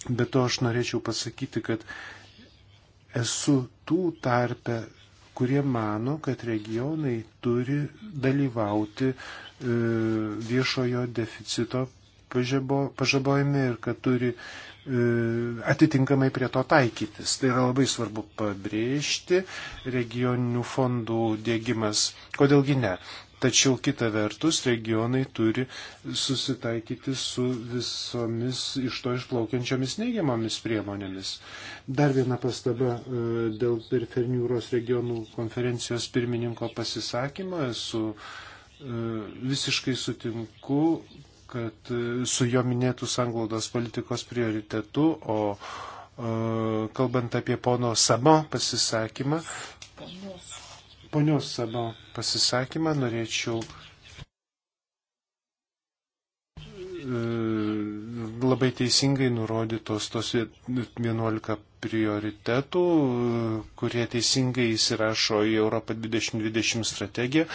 Bet to aš norėčiau pasakyti, kad esu tų tarpe, kurie mano, kad regionai turi dalyvauti e, viešojo deficito pažabojime ir kad turi E, atitinkamai prie to taikytis. Tai yra labai svarbu pabrėžti regioninių fondų dėgymas. Kodėlgi ne? Tačiau kita vertus regionai turi susitaikyti su visomis iš to išplaukiančiomis neigiamomis priemonėmis. Dar viena pastaba e, dėl periferniūros regionų konferencijos pirmininko pasisakymo. Esu e, visiškai sutinku, kad e, su jo minėtų sanglaudos politikos prioritetu, o, o e, kalbant apie pono Samo pasisakymą, ponios Samo pasisakymą norėčiau e, labai teisingai nurodytos tos 11 prioritetų, kurie teisingai įsirašo į Europą 2020 strategiją.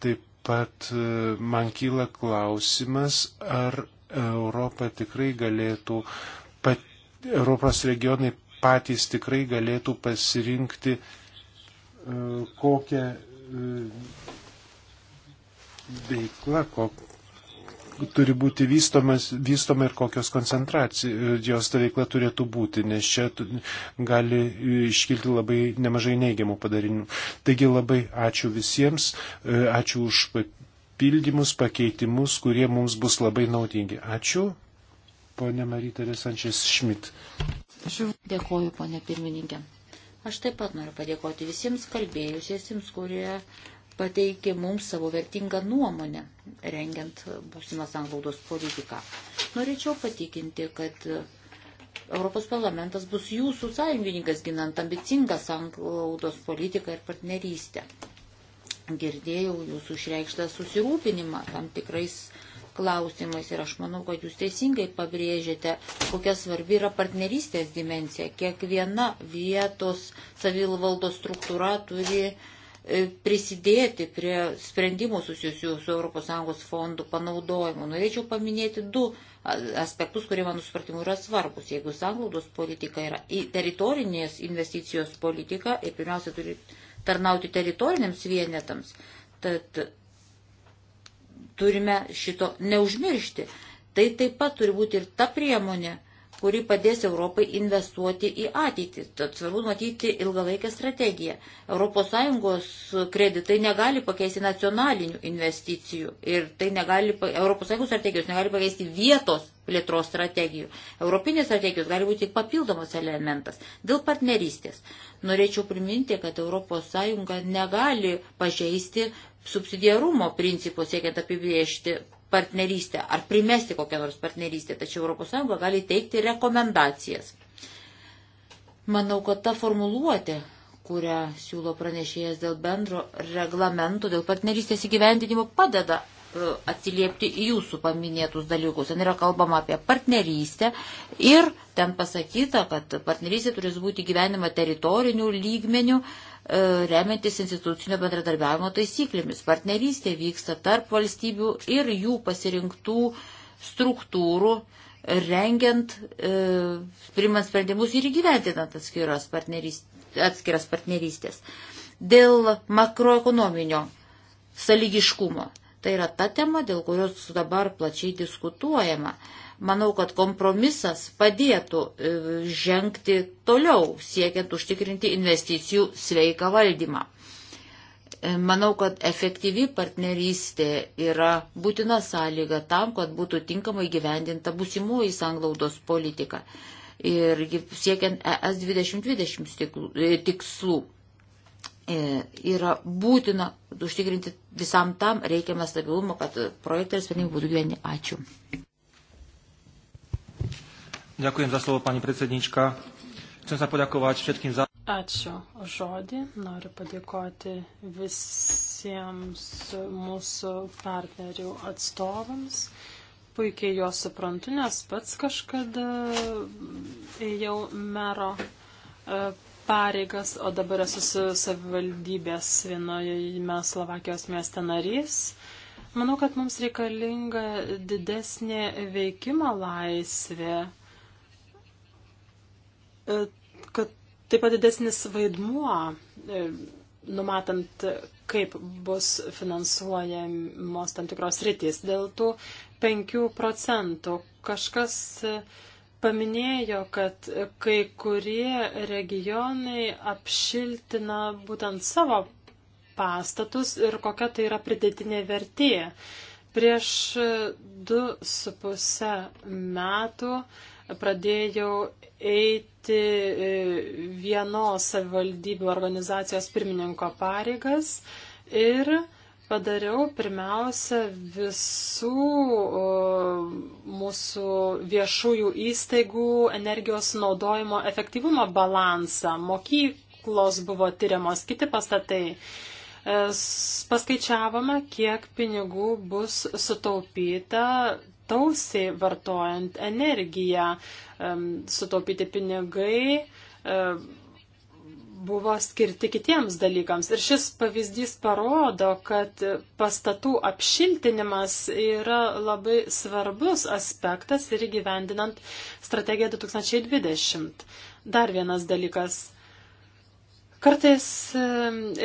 Taip pat e, man kyla klausimas, ar Europa tikrai galėtų, pat, Europos regionai patys tikrai galėtų pasirinkti e, kokią e, veiklą, turi būti vystomas, vystoma ir kokios koncentracijos ta veikla turėtų būti, nes čia gali iškilti labai nemažai neigiamų padarinių. Taigi labai ačiū visiems, e, ačiū už papildymus, pakeitimus, kurie mums bus labai naudingi. Ačiū, ponė Marytė Sančias Šmit. Dėkuoju, ponė pirmininkė. Aš taip pat noriu padėkoti visiems kalbėjusiesiems, kurie pateikė mums savo vertingą nuomonę, rengiant būsimą sanglaudos politiką. Norėčiau patikinti, kad Europos parlamentas bus jūsų sąjungininkas ginant ambicingą sanglaudos politiką ir partnerystę. Girdėjau jūsų išreikštą susirūpinimą tam tikrais klausimais ir aš manau, kad jūs teisingai pabrėžėte, kokia svarbi yra partnerystės dimencija. Kiekviena vietos savilvaldos struktūra turi uh, E, prisidėti prie sprendimų susijusių su ES fondų panaudojimu. Norėčiau paminėti du aspektus, kurie mano supratimu yra svarbus. Jeigu sanglaudos politika yra teritorinės investicijos politika ir pirmiausia turi tarnauti teritoriniams vienetams, tad turime šito neužmiršti. Tai taip pat turi būti ir ta priemonė, kuri padės Europai investuoti į ateitį. Tad svarbu matyti ilgalaikę strategiją. ES kreditai negali pakeisti nacionalinių investicijų ir tai negali, ES strategijos negali pakeisti vietos plėtros strategijų. Europinės strategijos gali būti tik papildomas elementas. Dėl partnerystės. Norėčiau priminti, kad ES negali pažeisti subsidiarumo principų siekiant apibriežti partnerystę ar primesti kokią nors partnerystę, tačiau ES gali teikti rekomendacijas. Manau, kad ta formuluotė, kurią siūlo pranešėjas dėl bendro reglamento, dėl partnerystės įgyvendinimo, padeda e, atsiliepti į jūsų paminėtus dalykus. Ten yra kalbama apie partnerystę ir ten pasakyta, kad partnerystė turės būti gyvenima teritorinių lygmenių, uh, E, remiantis institucinio bendradarbiavimo taisyklėmis. Partnerystė vyksta tarp valstybių ir jų pasirinktų struktūrų, rengiant, e, primant sprendimus ir įgyventinant atskiras, partnerys, atskiras partnerystės. Dėl makroekonominio saligiškumo. Tai yra ta tema, dėl kurios dabar plačiai diskutuojama. E, Manau, kad kompromisas padėtų e, žengti toliau, siekiant užtikrinti investicijų sveiką valdymą. E, manau, kad efektyvi partnerystė yra būtina sąlyga tam, kad būtų tinkamai gyvendinta busimoji sanglaudos politika ir siekiant ES 2020 e, tikslų yra būtina užtikrinti visam tam reikiamą stabilumą, kad projektas sprendimai būtų gyveni. Ačiū. Ďakujem za slovo, pani predsednička. Chcem sa poďakovať všetkým za... Ačiū žodį. Noriu padėkoti visiems mūsų partnerių atstovams. Puikiai juos suprantu, nes pats kažkada ėjau mero e, pareigas, o dabar esu su savivaldybės vienoje Slovakijos mieste narys. Manau, kad mums reikalinga didesnė veikimo laisvė E, kad taip pat didesnis vaidmuo e, numatant, kaip bus finansuojamos tam tikros rytis. Dėl tų 5 procentų kažkas e, paminėjo, kad kai kurie regionai apšiltina būtent savo pastatus ir kokia tai yra pridėtinė vertė. Prieš du su pusę metų pradėjau eiti e, vienos savivaldybių organizacijos pirmininko pareigas ir padariau pirmiausia visų mūsų viešųjų įstaigų energijos naudojimo efektyvumo balansą. Mokyklos buvo tyriamos kiti pastatai. E, paskaičiavome, kiek pinigų bus sutaupyta tausiai vartojant energiją. E, sutaupyti pinigai e, buvo skirti kitiems dalykams. Ir šis pavyzdys parodo, kad pastatų apšiltinimas yra labai svarbus aspektas ir įgyvendinant strategiją 2020. Dar vienas dalykas Kartais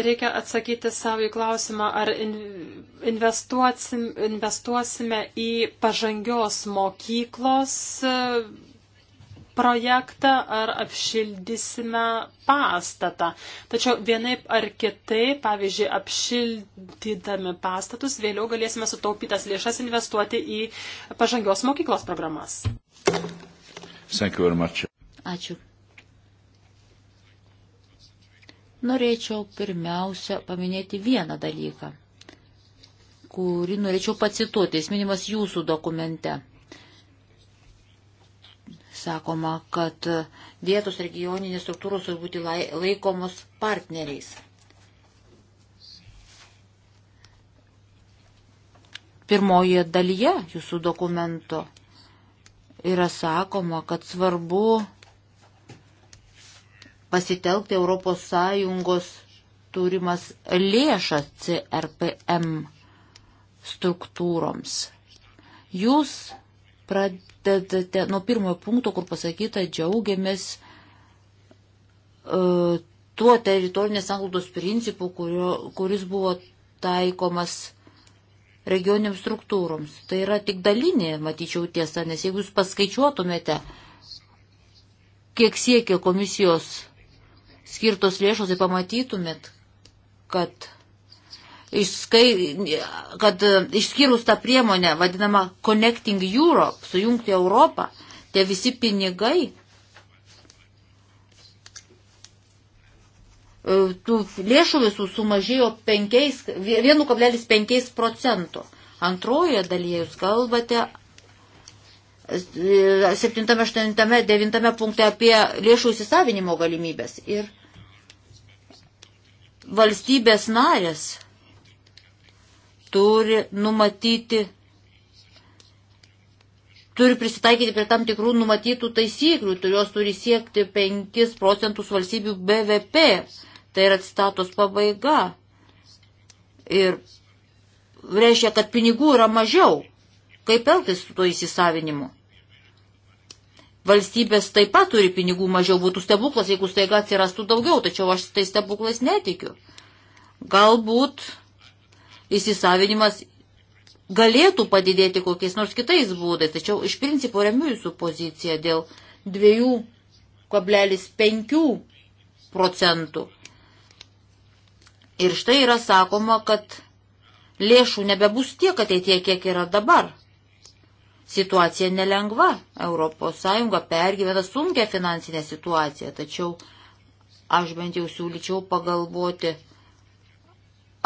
reikia atsakyti savo į klausimą, ar investuosime į pažangios mokyklos projektą, ar apšildysime pastatą. Tačiau vienaip ar kitaip, pavyzdžiui, apšildydami pastatus, vėliau galėsime sutaupytas lėšas investuoti į pažangios mokyklos programas. Ačiū. Norėčiau pirmiausia paminėti vieną dalyką, kurį norėčiau pacituoti, jis minimas jūsų dokumente. Sakoma, kad vietos regioninės struktūros turi būti laikomos partneriais. Pirmoje dalyje jūsų dokumento yra sakoma, kad svarbu pasitelkti ES turimas lėšas CRPM struktūroms. Jūs pradedate nuo pirmojo punkto, kur pasakyta, džiaugiamės uh, tuo teritorinės anglodos principu, kurio, kuris buvo taikomas regioniams struktūroms. Tai yra tik dalinė, matyčiau, tiesa, nes jeigu jūs paskaičiuotumėte, kiek siekia komisijos skirtos lėšos, tai pamatytumėt, kad, išskai, kad e, išskyrus tą priemonę, vadinamą Connecting Europe, sujungti Europą, tie visi pinigai e, tų lėšų visų sumažėjo 1,5 procentų. Antrojoje dalyje jūs kalbate 7, 8, 9 punkte apie lėšų įsisavinimo galimybės. Ir valstybės narės turi numatyti, turi prisitaikyti prie tam tikrų numatytų taisyklių, kurios turi siekti 5 procentus valstybių BVP. Tai yra citatos pabaiga. Ir reiškia, kad pinigų yra mažiau. Kaip elgtis su tuo įsisavinimu? Valstybės taip pat turi pinigų mažiau, būtų stebuklas, jeigu staiga atsirastų daugiau, tačiau aš tai stebuklais netikiu. Galbūt įsisavinimas galėtų padidėti kokiais nors kitais būdais, tačiau iš principo remiu jūsų poziciją dėl 2,5 procentų. Ir štai yra sakoma, kad lėšų nebebus tiek ateitie, kiek yra dabar. Situacija nelengva. ES pergyvena sunkia finansinė situacija, tačiau aš bent jau siūlyčiau pagalvoti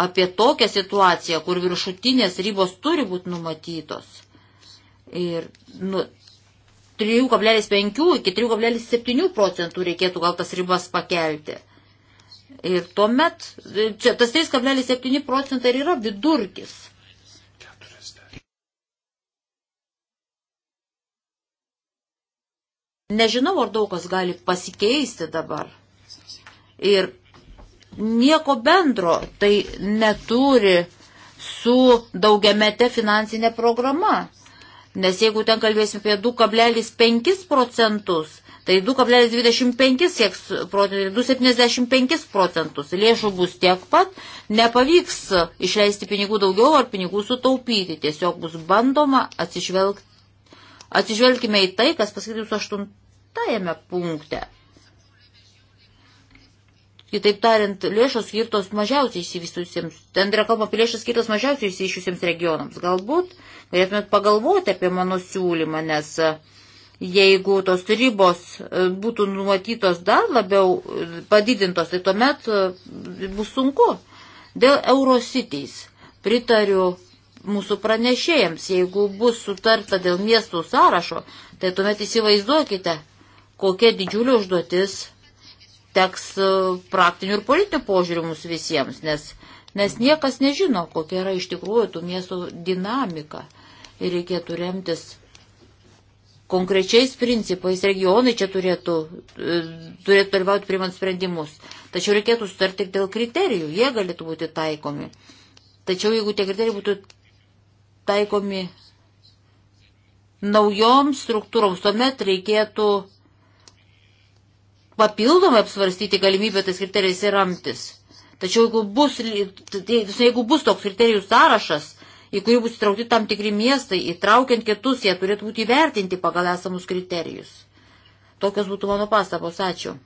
apie tokią situaciją, kur viršutinės ribos turi būti numatytos. Ir nu, 3,5 iki 3,7 procentų reikėtų gal tas ribas pakelti. Ir tuomet, čia tas 3,7 procentai yra vidurkis. Nežinau, ar daug kas gali pasikeisti dabar. Ir nieko bendro tai neturi su daugiamete finansinė programa. Nes jeigu ten kalbėsim apie 2,5 procentus, tai 2,25 sieks procentus, tai 2,75 procentus lėšų bus tiek pat, nepavyks išleisti pinigų daugiau ar pinigų sutaupyti, tiesiog bus bandoma atsižvelgti Atsižvelgime į tai, kas pasakyta jūsų aštuntajame punkte. Kitaip tariant, lėšos skirtos mažiausiai įsivystusiems, ten yra kalba apie lėšas skirtos mažiausiai įsivyšusiems regionams. Galbūt galėtumėt pagalvoti apie mano siūlymą, nes e, jeigu tos ribos e, būtų numatytos dar labiau e, padidintos, tai tuomet bus sunku. Dėl Eurocities pritariu mūsų pranešėjams. Jeigu bus sutarta dėl miestų sąrašo, tai tuomet įsivaizduokite, kokia didžiulė užduotis teks e, praktinių ir politinių požiūrių mums visiems, nes, nes niekas nežino, kokia yra iš tikrųjų tų miestų dinamika. Ir reikėtų remtis konkrečiais principais, regionai čia turėtų, e, turėtų dalyvauti priimant sprendimus. Tačiau reikėtų sutarti dėl kriterijų, jie galėtų būti taikomi. Tačiau jeigu tie kriterijai būtų taikomi naujoms struktūroms, tuomet reikėtų papildomai apsvarstyti galimybę tais kriterijais ir ramtis. Tačiau jeigu bus, tai, tai jeigu bus toks kriterijų sąrašas, į kurį bus įtraukti tam tikri miestai, įtraukiant kitus, jie turėtų būti įvertinti pagal esamus kriterijus. Tokios būtų mano pastabos. Ačiū.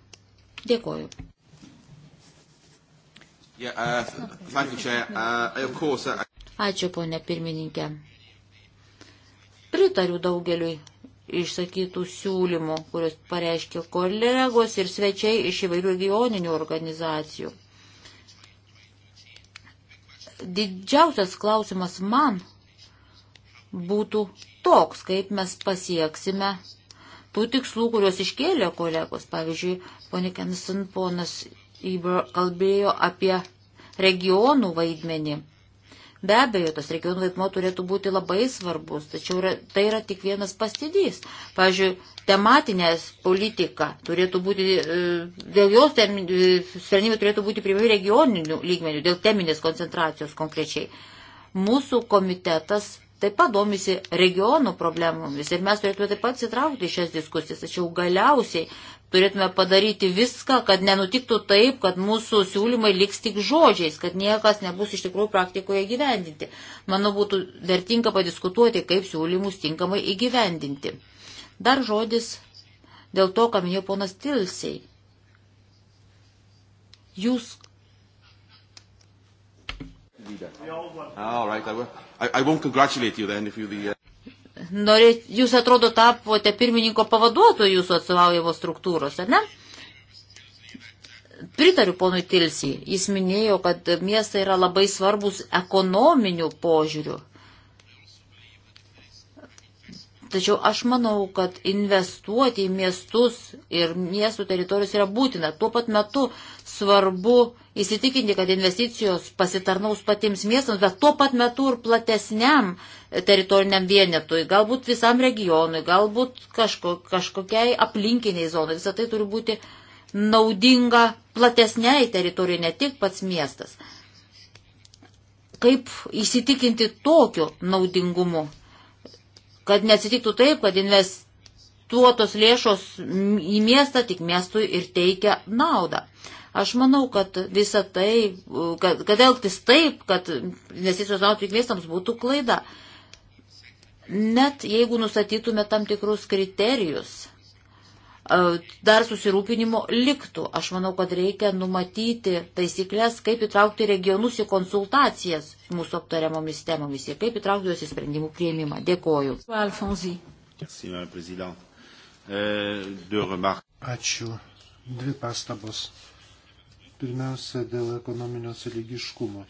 Dėkoju. Yeah, uh, thank you, Chair. Uh, of course, uh, Ačiū, ponė pirmininkė. Pritariu daugeliui išsakytų siūlymų, kuriuos pareiškė kolegos ir svečiai iš įvairių regioninių organizacijų. Didžiausias klausimas man būtų toks, kaip mes pasieksime tų tikslų, kuriuos iškėlė kolegos. Pavyzdžiui, ponė Kenson, ponas Ibra kalbėjo apie regionų vaidmenį. Be abejo, tas regionų vaidmo turėtų būti labai svarbus, tačiau yra, tai yra tik vienas pastidys. Pavyzdžiui, tematinės politika turėtų būti, e, dėl jos e, sprendimai turėtų būti priimami regioninių lygmenių, dėl teminės koncentracijos konkrečiai. Mūsų komitetas taip pat domisi regionų problemomis ir mes turėtume taip pat sitraukti šias diskusijas, tačiau galiausiai turėtume padaryti viską, kad nenutiktų taip, kad mūsų siūlymai liks tik žodžiais, kad niekas nebus iš tikrųjų praktikoje įgyvendinti. Manau, būtų vertinga padiskutuoti, kaip siūlymus tinkamai įgyvendinti. Dar žodis dėl to, ką minėjo ponas Tilsiai. Jūs. All right, I, will, I, I won't congratulate you then if you the. Uh norė, jūs atrodo tapote pirmininko pavaduotojų jūsų atstovaujamos struktūros, ar ne? Pritariu ponui Tilsijai. Jis minėjo, kad miestai yra labai svarbus ekonominių požiūrių. Tačiau aš manau, kad investuoti į miestus ir miestų teritorijos yra būtina. Tuo pat metu svarbu įsitikinti, kad investicijos pasitarnaus patiems miestams, bet tuo pat metu ir platesniam teritoriniam vienetui, galbūt visam regionui, galbūt kažko, kažkokiai aplinkiniai zonai. Visą tai turi būti naudinga platesniai teritorijai, ne tik pats miestas. Kaip įsitikinti tokiu naudingumu, kad nesitiktų taip, kad investicijos investuotos lėšos į miestą tik miestui ir teikia naudą. Aš manau, kad visa tai, kad, kad elgtis taip, kad nesisvesnauti kviestams būtų klaida. Net jeigu nustatytume tam tikrus kriterijus, e, dar susirūpinimo liktų. Aš manau, kad reikia numatyti taisyklės, kaip įtraukti regionus į konsultacijas mūsų aptariamomis temomis ir kaip įtraukti juos į sprendimų prieimimą. Dėkoju. Euh, Ačiū. Dvi pastabos. Pirmiausia, dėl ekonominio sąlygiškumo.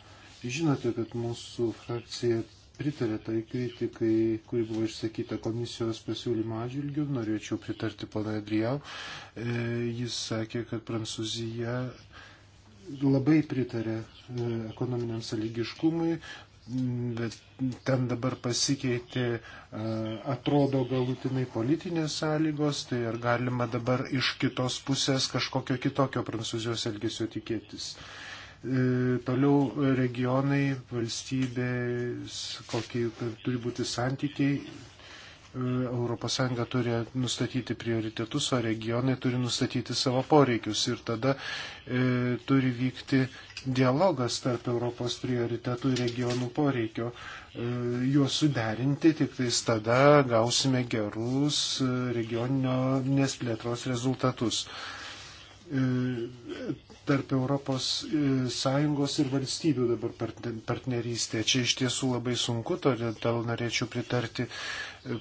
Žinote, kad mūsų frakcija pritarė tai kritikai, kuri buvo išsakyta komisijos pasiūlymo atžvilgių. Norėčiau pritarti ponai Adrijau. E, jis sakė, kad Prancūzija labai pritarė e, ekonominiam sąlygiškumui, bet ten dabar pasikeitė, atrodo galutinai politinės sąlygos, tai ar galima dabar iš kitos pusės kažkokio kitokio prancūzijos elgesio tikėtis. E, toliau regionai, valstybės, kokie turi būti santykiai, ES turi nustatyti prioritetus, o regionai turi nustatyti savo poreikius. Ir tada e, turi vykti dialogas tarp Europos prioritetų ir regionų poreikio. E, juos suderinti, tik tais tada gausime gerus e, regioninės plėtros rezultatus e, tarp ES e, ir valstybių dabar partnerystė. Čia iš tiesų labai sunku, todėl norėčiau pritarti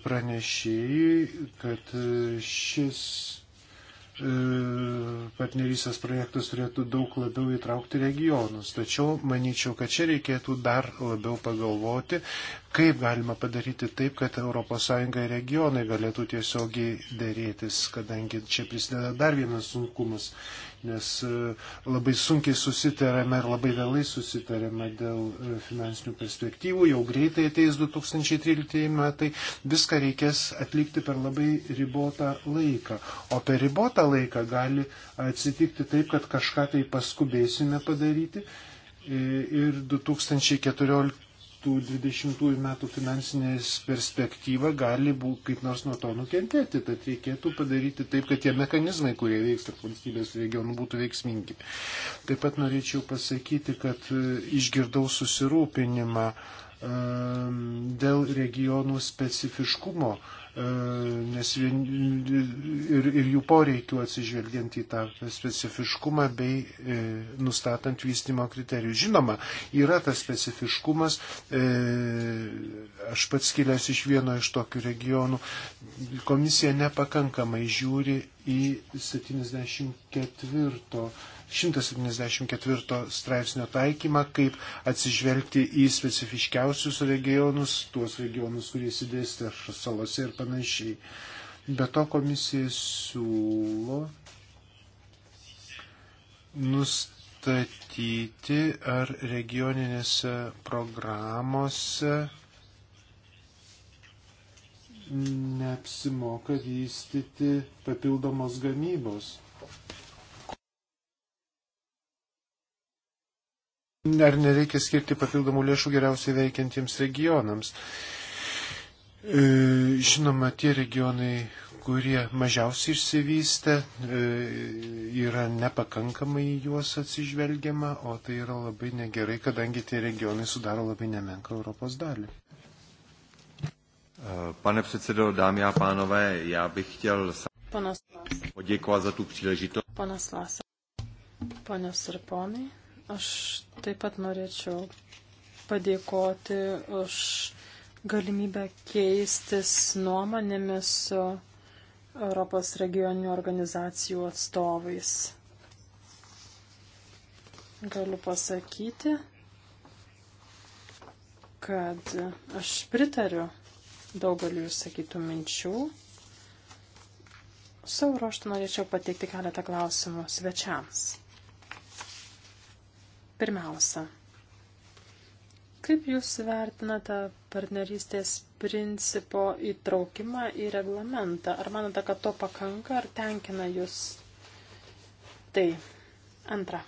pranešėjui, kad e, šis e, partnerysės projektas turėtų daug labiau įtraukti regionus. Tačiau manyčiau, kad čia reikėtų dar labiau pagalvoti, kaip galima padaryti taip, kad ES ir regionai galėtų tiesiogiai dėrėtis, kadangi čia prisideda dar vienas sunkumas nes e, labai sunkiai susitarėme ir labai vėlai susitarėme dėl e, finansinių perspektyvų, jau greitai ateis 2013 metai, viską reikės atlikti per labai ribotą laiką. O per ribotą laiką gali atsitikti taip, kad kažką tai paskubėsime padaryti ir 2014 14-20 metų finansinės perspektyva gali būti kaip nors nuo to nukentėti. Tad reikėtų padaryti taip, kad tie mechanizmai, kurie veiks tarp valstybės regionų, būtų veiksmingi. Taip pat norėčiau pasakyti, kad e, išgirdau susirūpinimą e, dėl regionų specifiškumo E, nes vien, ir, ir jų poreikių atsižvelgiant į tą specifiškumą bei e, nustatant vystimo kriterijų. Žinoma, yra tas specifiškumas, e, aš pats kilęs iš vieno iš tokių regionų, komisija nepakankamai žiūri į 74, 174 straipsnio taikymą, kaip atsižvelgti į specifiškiausius regionus, tuos regionus, kurie įsidėstė salose ir panašiai. Be to komisija siūlo nustatyti, ar regioninėse programose neapsimoka vystyti papildomos gamybos. Ar nereikia skirti papildomų lėšų geriausiai veikiantiems regionams? E, žinoma, tie regionai, kurie mažiausiai išsivystę, e, yra nepakankamai į juos atsižvelgiama, o tai yra labai negerai, kadangi tie regionai sudaro labai nemenką Europos dalį. Pane předsedo, dámy a pánové, já bych chtěl Panas poděkovat za tu příležitost. Panas Lasa. Panas ir ponai, aš taip pat norėčiau padėkoti už galimybę keistis nuomonėmis su Europos regioninių organizacijų atstovais. Galiu pasakyti, kad aš pritariu daugeliu išsakytų minčių. Savo ruoštų norėčiau pateikti keletą klausimų svečiams. Pirmiausia, kaip Jūs vertinate partnerystės principo įtraukimą į reglamentą? Ar manote, kad to pakanka, ar tenkina Jūs tai? Antra.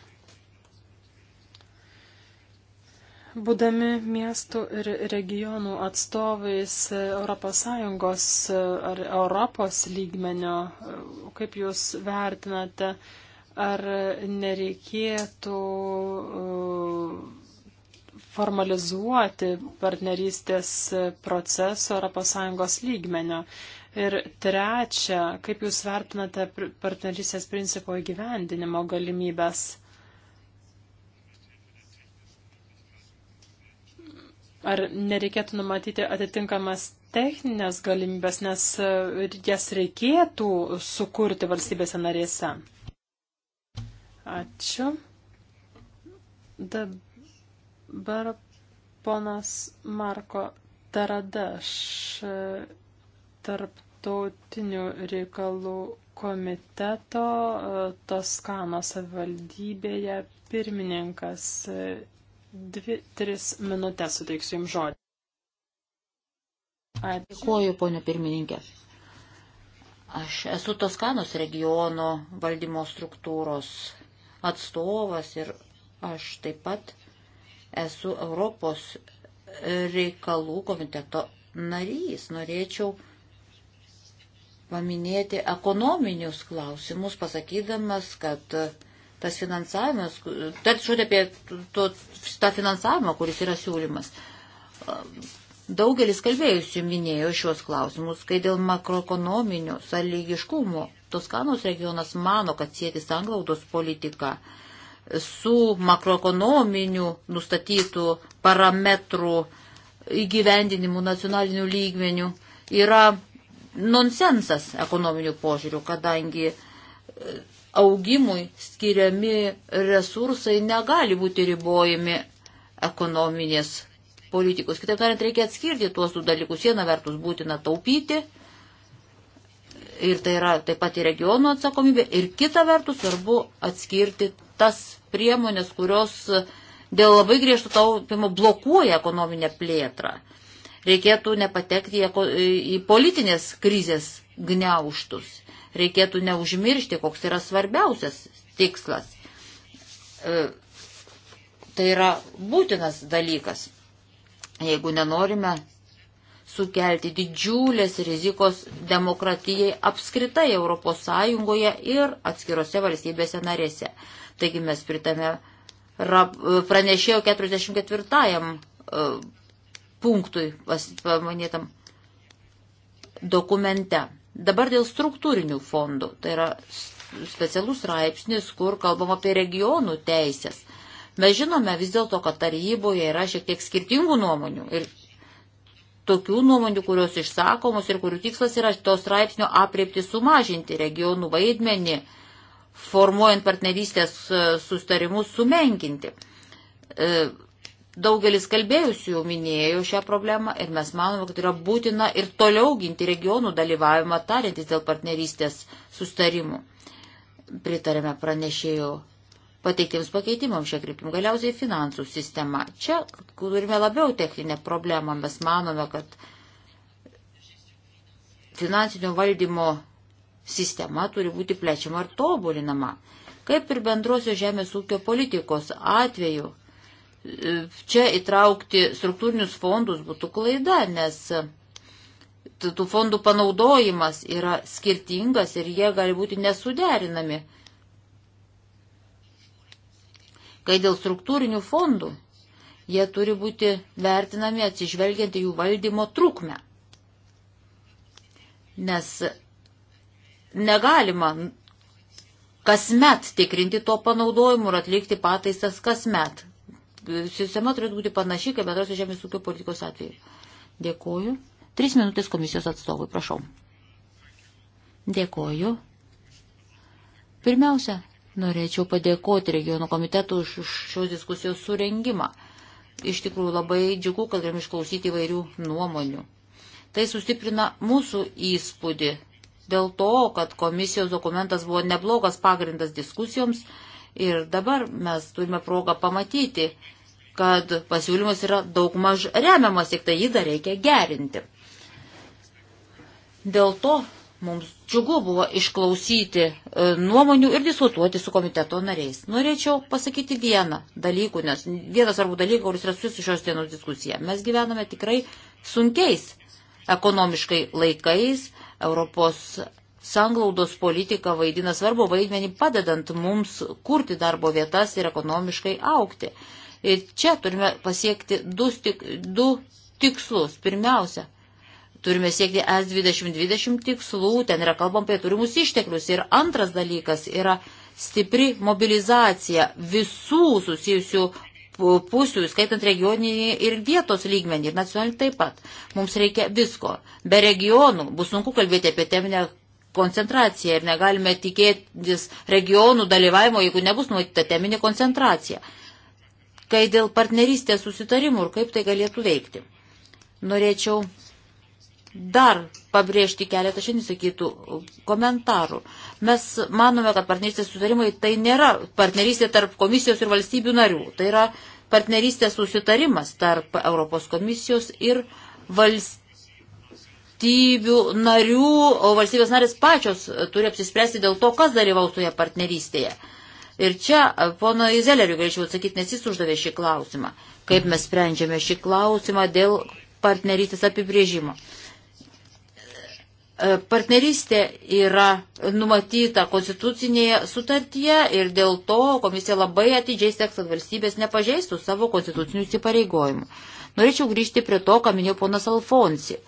būdami miestų ir regionų atstovais ES ar Europos lygmenio, kaip jūs vertinate, ar nereikėtų uh, formalizuoti partnerystės proceso ES lygmenio? Ir trečia, kaip jūs vertinate partnerystės principo įgyvendinimo galimybės? Ar nereikėtų numatyti atitinkamas techninės galimybės, nes e, jas reikėtų sukurti valstybėse narėse? Ačiū. Dabar ponas Marko Taradaš, e, tarptautinių reikalų komiteto e, Toskano savivaldybėje pirmininkas Dvi, tris minutės suteiksiu jums žodį. Dėkuoju, ponė pirmininkė. Aš esu Toskanos regiono valdymo struktūros atstovas ir aš taip pat esu Europos reikalų komiteto narys. Norėčiau paminėti ekonominius klausimus, pasakydamas, kad tas finansavimas, tad žodė apie to, tą finansavimą, kuris yra siūlymas. Daugelis kalbėjusių minėjo šios klausimus, kai dėl makroekonominio sąlygiškumo Toskanos regionas mano, kad sėti sanglaudos politiką su makroekonominiu nustatytų parametrų įgyvendinimu nacionaliniu lygmeniu yra nonsensas ekonominių požiūrių, kadangi augimui skiriami resursai negali būti ribojami ekonominės politikos. Kitaip tariant, reikia atskirti tuos du dalykus. Viena vertus būtina taupyti, ir tai yra taip pat ir regionų atsakomybė, ir kita vertus svarbu atskirti tas priemonės, kurios dėl labai griežtų taupimo blokuoja ekonominę plėtrą. Reikėtų nepatekti į politinės krizės gniauštus reikėtų neužmiršti, koks yra svarbiausias tikslas. E, tai yra būtinas dalykas, jeigu nenorime sukelti didžiulės rizikos demokratijai apskritai Europos Sąjungoje ir atskirose valstybėse narėse. Taigi mes pritame pranešėjo 44 e, punktui paminėtam dokumente. Dabar dėl struktūrinių fondų. Tai yra specialus raipsnis, kur kalbam apie regionų teisės. Mes žinome vis dėlto, kad taryboje yra šiek tiek skirtingų nuomonių ir tokių nuomonių, kurios išsakomos ir kurių tikslas yra to straipsnio apriepti sumažinti regionų vaidmenį, formuojant partnerystės e, sustarimus sumenkinti. E, Daugelis kalbėjusių jau minėjo šią problemą ir mes manome, kad yra būtina ir toliau ginti regionų dalyvavimą tariantis dėl partnerystės sustarimų. Pritarėme pranešėjų pateiktiems pakeitimams šią kryptim. Galiausiai finansų sistema. Čia turime labiau techninę problemą. Mes manome, kad finansinio valdymo sistema turi būti plečiama ir tobulinama. Kaip ir bendrosios žemės ūkio politikos atveju čia įtraukti struktūrinius fondus būtų klaida, nes tų fondų panaudojimas yra skirtingas ir jie gali būti nesuderinami. Kai dėl struktūrinių fondų, jie turi būti vertinami atsižvelgiant į jų valdymo trukmę. Nes negalima kasmet tikrinti to panaudojimu ir atlikti pataisas kasmet sistema turėtų būti panaši, kaip bendros žemės ūkio politikos atveju. Dėkuoju. Tris minutės komisijos atstovui, prašau. Dėkuoju. Pirmiausia, norėčiau padėkoti regionų komitetų už šios diskusijos surengimą. Iš tikrųjų labai džiugu, kad galim išklausyti įvairių nuomonių. Tai sustiprina mūsų įspūdį dėl to, kad komisijos dokumentas buvo neblogas pagrindas diskusijoms ir dabar mes turime progą pamatyti, kad pasiūlymas yra daug maž remiamas, tik tai jį dar reikia gerinti. Dėl to mums džiugu buvo išklausyti e, nuomonių ir diskutuoti su komiteto nariais. Norėčiau pasakyti vieną dalykų, nes vienas svarbų dalykas, kuris yra susijęs su šios dienos diskusija. Mes gyvename tikrai sunkiais ekonomiškai laikais. Europos sanglaudos politika vaidina svarbu vaidmenį padedant mums kurti darbo vietas ir ekonomiškai aukti. Ir čia turime pasiekti du, tik, du tikslus. Pirmiausia, turime siekti S2020 tikslų, ten yra kalbam apie turimus išteklius. Ir antras dalykas yra stipri mobilizacija visų susijusių pusių, skaitant regioninį ir vietos lygmenį, ir nacionalinį taip pat. Mums reikia visko. Be regionų bus sunku kalbėti apie teminę koncentraciją ir negalime tikėtis regionų dalyvavimo, jeigu nebus numatyta teminė koncentracija kai dėl partnerystės susitarimų ir kaip tai galėtų veikti. Norėčiau dar pabrėžti keletą šiandien sakytų komentarų. Mes manome, kad partnerystės susitarimai tai nėra partnerystė tarp komisijos ir valstybių narių. Tai yra partnerystės susitarimas tarp Europos komisijos ir valstybių valstybių narių, o valstybės narės pačios turi apsispręsti dėl to, kas dalyvaus toje partnerystėje. Ir čia pono Izeleriu galėčiau atsakyti, nes jis uždavė šį klausimą. Kaip mes sprendžiame šį klausimą dėl partnerystės apibrėžimo. E, partnerystė yra numatyta konstitucinėje sutartyje ir dėl to komisija labai atidžiai seks, kad valstybės nepažeistų savo konstitucinių įsipareigojimų. Norėčiau grįžti prie to, ką minėjo ponas Alfonsi.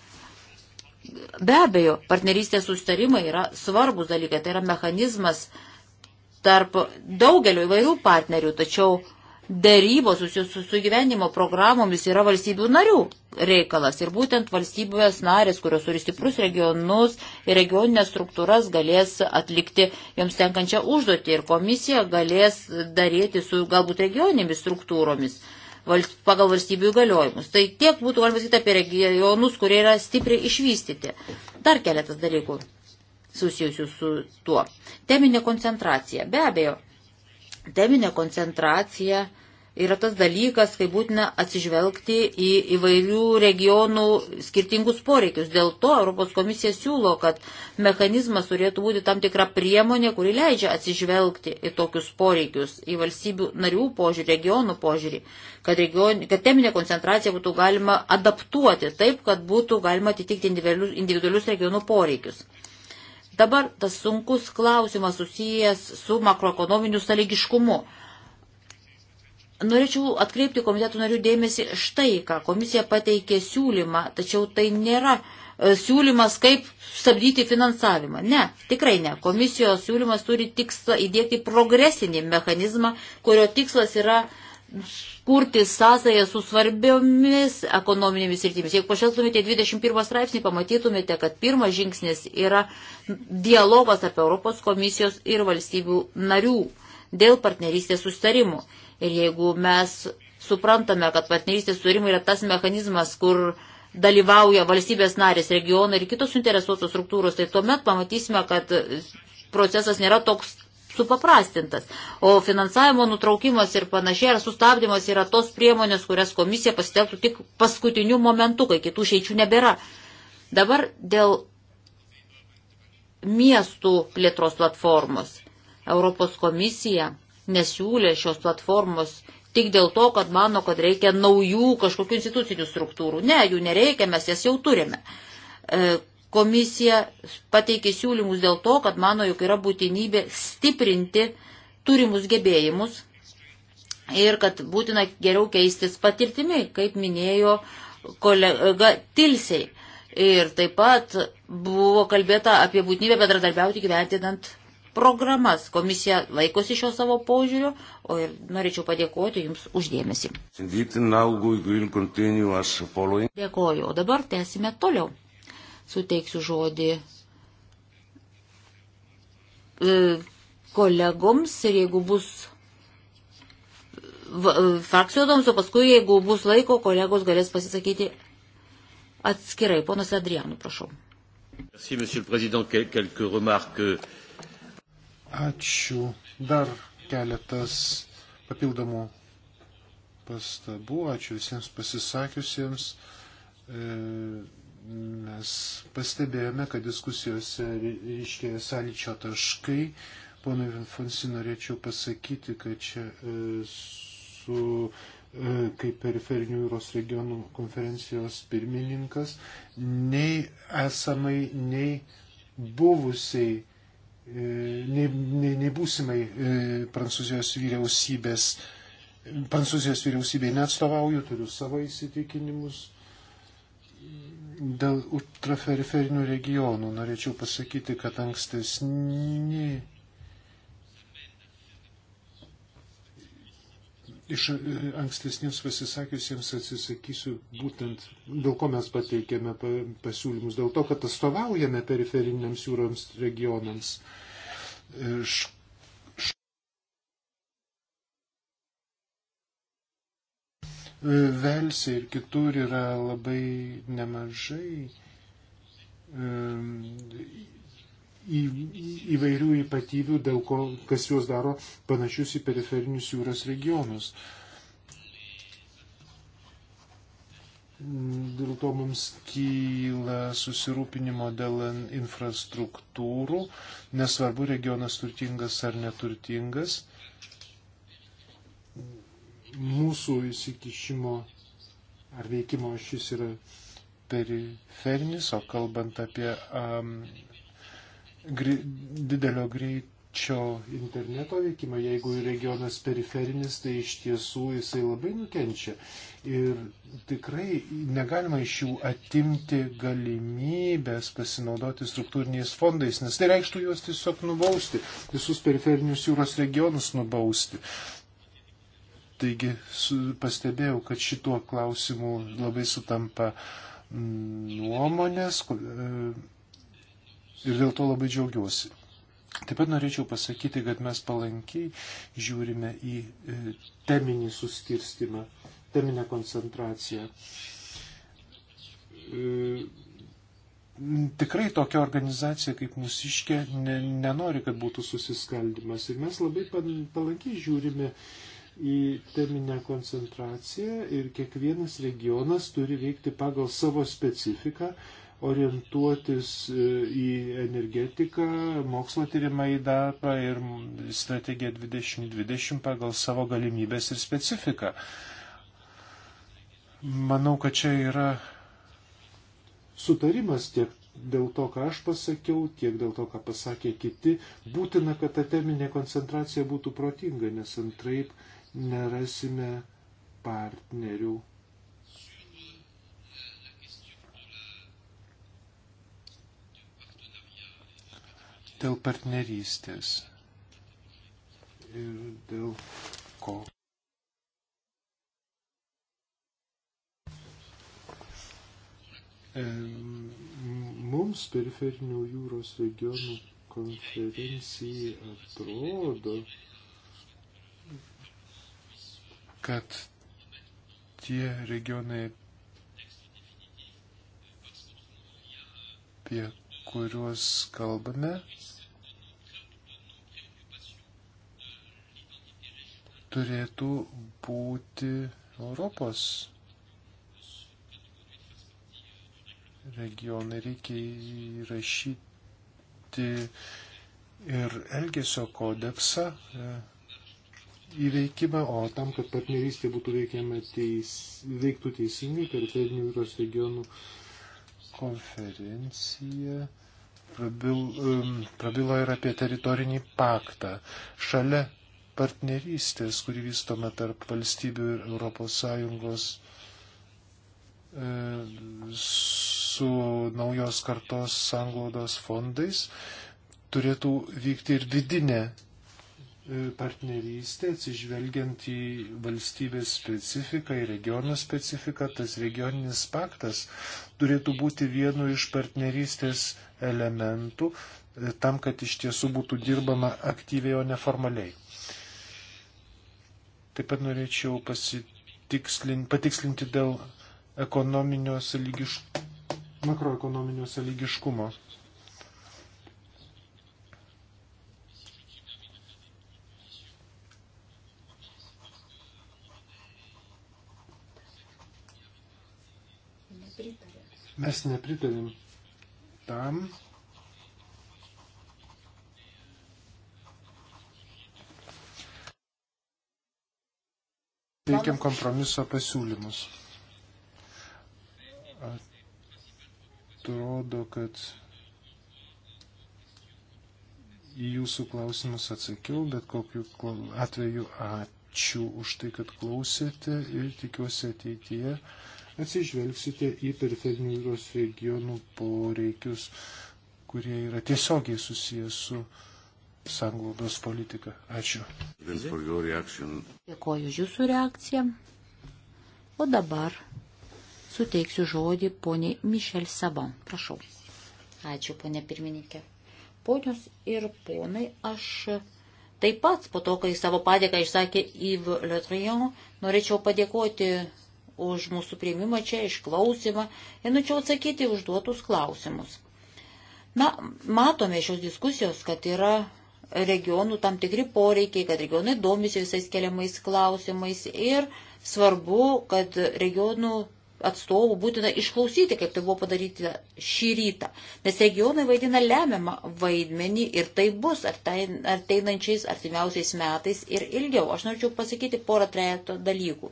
Be abejo, partnerystės sustarimai yra svarbus dalykai, tai yra mechanizmas, uh, tarp daugelio įvairių partnerių, tačiau dėrybos susijusios su gyvenimo programomis yra valstybių narių reikalas. Ir būtent valstybės narės, kurios turi stiprus regionus ir regioninės struktūras, galės atlikti joms tenkančią užduotį ir komisija galės daryti su galbūt regioninėmis struktūromis valst, pagal valstybių įgaliojimus. Tai tiek būtų galima sakyti apie regionus, kurie yra stipriai išvystyti. Dar keletas dalykų susijusių su tuo. Teminė koncentracija. Be abejo, teminė koncentracija yra tas dalykas, kai būtina atsižvelgti į įvairių regionų skirtingus poreikius. Dėl to Europos komisija siūlo, kad mechanizmas turėtų būti tam tikra priemonė, kuri leidžia atsižvelgti į tokius poreikius, į valstybių narių požiūrį, regionų požiūrį, kad, region, kad teminė koncentracija būtų galima adaptuoti taip, kad būtų galima atitikti individualius, individualius regionų poreikius. Dabar tas sunkus klausimas susijęs su makroekonominiu sąlygiškumu. Norėčiau atkreipti komitetų narių dėmesį štai, ką komisija pateikė siūlymą, tačiau tai nėra e, siūlymas, kaip stabdyti finansavimą. Ne, tikrai ne. Komisijos siūlymas turi tikslą įdėkti progresinį mechanizmą, kurio tikslas yra uh, kurti sąsąją su svarbiomis ekonominėmis rytimis. Jeigu pažvelgtumėte 21 straipsnį, pamatytumėte, kad pirmas žingsnis yra dialogas apie Europos komisijos ir valstybių narių dėl partnerystės sustarimų. Ir jeigu mes suprantame, kad partnerystės sustarimai yra tas mechanizmas, kur dalyvauja valstybės narės, regionai ir kitos suinteresuotos struktūros, tai tuomet pamatysime, kad procesas nėra toks supaprastintas. O finansavimo nutraukimas ir panašiai ar sustabdymas yra tos priemonės, kurias komisija pasitelktų tik paskutiniu momentu, kai kitų šeičių nebėra. Dabar dėl miestų plėtros platformos. Europos komisija nesiūlė šios platformos tik dėl to, kad mano, kad reikia naujų kažkokių institucinių struktūrų. Ne, jų nereikia, mes jas jau turime. E, Komisija pateikė siūlymus dėl to, kad mano, jog yra būtinybė stiprinti turimus gebėjimus ir kad būtina geriau keistis patirtimi, kaip minėjo kolega Tilsiai. Ir taip pat buvo kalbėta apie būtinybę bendradarbiauti gyventinant programas. Komisija laikosi šio savo požiūrio, o ir norėčiau padėkoti Jums uždėmesį. Dėkoju, o dabar tęsime toliau suteiksiu žodį e, kolegoms ir jeigu bus e, frakcijodoms, o paskui, jeigu bus laiko, kolegos galės pasisakyti atskirai. Ponas Adrianų, prašau. Ačiū. Dar keletas papildomų pastabų. Ačiū visiems pasisakiusiems. E Mes pastebėjome, kad diskusijose ryškėja sąlyčio taškai. Ponui Vinfonsi norėčiau pasakyti, kad čia e, su e, kaip periferinių jūros regionų konferencijos pirmininkas nei esamai, nei buvusiai e, nei, nei, nei būsimai Prancūzijos vyriausybės, Prancūzijos vyriausybei neatstovauju, turiu savo įsitikinimus, Dėl ultraferiferinių regionų norėčiau pasakyti, kad ankstesni iš ankstesniems pasisakiusiems atsisakysiu būtent, dėl ko mes pateikėme pasiūlymus, dėl to, kad atstovaujame periferiniams jūroms regionams. Iš Velsė ir kitur yra labai nemažai ehm, į, įvairių ypatybių, dėl ko, kas juos daro panašius į periferinius jūros regionus. Dėl to mums kyla susirūpinimo dėl infrastruktūrų, nesvarbu regionas turtingas ar neturtingas mūsų įsikišimo ar veikimo šis yra periferinis, o kalbant apie um, gri, didelio greičio interneto veikimą, jeigu regionas periferinis, tai iš tiesų jisai labai nukenčia. Ir tikrai negalima iš jų atimti galimybės pasinaudoti struktūriniais fondais, nes tai reikštų juos tiesiog nubausti, visus periferinius jūros regionus nubausti. Uh, Taigi pastebėjau, kad šituo klausimu labai sutampa mm, nuomonės e, ir dėl to labai džiaugiuosi. Taip pat norėčiau pasakyti, kad mes palankiai žiūrime į e, teminį suskirstimą, teminę koncentraciją. E, tikrai tokia organizacija kaip mūsiškė nenori, kad būtų susiskaldimas. Ir mes labai palankiai žiūrime į į teminę koncentraciją ir kiekvienas regionas turi veikti pagal savo specifiką, orientuotis e, į energetiką, mokslo tyrimą į darbą ir strategiją 2020 pagal savo galimybės ir specifiką. Manau, kad čia yra sutarimas tiek dėl to, ką aš pasakiau, tiek dėl to, ką pasakė kiti. Būtina, kad ta teminė koncentracija būtų protinga, nes antraip uh, nerasime partnerių. Dėl partnerystės ir dėl ko. Mums periferinių jūros regionų konferencijai atrodo, kad tie regionai, apie kuriuos kalbame, turėtų būti Europos regionai. Reikia įrašyti ir Elgesio kodeksą, e, įveikimą, o tam, kad partnerystė būtų veikiama teis, veiktų teisingai, periferinių jūros regionų konferencija prabil, um, prabilo ir apie teritorinį paktą. Šalia partnerystės, kuri vystoma tarp valstybių ir ES e, su naujos kartos sanglaudos fondais, turėtų vykti ir vidinė E, partnerystė, atsižvelgiant į valstybės specifiką, į regionų specifiką, tas regioninis paktas turėtų būti vienu iš partnerystės elementų e, tam, kad iš tiesų būtų dirbama aktyviai, o neformaliai. Taip pat norėčiau patikslinti dėl ekonominio sąlygiškumo makroekonominio sąlygiškumo. Mes nepritarim tam, teikiam kompromiso pasiūlymus. Atrodo, kad į jūsų klausimus atsakiau, bet kokiu atveju ačiū už tai, kad klausėte ir tikiuosi ateityje atsižvelgsite į periferinių jūros regionų poreikius, kurie yra tiesiogiai susijęs su sanglaudos politika. Ačiū. Dėkoju už jūsų reakciją. O dabar suteiksiu žodį poniai Mišel Sabon. Prašau. Ačiū, ponė pirmininkė. Ponios ir ponai, aš taip pat po to, kai savo padėką išsakė Yves Le Trion, norėčiau padėkoti už mūsų priimimą čia, išklausimą ir nučiau atsakyti užduotus klausimus. Na, matome šios diskusijos, kad yra regionų tam tikri poreikiai, kad regionai domisi visais keliamais klausimais ir svarbu, kad regionų atstovų būtina išklausyti, kaip tai buvo padaryti šį rytą. Nes regionai vaidina lemiamą vaidmenį ir tai bus ateinančiais artimiausiais metais ir ilgiau. Aš norėčiau pasakyti porą trejato dalykų.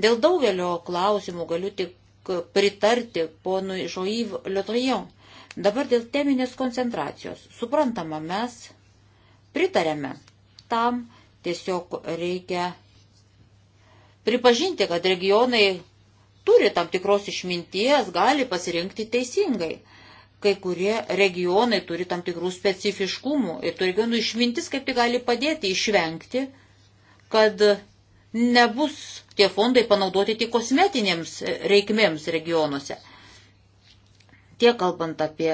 Dėl daugelio klausimų galiu tik pritarti ponui Žoiv Liotojon. Dabar dėl teminės koncentracijos. Suprantama, mes pritarėme tam, tiesiog reikia pripažinti, kad regionai turi tam tikros išminties, gali pasirinkti teisingai. Kai kurie regionai turi tam tikrų specifiškumų ir tų regionų išmintis kaip tai gali padėti išvengti, kad nebus tie fondai panaudoti tik kosmetinėms reikmėms regionuose. Tiek kalbant apie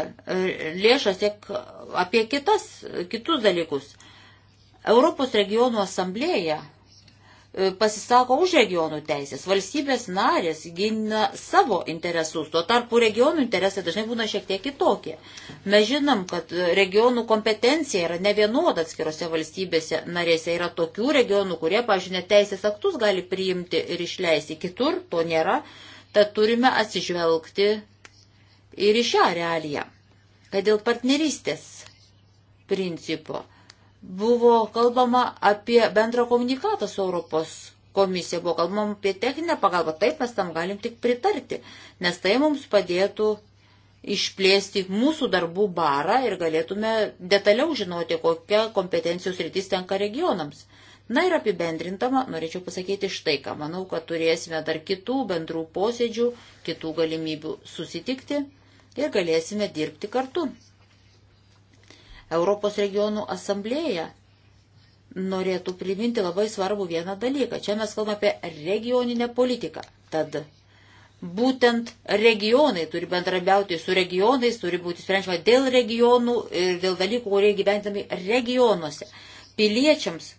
lėšas, tiek apie kitas, kitus dalykus. Europos regionų asamblėje E, pasisako už regionų teisės. Valstybės narės gina savo interesus, tuo tarpu regionų interesai dažnai būna šiek tiek kitokie. Mes žinom, kad regionų kompetencija yra ne vienoda atskirose valstybėse narėse. Yra tokių regionų, kurie, pažinė, teisės aktus gali priimti ir išleisti, kitur to nėra. Tad turime atsižvelgti ir į šią realiją, kad dėl partnerystės principo buvo kalbama apie bendrą komunikatą su Europos komisija, buvo kalbama apie techninę pagalbą, taip mes tam galim tik pritarti, nes tai mums padėtų išplėsti mūsų darbų barą ir galėtume detaliau žinoti, kokia kompetencijos rytis tenka regionams. Na ir apibendrintama, norėčiau pasakyti štai ką. Manau, kad turėsime dar kitų bendrų posėdžių, kitų galimybių susitikti ir galėsime dirbti kartu. Europos regionų asamblėja norėtų priminti labai svarbu vieną dalyką. Čia mes kalbame apie regioninę politiką. Tad būtent regionai turi bendrabiauti su regionais, turi būti sprendžiama dėl regionų ir dėl dalykų, kurie gyventami regionuose. Piliečiams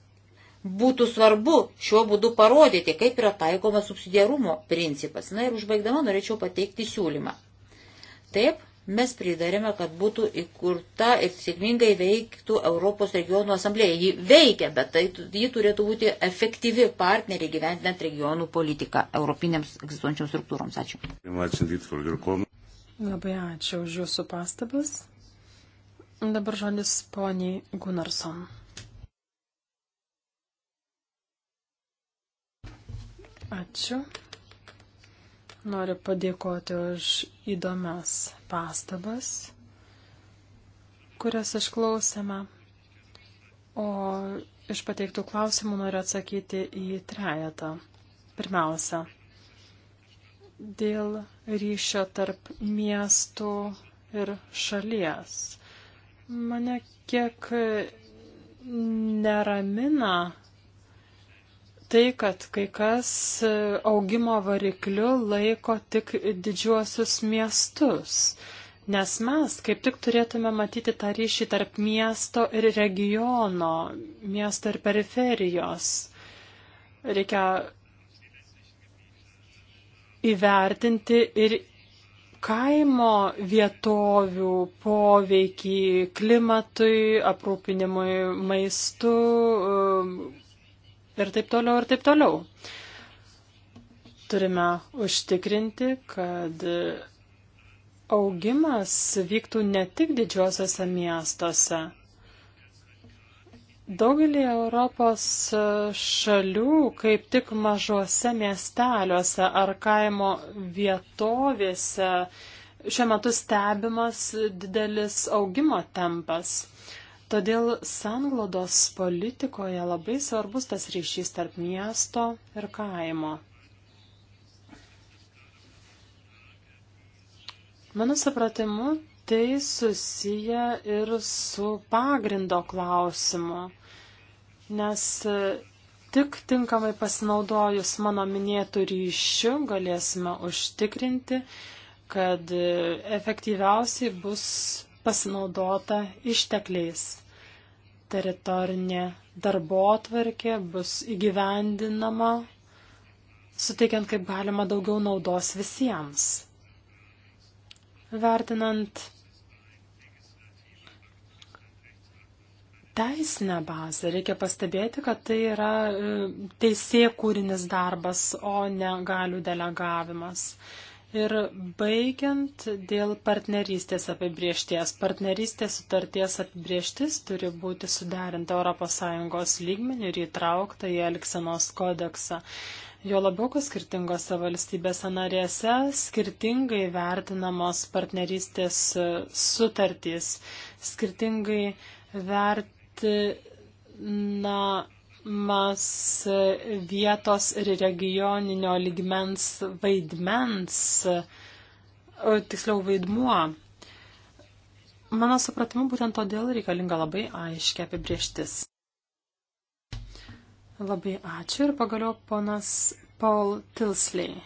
būtų svarbu šiuo būdu parodyti, kaip yra taikoma subsidiarumo principas. Na ir užbaigdama norėčiau pateikti siūlymą. Taip, mes pridarėme, kad būtų įkurta ir sėkmingai veiktų Europos regionų asamblėja. Ji veikia, bet tai, ji turėtų būti efektyvi partneriai gyventinant regionų politiką europinėms egzistuojančioms struktūroms. Ačiū. Labai ačiū už Jūsų pastabas. Dabar žodis poniai Gunarson. Ačiū. Noriu padėkoti už įdomias pastabas, kurias išklausėme. O iš pateiktų klausimų noriu atsakyti į trejetą. Pirmiausia, dėl ryšio tarp miestų ir šalies. Mane kiek neramina tai, kad kai kas e, augimo varikliu laiko tik didžiuosius miestus. Nes mes kaip tik turėtume matyti tą ryšį tarp miesto ir regiono, miesto ir periferijos. Reikia įvertinti ir kaimo vietovių poveikį klimatui, aprūpinimui maistu, ir taip toliau ir taip toliau. Turime užtikrinti, kad augimas vyktų ne tik didžiuosiuose miestuose. Daugelį Europos šalių, kaip tik mažuose miesteliuose ar kaimo vietovėse, šiuo metu stebimas didelis augimo tempas. Todėl sanglodos politikoje labai svarbus tas ryšys tarp miesto ir kaimo. Mano supratimu, tai susiję ir su pagrindo klausimu, nes tik tinkamai pasinaudojus mano minėtų ryšių galėsime užtikrinti, kad efektyviausiai bus pasinaudota ištekliais. Teritorinė darbotvarkė bus įgyvendinama, suteikiant kaip galima daugiau naudos visiems. Vertinant teisinę bazę, reikia pastebėti, kad tai yra e, teisėkūrinis darbas, o ne galių delegavimas. Ir baigiant dėl partnerystės apibriešties. Partnerystės sutarties apibrieštis turi būti suderinta ES lygmenių ir įtraukta į Elksenos kodeksą. Jo labiau, kad skirtingose valstybėse narėse skirtingai vertinamos partnerystės sutartys, skirtingai vertinamos na, suvokimas vietos ir regioninio ligmens vaidmens, tiksliau vaidmuo. Mano supratimu, būtent todėl reikalinga labai aiškia apibrieštis. Labai ačiū ir pagaliau ponas Paul Tilsley.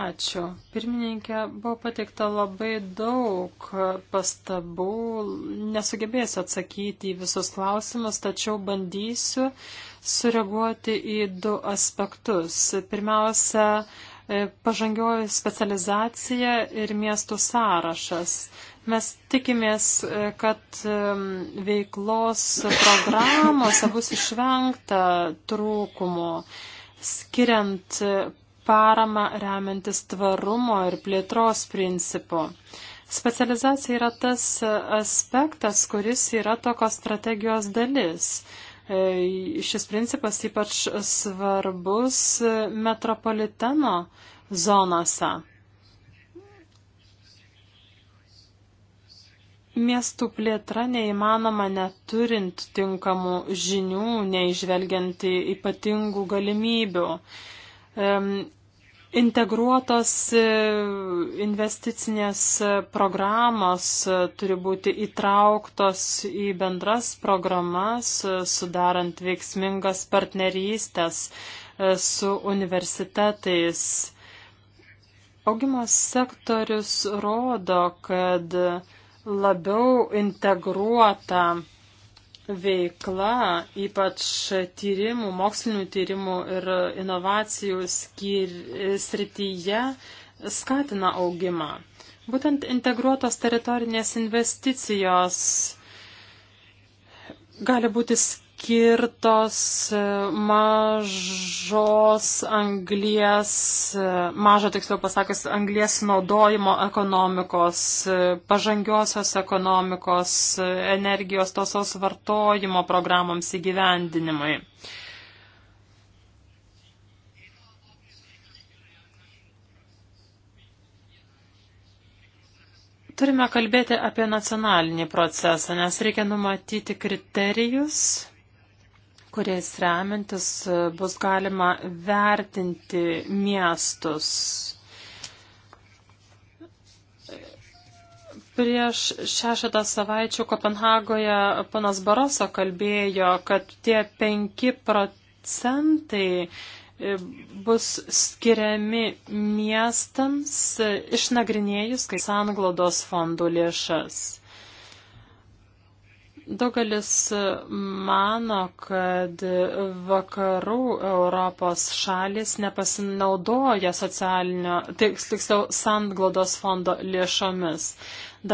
Ačiū. Pirmininkė, buvo pateikta labai daug pastabų. Nesugebėsiu atsakyti į visus klausimus, tačiau bandysiu sureaguoti į du aspektus. Pirmiausia, e, pažangioji specializacija ir miestų sąrašas. Mes tikimės, e, kad veiklos programuose bus išvengta trūkumo, skiriant e, paramą remiantis tvarumo ir plėtros principu. Specializacija yra tas aspektas, kuris yra tokios strategijos dalis. E, šis principas ypač svarbus metropoliteno zonose. Miestų plėtra neįmanoma neturint tinkamų žinių, neižvelgiant ypatingų galimybių. Integruotos e, investicinės programos e, turi būti įtrauktos į bendras programas, e, sudarant veiksmingas partnerystės su universitetais. Augimo sektorius rodo, kad labiau integruota veikla, ypač tyrimų, mokslinių tyrimų ir inovacijų skir... srityje, skatina augimą. Būtent integruotos teritorinės investicijos gali būti skirtos skirtos e, mažos anglies, e, mažo tiksliau pasakius, anglies naudojimo ekonomikos, e, pažangiosios ekonomikos, energijos tosos vartojimo programams įgyvendinimui. turime kalbėti apie nacionalinį procesą, nes reikia numatyti kriterijus, kuriais remiantis e, bus galima vertinti miestus. Prieš šešetą savaičių Kopenhagoje panas Baroso kalbėjo, kad tie penki procentai e, bus skiriami miestams e, išnagrinėjus, kai sanglodos fondų lėšas. Daugelis mano, kad vakarų Europos šalis nepasinaudoja socialinio, tiksliau, sandglodos fondo lėšomis.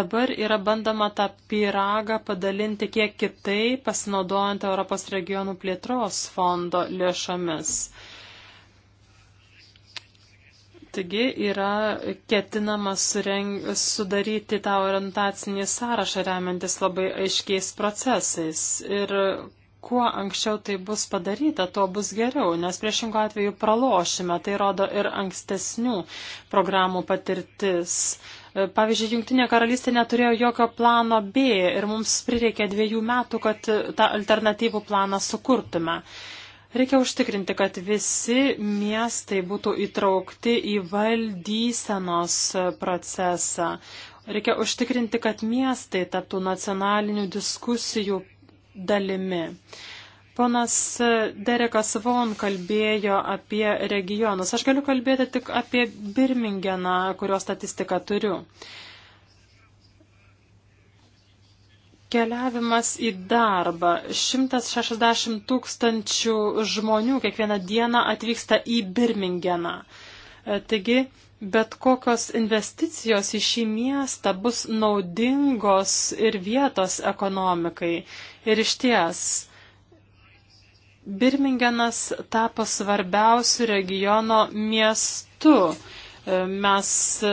Dabar yra bandoma tą pyragą padalinti kiek kitai, pasinaudojant Europos regionų plėtros fondo lėšomis. Taigi yra ketinama sureng, sudaryti tą orientacinį sąrašą remiantis labai aiškiais procesais. Ir kuo anksčiau tai bus padaryta, tuo bus geriau, nes priešingų atveju pralošime. Tai rodo ir ankstesnių programų patirtis. Pavyzdžiui, Junktinė karalystė neturėjo jokio plano B ir mums prireikė dviejų metų, kad tą alternatyvų planą sukurtume. Uh, Reikia užtikrinti, kad visi miestai būtų įtraukti į valdysenos procesą. Reikia užtikrinti, kad miestai taptų nacionalinių diskusijų dalimi. Ponas Derekas Von kalbėjo apie regionus. Aš galiu kalbėti tik apie Birmingeną, kurio statistiką turiu. Uh, Keliavimas į darbą. 160 tūkstančių žmonių kiekvieną dieną atvyksta į Birmingeną. E, taigi, bet kokios investicijos į šį miestą bus naudingos ir vietos ekonomikai. Ir iš ties, Birmingenas tapo svarbiausiu regiono miestu Mes e,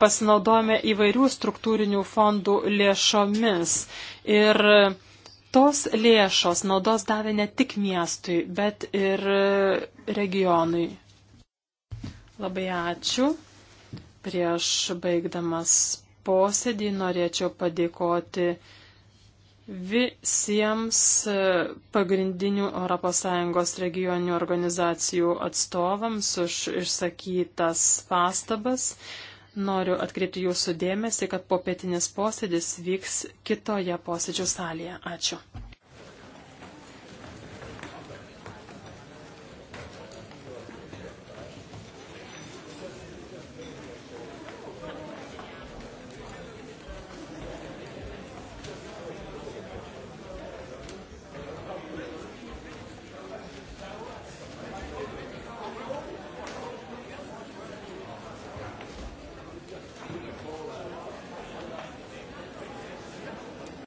pasinaudojame įvairių struktūrinių fondų lėšomis ir e, tos lėšos naudos davė ne tik miestui, bet ir e, regionui. Labai ačiū. Prieš baigdamas posėdį norėčiau padėkoti visiems e, pagrindinių ES regioninių organizacijų atstovams už išsakytas pastabas. Noriu atkreipti jūsų dėmesį, kad popietinis posėdis vyks kitoje posėdžių salėje. Ačiū.